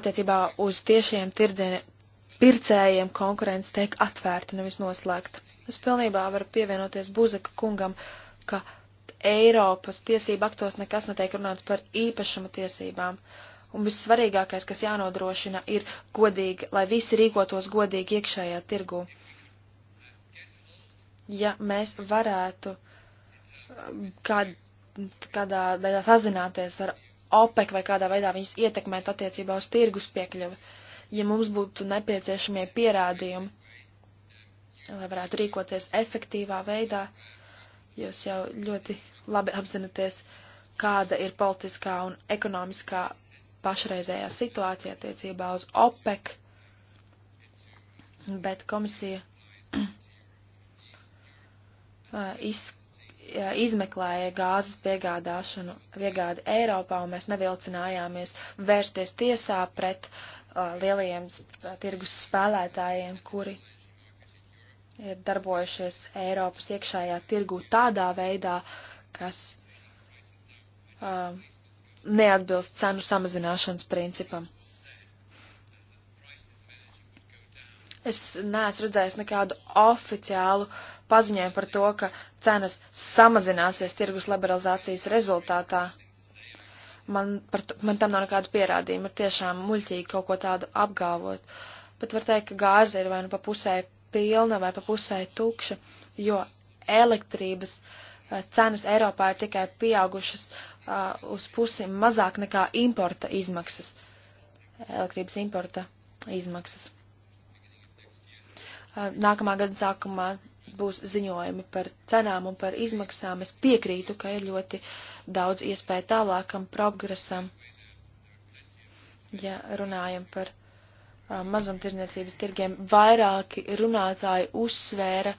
[SPEAKER 3] attiecībā uz tiešiem tirdzniecības pircējiem konkurence tiek atvērta, nevis noslēgta. Es pilnībā varu pievienoties Buzaka kungam, ka Eiropas tiesību aktos nekas netiek runāts par īpašuma tiesībām. Un vissvarīgākais, kas jānodrošina, ir godīgi, lai visi rīkotos godīgi iekšējā tirgū. Ja mēs varētu um, kād, kādā veidā sazināties ar OPEC vai kādā veidā viņus ietekmēt attiecībā uz tirgus piekļuvi, uh, ja mums būtu nepieciešamie pierādījumi, lai varētu rīkoties efektīvā veidā. Jūs jau ļoti labi apzināties, kāda ir politiskā un ekonomiskā pašreizējā situācija attiecībā uz OPEC, bet komisija uh, iz, uh, izmeklēja gāzes piegādāšanu, piegādi Eiropā, un mēs nevilcinājāmies vērsties tiesā pret Uh, lielajiem uh, tirgus spēlētājiem, kuri ir darbojušies Eiropas iekšējā tirgū tādā veidā, kas uh, neatbilst cenu samazināšanas principam. Es neesmu redzējis nekādu oficiālu paziņojumu par to, ka cenas samazināsies tirgus liberalizācijas rezultātā. Uh, Man, par, man tam nav nekādu pierādījumu, ir tiešām muļķīgi kaut ko tādu apgalvot. Bet var teikt, ka gāze ir vai nu pa pusē pilna vai pa pusē tukša, jo elektrības eh, cenas Eiropā ir tikai pieaugušas uh, uz pusi mazāk nekā importa izmaksas, elektrības importa izmaksas. Uh, nākamā gada sākumā būs ziņojumi par cenām un par izmaksām. Es piekrītu, ka ir ļoti daudz iespēju tālākam progresam, ja runājam par uh, mazumtirdzniecības tirgiem. Vairāki runātāji uzsvēra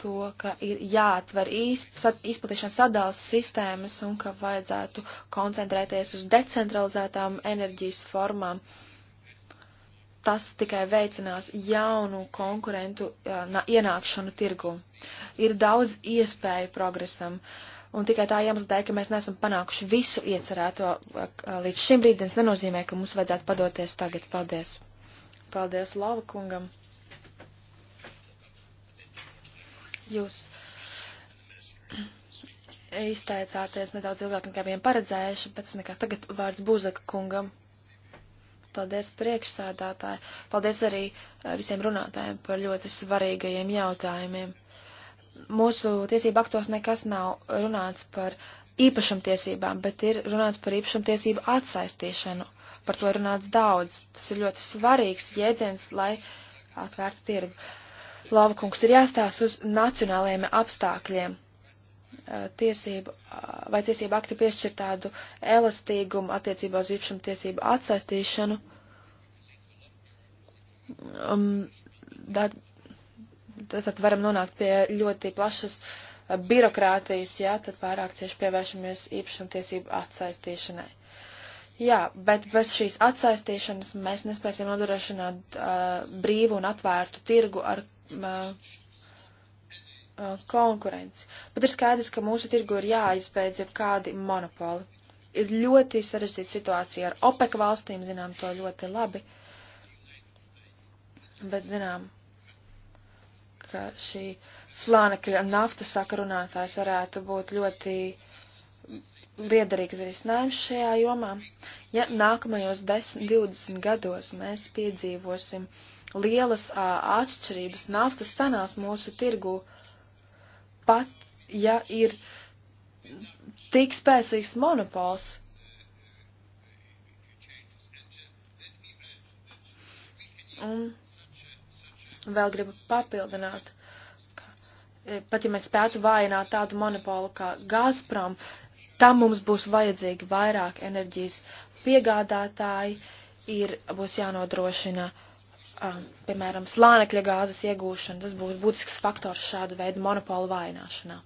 [SPEAKER 3] to, ka ir jāatver izplatīšanas sadals sistēmas un ka vajadzētu koncentrēties uz decentralizētām enerģijas formām. Uh, tas tikai veicinās jaunu konkurentu uh, ienākšanu tirgu. Ir daudz iespēju progresam, un tikai tā iemesla dēļ, ka mēs nesam panākuši visu iecerēto uh, līdz šim brīdim, nenozīmē, ka mums vajadzētu padoties tagad. Paldies! Paldies Lava kungam! Jūs izteicāties nedaudz ilgāk nekā bijām paredzējuši, bet es nekas tagad vārds Buzaka kungam. Paldies priekšsādātāji. Paldies arī eh, visiem runātājiem par ļoti svarīgajiem jautājumiem. Mūsu tiesību aktos nekas nav runāts par īpašumtiesībām, bet ir runāts par īpašumtiesību atsaistīšanu. Par to ir runāts daudz. Tas ir ļoti svarīgs jēdziens, lai atvērtu tirgu. Lavakungs ir jāstās uz nacionālajiem apstākļiem tiesību, vai tiesību akti piešķir tādu elastīgumu attiecībā uz īpašumu tiesību atsaistīšanu. Um, tad, tad varam nonākt pie ļoti plašas birokrātijas, jā, tad pārāk cieši pievēršamies īpašumu tiesību atsaistīšanai. Jā, bet bez šīs atsaistīšanas mēs nespēsim nodrošināt uh, brīvu un atvērtu tirgu ar uh, Uh, konkurenci. Bet ir skaidrs, ka mūsu tirgu ir jāizbeidz jau kādi monopoli. Ir ļoti sarežģīta situācija ar OPEC valstīm, zinām to ļoti labi. Bet zinām, ka šī slānekļa naftas sakarunātājs varētu būt ļoti liederīgs risinājums šajā jomā. Ja nākamajos 10, 20 gados mēs piedzīvosim lielas ā, atšķirības naftas cenās mūsu tirgū, uh, pat ja ir tik spēcīgs monopols. Un vēl gribu papildināt, ka e, pat ja mēs spētu vājināt tādu monopolu kā Gazprom, tam mums būs vajadzīgi vairāk enerģijas piegādātāji, ir, būs jānodrošina uh, um, piemēram, slānekļa gāzes iegūšana, tas būtu būtisks faktors šādu veidu monopolu vājināšanā.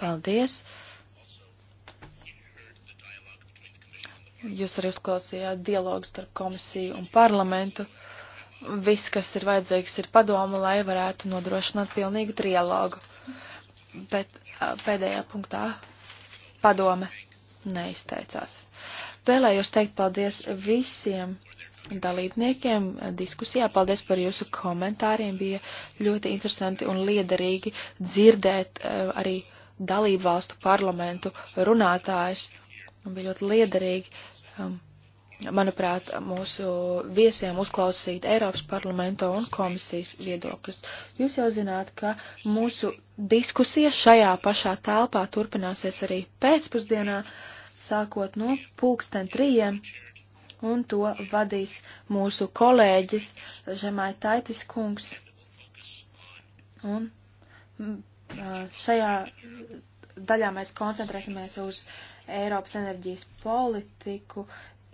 [SPEAKER 3] Paldies! Jūs arī uzklausījāt dialogu starp komisiju un parlamentu. Viss, kas ir vajadzīgs, ir padoma, lai varētu nodrošināt pilnīgu trialogu. Bet uh, pēdējā punktā padome neizteicās vēlējos teikt paldies visiem dalībniekiem diskusijā. Paldies par jūsu komentāriem. Bija ļoti interesanti un liederīgi dzirdēt eh, arī dalību valstu parlamentu runātājs. Bija ļoti liederīgi, um, manuprāt, mūsu viesiem uzklausīt Eiropas parlamento un komisijas viedokļus. Jūs jau zināt, ka mūsu diskusija šajā pašā telpā turpināsies arī pēcpusdienā sākot no pulksten trījiem, un to vadīs mūsu kolēģis Žemai Taitis kungs. Un mm, šajā daļā mēs koncentrēsimies uz Eiropas enerģijas politiku,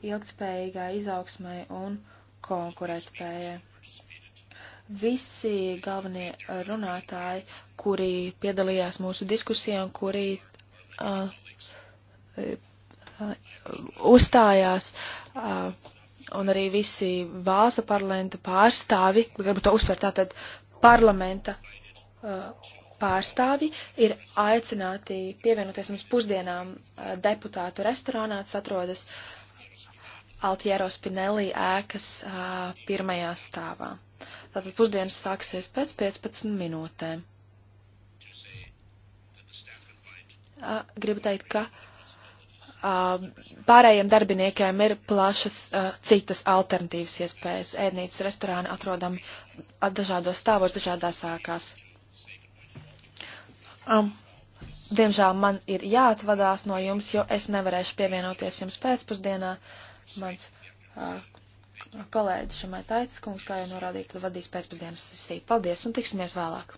[SPEAKER 3] ilgtspējīgai izaugsmai un konkurētspējai. Visi galvenie runātāji, kuri piedalījās mūsu diskusijā un kuri uh, uzstājās un arī visi valstu parlamenta pārstāvi, gribu to uzsvērt, tātad parlamenta pārstāvi ir aicināti pievienoties mums pusdienām deputātu restorānā, tas atrodas Altiero Spinelli ēkas pirmajā stāvā. Tātad pusdienas sāksies pēc 15 minūtēm. Gribu teikt, ka Um, pārējiem darbiniekiem ir plašas uh, citas alternatīvas iespējas. Ēdnīcas restorāni atrodami dažādos stāvos, dažādās ēkās. Um, diemžēl man ir jāatvadās no jums, jo es nevarēšu pievienoties jums pēcpusdienā. Mans uh, kolēģis Šamai Taitis kungs, kā jau norādīju, vadīs pēcpusdienas sesiju. Paldies un tiksimies vēlāk!